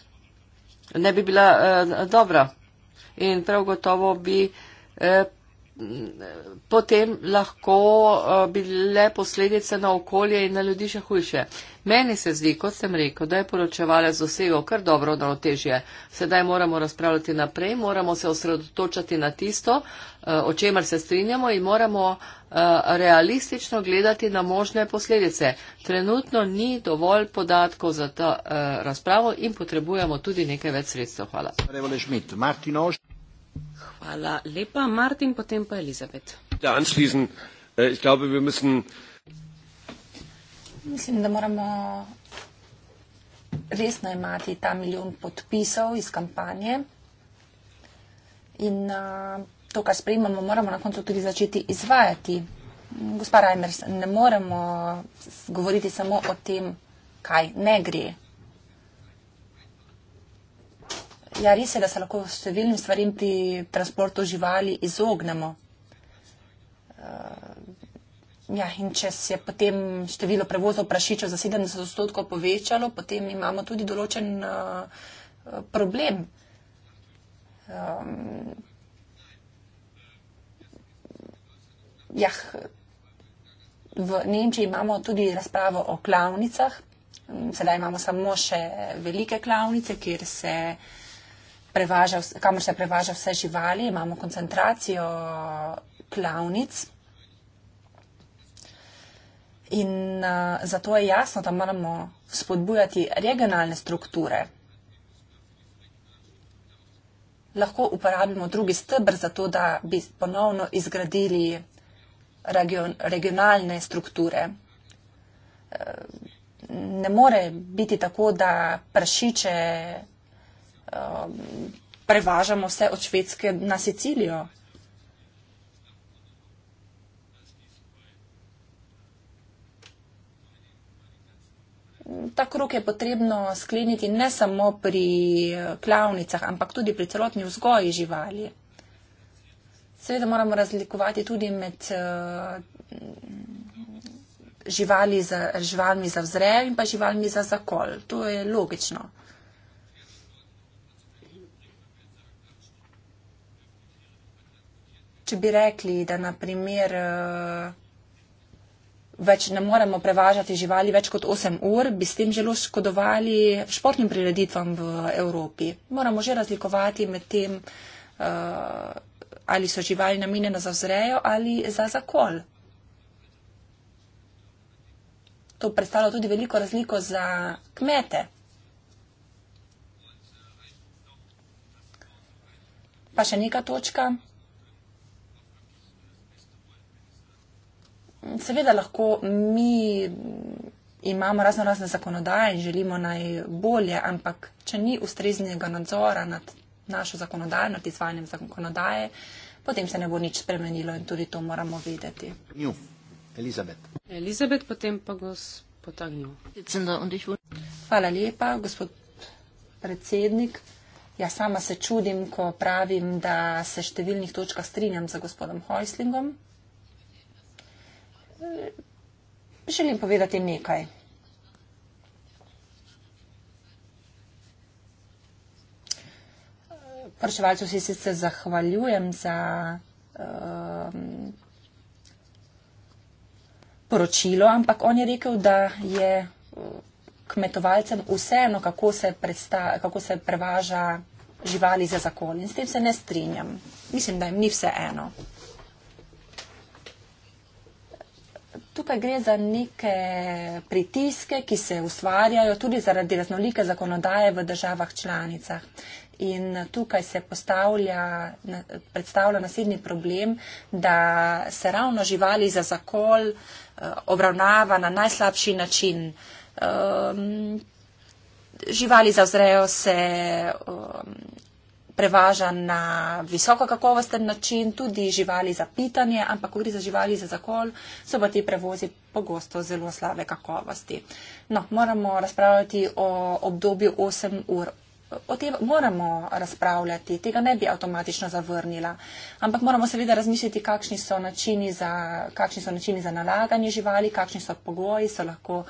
Speaker 1: ne bi bila dobra. In prav gotovo bi potem lahko eh, bile posledice na okolje in na ljudi še hujše. Meni se zdi, kot sem rekel, da je poročevalec dosegel kar dobro ravnotežje. Sedaj moramo razpravljati naprej, moramo se osredotočati na tisto, eh, o čemer se strinjamo in moramo eh, realistično gledati na možne posledice. Trenutno ni dovolj podatkov za to razpravo in potrebujemo tudi nekaj več sredstev. Hvala.
Speaker 2: Hvala lepa. Martin, potem pa Elizabet. Da, ja, anschließen. Äh, ich glaube, wir müssen.
Speaker 3: Mislim, da moramo resno imati ta milijon podpisov iz kampanje in uh, to, kar sprejemamo, moramo na koncu tudi začeti izvajati. Gospa Reimers, ne moremo govoriti samo o tem, kaj ne gre. Ja, res je, da se lahko številnim stvarim pri transportu živali izognemo. Eh, ja, in če se je potem število prevozov prašičev za 70 odstotkov povečalo, potem imamo tudi določen eh, problem. Ehm, ja, v Nemčiji imamo tudi razpravo o klavnicah. Sedaj imamo samo še velike klavnice, kjer se uh, prevaža, kamor se prevaža vse živali, imamo koncentracijo klavnic. In uh, zato je jasno, da moramo spodbujati regionalne strukture. Lahko uporabimo drugi stebr za to, da bi ponovno izgradili region, regionalne strukture. Uh, ne more biti tako, da pršiče um, prevažamo vse od Švedske na Sicilijo. Ta krug je potrebno skleniti ne samo pri klavnicah, ampak tudi pri celotni vzgoji živali. Seveda moramo razlikovati tudi med uh, živali za, živalmi za vzrej in pa živalmi za zakol. To je logično. če bi rekli, da naprimer eh, več ne moremo prevažati živali več kot 8 ur, bi s tem zelo škodovali športnim prireditvam v Evropi. Moramo že razlikovati med tem, eh, ali so živali namenjene za vzrejo ali za zakol. To predstavlja tudi veliko razliko za kmete. Pa še neka točka. seveda lahko mi imamo razno razne zakonodaje in želimo najbolje, ampak če ni ustreznega nadzora nad našo zakonodajo, nad izvajanjem zakonodaje, potem se ne bo nič spremenilo in tudi to moramo vedeti. Njo, Elizabet. Elizabet, potem pa gospod Agnjo. Hvala lepa, gospod predsednik. Ja, sama se čudim, ko pravim, da se številnih točkah strinjam za gospodom Hojslingom želim povedati nekaj. Prševalcu si se zahvaljujem za um, poročilo, ampak on je rekel, da je uh, kmetovalcem vseeno, kako se, presta, kako se prevaža živali za zakon. In s tem se ne strinjam. Mislim, da jim ni vseeno. Tukaj gre za neke pritiske, ki se ustvarjajo tudi zaradi raznolike zakonodaje v državah članicah. In tukaj se postavlja, predstavlja naslednji problem, da se ravno živali za zakol eh, obravnava na najslabši način. Ehm, živali zavzrejo se ehm, prevaža na visoko kakovosten način tudi živali za pitanje, ampak gre za živali za zakol, so pa ti prevozi pogosto zelo slabe kakovosti. No, moramo razpravljati o obdobju 8 ur. O tem moramo razpravljati, tega ne bi avtomatično zavrnila. Ampak moramo seveda razmišljati, kakšni so načini za, kakšni so načini za nalaganje živali, kakšni so pogoji, so lahko,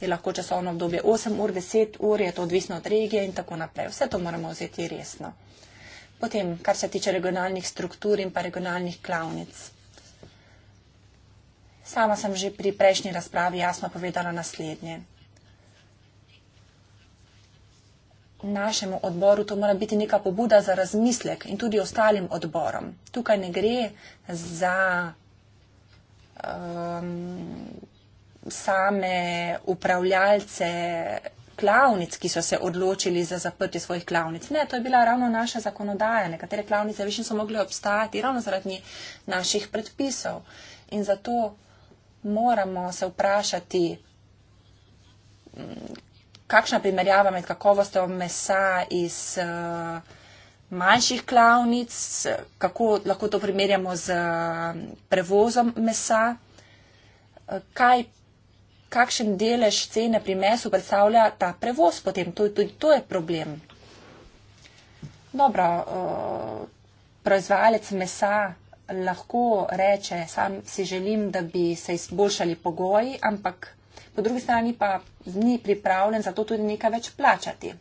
Speaker 3: je lahko časovno obdobje 8 ur, 10 ur, je to odvisno od regije in tako naprej. Vse to moramo vzeti resno potem, kar se tiče regionalnih struktur in pa regionalnih klavnic. Sama sem že pri prejšnji razpravi jasno povedala naslednje. Našemu odboru to mora biti neka pobuda za razmislek in tudi ostalim odborom. Tukaj ne gre za um, same upravljalce klavnic, ki so se odločili za zaprtje svojih klavnic. Ne, to je bila ravno naša zakonodaja. Nekatere klavnice več niso mogli obstajati ravno zaradi naših predpisov. In zato moramo se vprašati, mm, kakšna primerjava med kakovostjo mesa iz eh, manjših klavnic, kako lahko to primerjamo z mm, prevozom mesa, eh, kaj kakšen delež cene pri mesu predstavlja ta prevoz potem. Tudi to, to, to je problem. Dobro, eh, proizvajalec mesa lahko reče, sam si želim, da bi se izboljšali pogoji, ampak po drugi strani pa ni pripravljen za to tudi nekaj več plačati.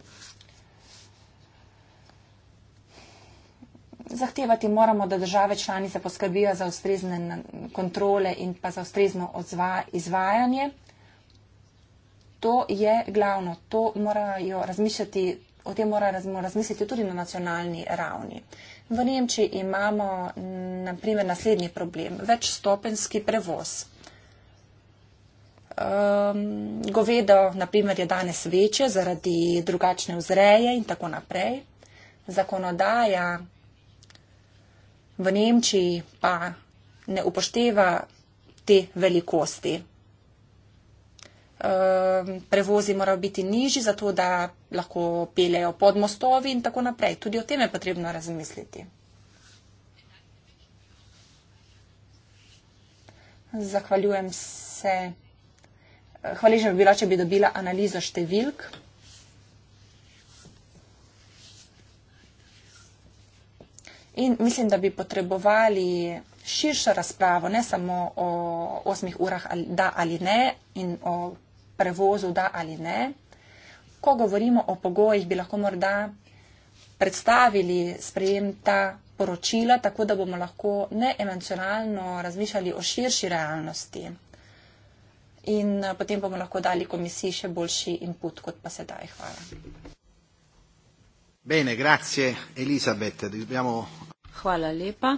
Speaker 3: Zahtevati moramo, da države članice poskrbijo za ustrezne kontrole in pa za ustrezno izvajanje to je glavno, to morajo razmišljati, o tem morajo razmisliti tudi na nacionalni ravni. V Nemčiji imamo mm, naprimer naslednji problem, večstopenski prevoz. Um, govedo, naprimer, je danes večje zaradi drugačne vzreje in tako naprej. Zakonodaja v Nemčiji pa ne upošteva te velikosti. Ehm, prevozi morajo biti nižji, zato da lahko peljajo pod mostovi in tako naprej. Tudi o tem je potrebno razmisliti. Zahvaljujem se. Eh, hvaležna bi bila, če bi dobila analizo številk. In mislim, da bi potrebovali širšo razpravo, ne samo o osmih urah, da ali ne, in o prevozu, da ali ne. Ko govorimo o pogojih, bi lahko morda predstavili sprejem ta poročila, tako da bomo lahko neemocionalno razmišljali o širši realnosti. In eh, potem bomo lahko dali komisiji še boljši input, kot pa sedaj. Hvala.
Speaker 1: Bene, grazie, Elisabeth. Dobbiamo...
Speaker 3: Hvala
Speaker 2: lepa.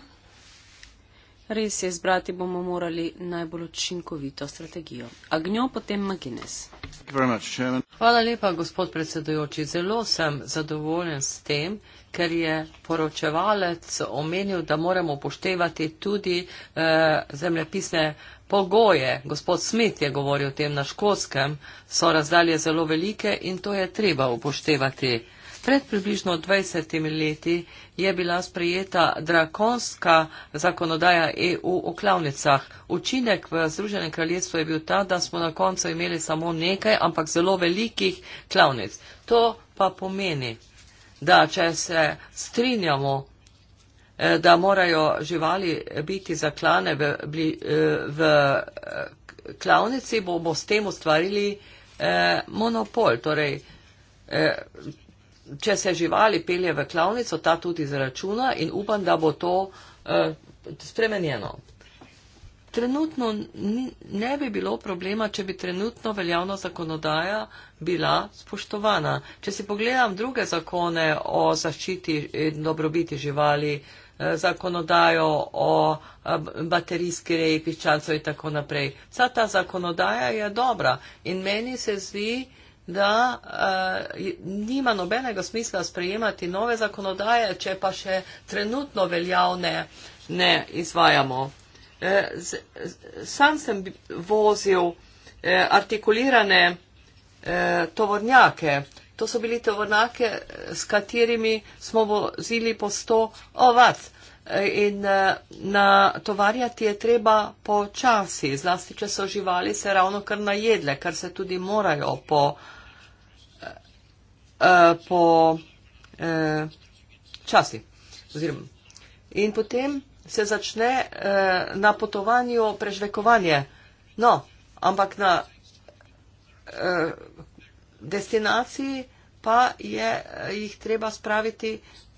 Speaker 2: Res je, izbrati bomo morali najbolj učinkovito strategijo. Agnjo potem Magines. Hvala lepa, gospod predsedujoči.
Speaker 1: Zelo sem zadovoljen s tem, ker je poročevalec omenil, da moramo upoštevati tudi eh, zemljepisne pogoje. Gospod Smith je govoril o tem na škotskem, so razdalje zelo velike in to je treba upoštevati. Pred približno 20 leti je bila sprejeta drakonska zakonodaja EU o klavnicah. Učinek v Združenem kraljestvu je bil ta, da smo na koncu imeli samo nekaj, ampak zelo velikih klavnic. To pa pomeni, da če se strinjamo, eh, da morajo živali biti zaklane v, eh, v eh, klavnici, bomo s tem ustvarili monopol. Torej, če se živali pelje v klavnico, ta tudi izračuna in upam, da bo to uh, spremenjeno. Trenutno ni, ne bi bilo problema, če bi trenutno veljavna zakonodaja bila spoštovana. Če si pogledam druge zakone o zaščiti in dobrobiti živali, eh, zakonodajo o eh, baterijski reji piščancov in tako naprej. Vsa ta zakonodaja je dobra in meni se zdi, da uh, nima nobenega smisla sprejemati nove zakonodaje, če pa še trenutno veljavne ne izvajamo. Eh, z, z, sam sem vozil eh, artikulirane eh, tovornjake. To so bili tovornjake, eh, s katerimi smo vozili po 100 ovac. Eh, in eh, na tovarjati je treba počasi, zlasti, če so živali se ravno kar najedle, kar se tudi morajo po. Eh, Eh, po uh, eh, časi. Oziroma. In potem se začne uh, na potovanju prežvekovanje. No, ampak na uh, destinaciji pa je uh, jih treba spraviti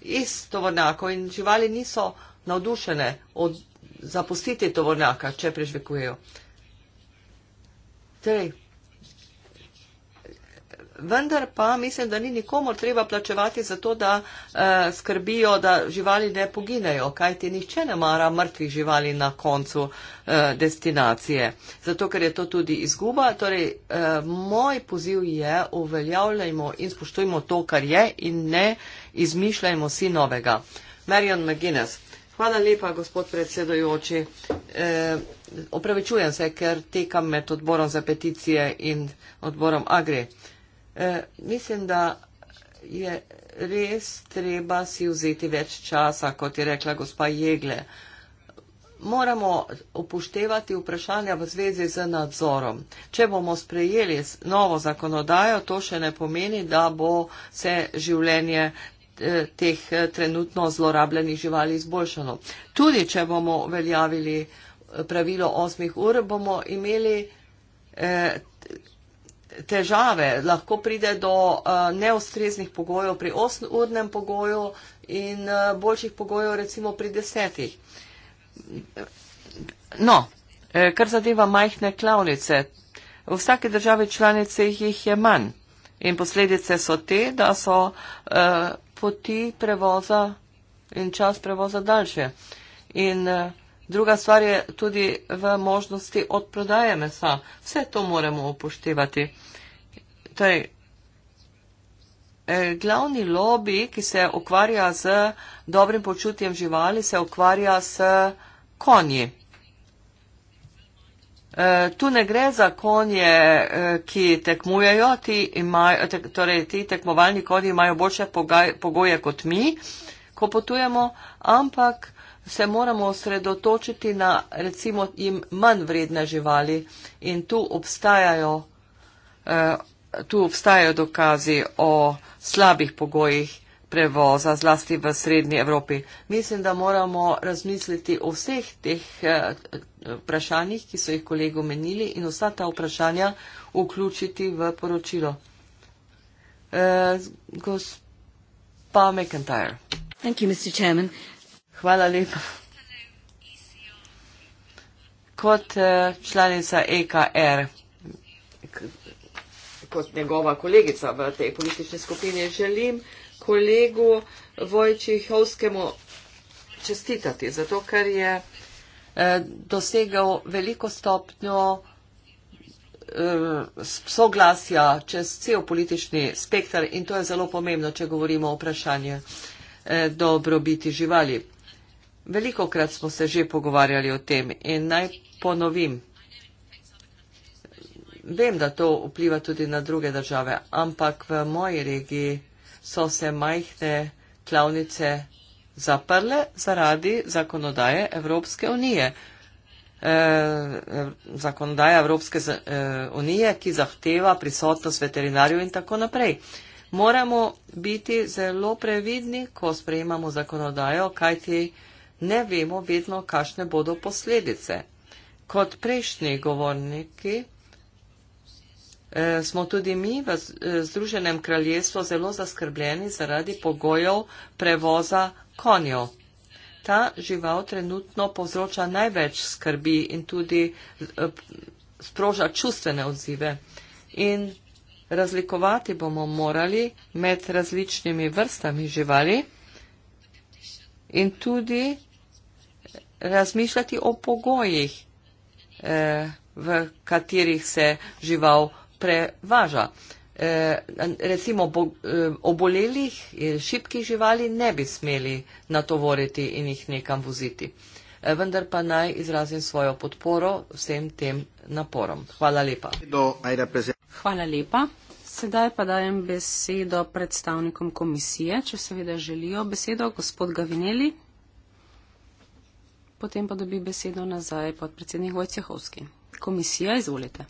Speaker 1: iz tovornjakov in živali niso navdušene od zapustiti tovornjaka, če prežvekujejo. Torej, vendar pa mislim, da ni nikomor treba plačevati za to, da eh, skrbijo, da živali ne poginejo, kajti nihče ne mara mrtvih živali na koncu eh, destinacije. Zato, ker je to tudi izguba. Torej, eh, moj poziv je, uveljavljajmo in spoštujmo to, kar je in ne izmišljajmo si novega. Marion McGuinness. Hvala lepa, gospod predsedojoči. E, eh, opravičujem se, ker tekam med odborom za peticije in odborom Agri. Eh, mislim, da je res treba si vzeti več časa, kot je rekla gospa Jegle. Moramo upoštevati vprašanja v zvezi z nadzorom. Če bomo sprejeli novo zakonodajo, to še ne pomeni, da bo se življenje eh, teh eh, trenutno zlorabljenih živali izboljšalo. Tudi, če bomo veljavili pravilo osmih ur, bomo imeli eh, težave, lahko pride do uh, neustreznih pogojev pri 8-urnem pogoju in uh, boljših pogojev recimo pri 10. No, eh, kar zadeva majhne klavnice, v vsake državi članice jih je manj in posledice so te, da so eh, poti prevoza in čas prevoza daljše. In, eh, Druga stvar je tudi v možnosti odprodaje mesa. Vse to moramo upoštevati. Torej, eh, glavni lobby, ki se ukvarja z dobrim počutjem živali, se ukvarja s konji. Eh, tu ne gre za konje, eh, ki tekmujejo, ti, imajo, torej, ti tekmovalni konji imajo boljše pogoje kot mi, ko potujemo, ampak se moramo osredotočiti na recimo jim manj vredne živali in tu obstajajo, eh, tu obstajajo dokazi o slabih pogojih prevoza, zlasti v srednji Evropi. Mislim, da moramo razmisliti o vseh teh eh, vprašanjih, ki so jih kolegi omenili in vsa ta vprašanja vključiti v poročilo. Eh, gospa McIntyre. Thank you, Mr. Chairman. Hvala lepa. Kot eh, članica EKR, kot njegova kolegica v tej politični skupini, želim kolegu Vojčihovskemu čestitati, zato ker je eh, dosegal veliko stopnjo eh, soglasja čez cel politični spektar in to je zelo pomembno, če govorimo o vprašanju dobrobiti živali. Veliko krat smo se že pogovarjali o tem in naj ponovim. Vem, da to vpliva tudi na druge države, ampak v moji regiji so se majhne klavnice zaprle zaradi zakonodaje Evropske unije. E, zakonodaja Evropske z, e, unije, ki zahteva prisotnost veterinarjev in tako naprej. Moramo biti zelo previdni, ko sprejemamo zakonodajo, kajti ne vemo vedno, kakšne bodo posledice. Kot prejšnji govorniki eh, smo tudi mi v eh, Združenem kraljestvu zelo zaskrbljeni zaradi pogojev prevoza konjev. Ta žival trenutno povzroča največ skrbi in tudi eh, sproža čustvene odzive. In razlikovati bomo morali med različnimi vrstami živali in tudi razmišljati o pogojih, eh, v katerih se žival prevaža. Eh, recimo eh, obolelih, šipkih živali ne bi smeli natovoriti in jih nekam voziti. Vendar pa naj izrazim svojo podporo vsem tem naporom.
Speaker 2: Hvala lepa. Hvala lepa. Sedaj pa dajem besedo predstavnikom komisije, če seveda želijo besedo. Gospod Gavineli, potem pa dobi besedo nazaj podpredsednik Vojcehovski. Komisija, izvolite.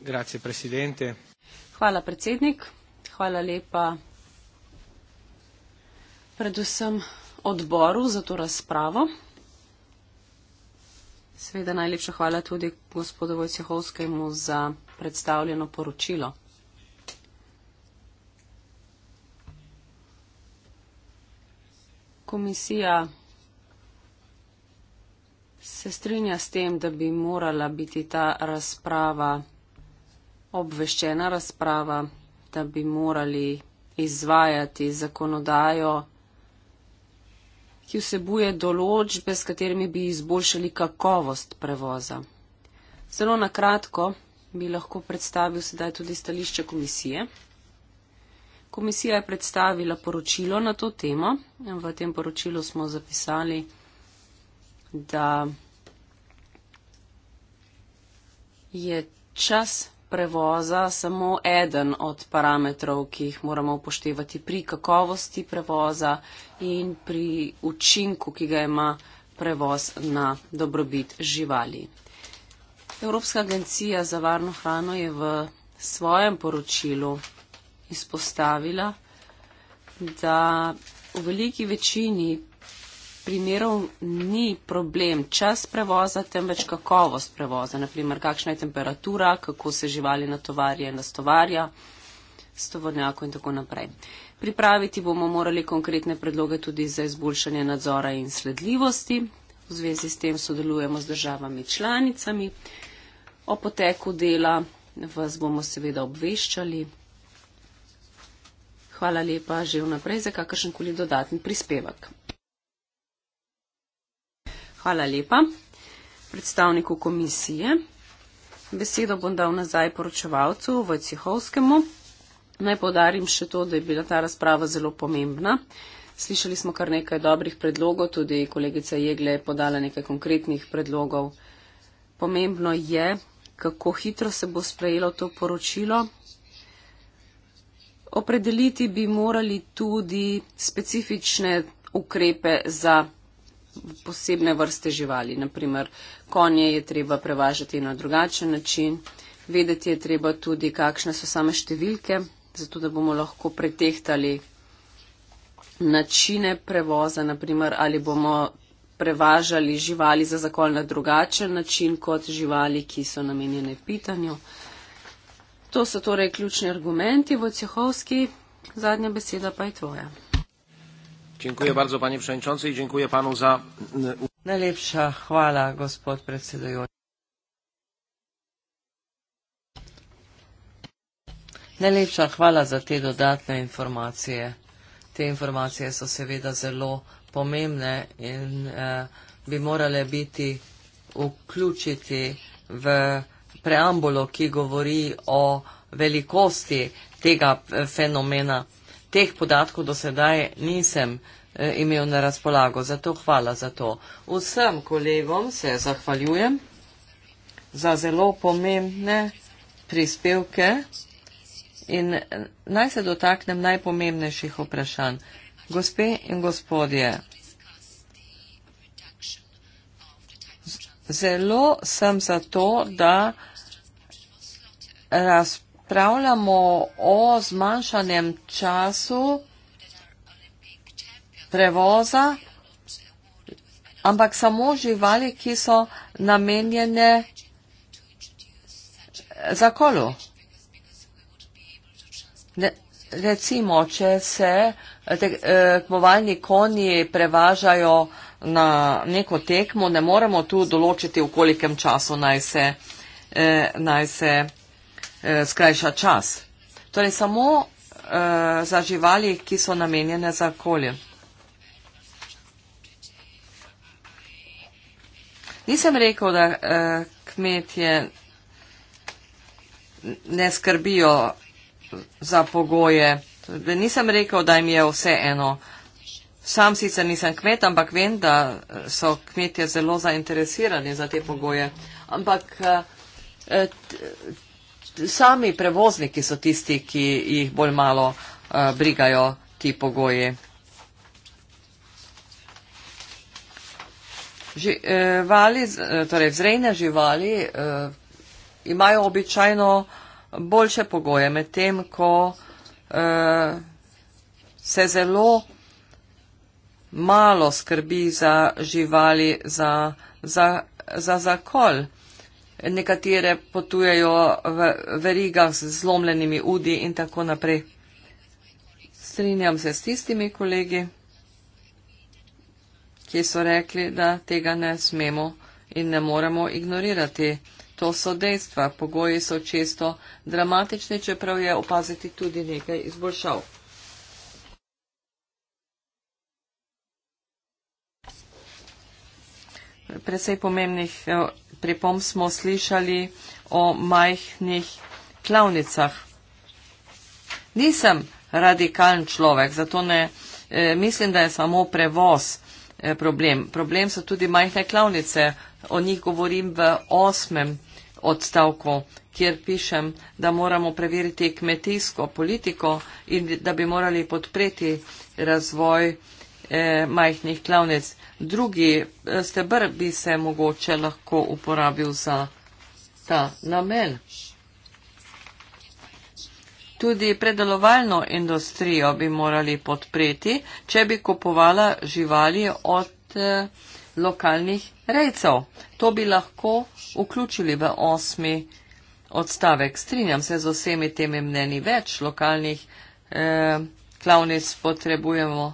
Speaker 3: Grazie, presidente.
Speaker 2: Hvala, predsednik. Hvala lepa predvsem odboru za to razpravo. Seveda najlepša hvala tudi gospodu Vojcehovskemu za predstavljeno poročilo. komisija se strinja s tem, da bi morala biti ta razprava obveščena razprava, da bi morali izvajati zakonodajo, ki vsebuje določbe, s katerimi bi izboljšali kakovost prevoza. Zelo na kratko bi lahko predstavil sedaj tudi stališče komisije. Komisija je predstavila poročilo na to temo. V tem poročilu smo zapisali, da je čas prevoza samo eden od parametrov, ki jih moramo upoštevati pri kakovosti prevoza in pri učinku, ki ga ima prevoz na dobrobit živali. Evropska agencija za varno hrano je v svojem poročilu izpostavila, da v veliki večini primerov ni problem čas prevoza, temveč kakovost prevoza. Naprimer, kakšna je temperatura, kako se živali na tovarje in na stovarja, stovornjako in tako naprej. Pripraviti bomo morali konkretne predloge tudi za izboljšanje nadzora in sledljivosti. V zvezi s tem sodelujemo z državami članicami. O poteku dela vas bomo seveda obveščali. Hvala lepa že vnaprej za kakršen koli dodatni prispevek. Hvala lepa predstavniku komisije. Besedo bom dal nazaj poročevalcu Vojcihovskemu. Naj podarim še to, da je bila ta razprava zelo pomembna. Slišali smo kar nekaj dobrih predlogov, tudi kolegica Jegle je podala nekaj konkretnih predlogov. Pomembno je, kako hitro se bo sprejelo to poročilo, Opredeliti bi morali tudi specifične ukrepe za posebne vrste živali. Naprimer, konje je treba prevažati na drugačen način, vedeti je treba tudi, kakšne so same številke, zato da bomo lahko pretehtali načine prevoza, naprimer, ali bomo prevažali živali za zakol na drugačen način kot živali, ki so namenjene pitanju. To so torej ključni argumenti, Vojcehovski, zadnja beseda pa je tvoja.
Speaker 3: Dziękuję bardzo panie przewodniczący i dziękuję panu za
Speaker 1: najlepsza chwała gospod przewodniczący. Najlepsza chwała za te dodatne informacje. Te informacje są seveda zelo pomembne in uh, bi morale biti vključiti v uh, preambulo, ki govori o velikosti tega eh, fenomena. Teh podatkov do sedaj nisem eh, imel na razpolago, zato hvala za to. Vsem kolegom se zahvaljujem za zelo pomembne prispevke in eh, naj se dotaknem najpomembnejših vprašanj. Gospe in gospodje, zelo sem za to, da razpravljamo o zmanjšanem času prevoza, ampak samo živali, ki so namenjene za kolo. Ne, recimo, če se eh, kmovalni konji prevažajo na neko tekmo, ne moremo tu določiti, v kolikem času naj se, eh, naj se eh, eh, skrajša čas. Torej samo eh, za živali, ki so namenjene za okolje. Nisem rekel, da eh, kmetje ne skrbijo za pogoje. Nisem rekel, da jim je vse eno. Sam sicer nisem kmet, ampak vem, da eh, so kmetje zelo zainteresirani za te pogoje. Ampak eh, eh, sami prevozniki so tisti, ki jih bolj malo uh, brigajo ti pogoji. Živali, eh, eh, torej vzrejne živali uh, imajo običajno boljše pogoje, medtem ko uh, se zelo malo skrbi za živali za, za, za zakol nekatere potujejo v verigah z zlomljenimi udi in tako naprej. Strinjam se s tistimi kolegi, ki so rekli, da tega ne smemo in ne moremo ignorirati. To so dejstva, pogoji so često dramatični, čeprav je opaziti tudi nekaj izboljšav. Presej pomembnih eh, pripomb smo slišali o majhnih klavnicah. Nisem radikalen človek, zato ne, e, mislim, da je samo prevoz e, problem. Problem so tudi majhne klavnice. O njih govorim v osmem odstavku, kjer pišem, da moramo preveriti kmetijsko politiko in da bi morali podpreti razvoj e, majhnih klavnic drugi eh, stebr bi se mogoče lahko uporabil za ta namen. Tudi predelovalno industrijo bi morali podpreti, če bi kupovala živali od eh, lokalnih rejcev. To bi lahko vključili v osmi odstavek. Strinjam se z vsemi temi mneni. Več lokalnih eh, klavnic potrebujemo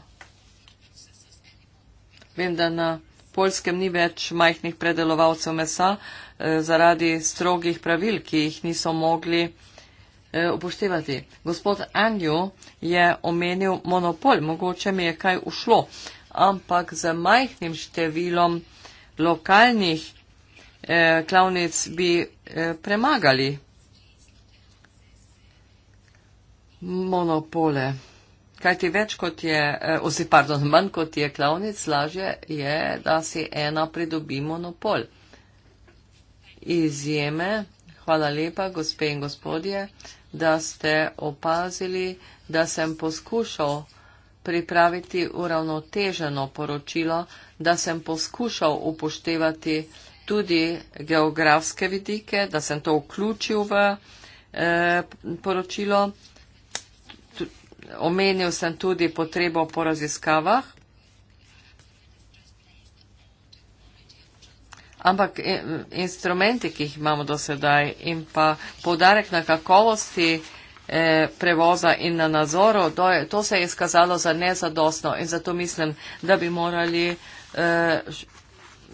Speaker 1: Vem, da na Poljskem ni več majhnih predelovalcev mesa eh, zaradi strogih pravil, ki jih niso mogli eh, upoštevati. Gospod Anju je omenil monopol, mogoče mi je kaj ušlo, ampak z majhnim številom lokalnih eh, klavnic bi eh, premagali monopole. Kaj ti več kot je, eh, osi pardon, manj kot je klavnic, lažje je, da si ena pridobi monopol. Izjeme, hvala lepa, gospe in gospodje, da ste opazili, da sem poskušal pripraviti uravnoteženo poročilo, da sem poskušal upoštevati tudi geografske vidike, da sem to vključil v eh, poročilo. Eh, omenil sem tudi potrebo po raziskavah, ampak instrumenti, ki jih imamo do sedaj in pa povdarek na kakovosti eh, prevoza in na nazoru, to se je izkazalo za nezadostno in zato mislim, da bi morali eh,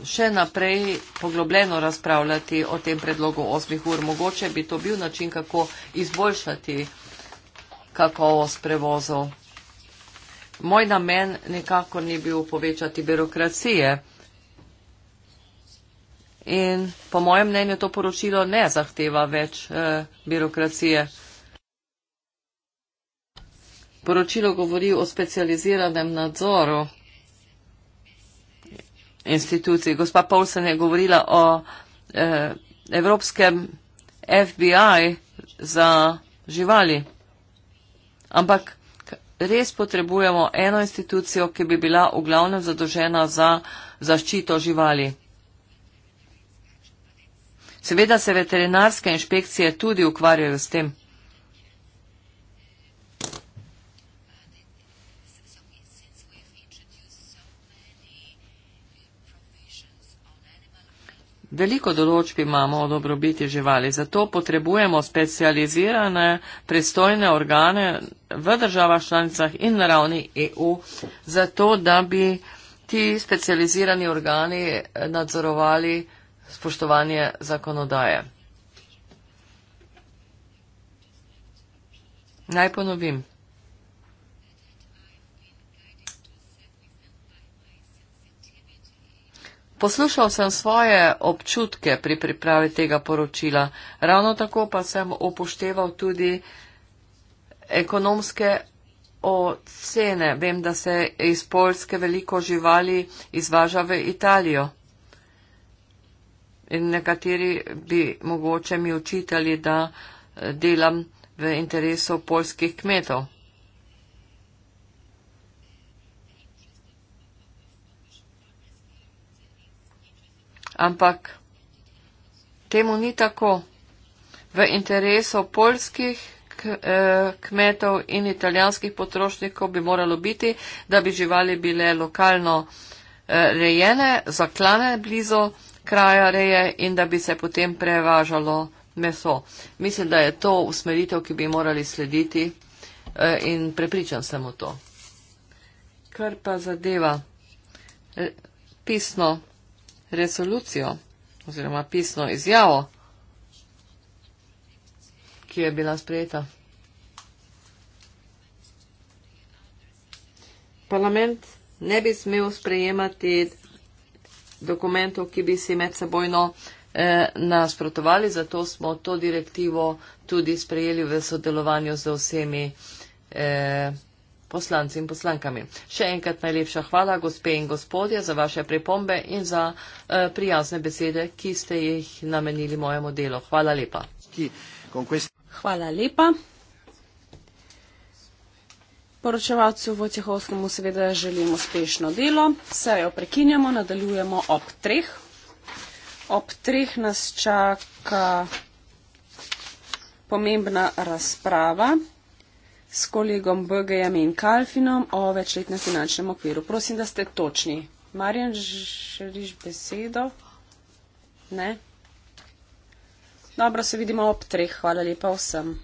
Speaker 1: še naprej poglobljeno razpravljati o tem predlogu osmih ur. Mogoče bi to bil način, kako izboljšati prevoz kakovost prevozov. Moj namen nekako ni bil povečati birokracije. In po mojem mnenju to poročilo ne zahteva več eh, birokracije. Poročilo govori o specializiranem nadzoru institucij. Gospa Paulsen je govorila o eh, Evropskem FBI za živali ampak res potrebujemo eno institucijo, ki bi bila v glavnem zadožena za zaščito živali. Seveda se veterinarske inšpekcije tudi ukvarjajo s tem. Veliko določb imamo o dobrobiti živali, zato potrebujemo specializirane pristojne organe v državah članicah in na ravni EU, zato da bi ti specializirani organi nadzorovali spoštovanje zakonodaje. Naj ponovim. Poslušal sem svoje občutke pri pripravi tega poročila, ravno tako pa sem upošteval tudi ekonomske ocene. Vem, da se iz Poljske veliko živali izvaža v Italijo. In nekateri bi mogoče mi učitali, da delam v interesu poljskih kmetov. ampak temu ni tako. V interesu polskih eh, kmetov in italijanskih potrošnikov bi moralo biti, da bi živali bile lokalno eh, rejene, zaklane blizu kraja reje in da bi se potem prevažalo meso. Mislim, da je to usmeritev, ki bi morali slediti eh, in prepričan sem o to. Kar pa zadeva pisno resolucijo oziroma pisno izjavo, ki je bila sprejeta. Parlament ne bi smel sprejemati dokumentov, ki bi si med sebojno eh, nasprotovali, zato smo to direktivo tudi sprejeli v sodelovanju z vsemi eh, poslanci in poslankami. Še enkrat najlepša hvala, gospe in gospodje, za vaše pripombe in za uh, prijazne besede, ki ste jih namenili
Speaker 2: mojemu delu. Hvala lepa. Hvala lepa. Poročevalcu Vojtehovskemu seveda želim uspešno delo. Sejo prekinjamo, nadaljujemo ob treh. Ob treh nas čaka pomembna razprava s kolegom BGM in Kalfinom o večletnem finančnem okviru. Prosim, da ste točni. Marjan, želiš besedo? Ne? Dobro, se vidimo ob treh. Hvala lepa vsem.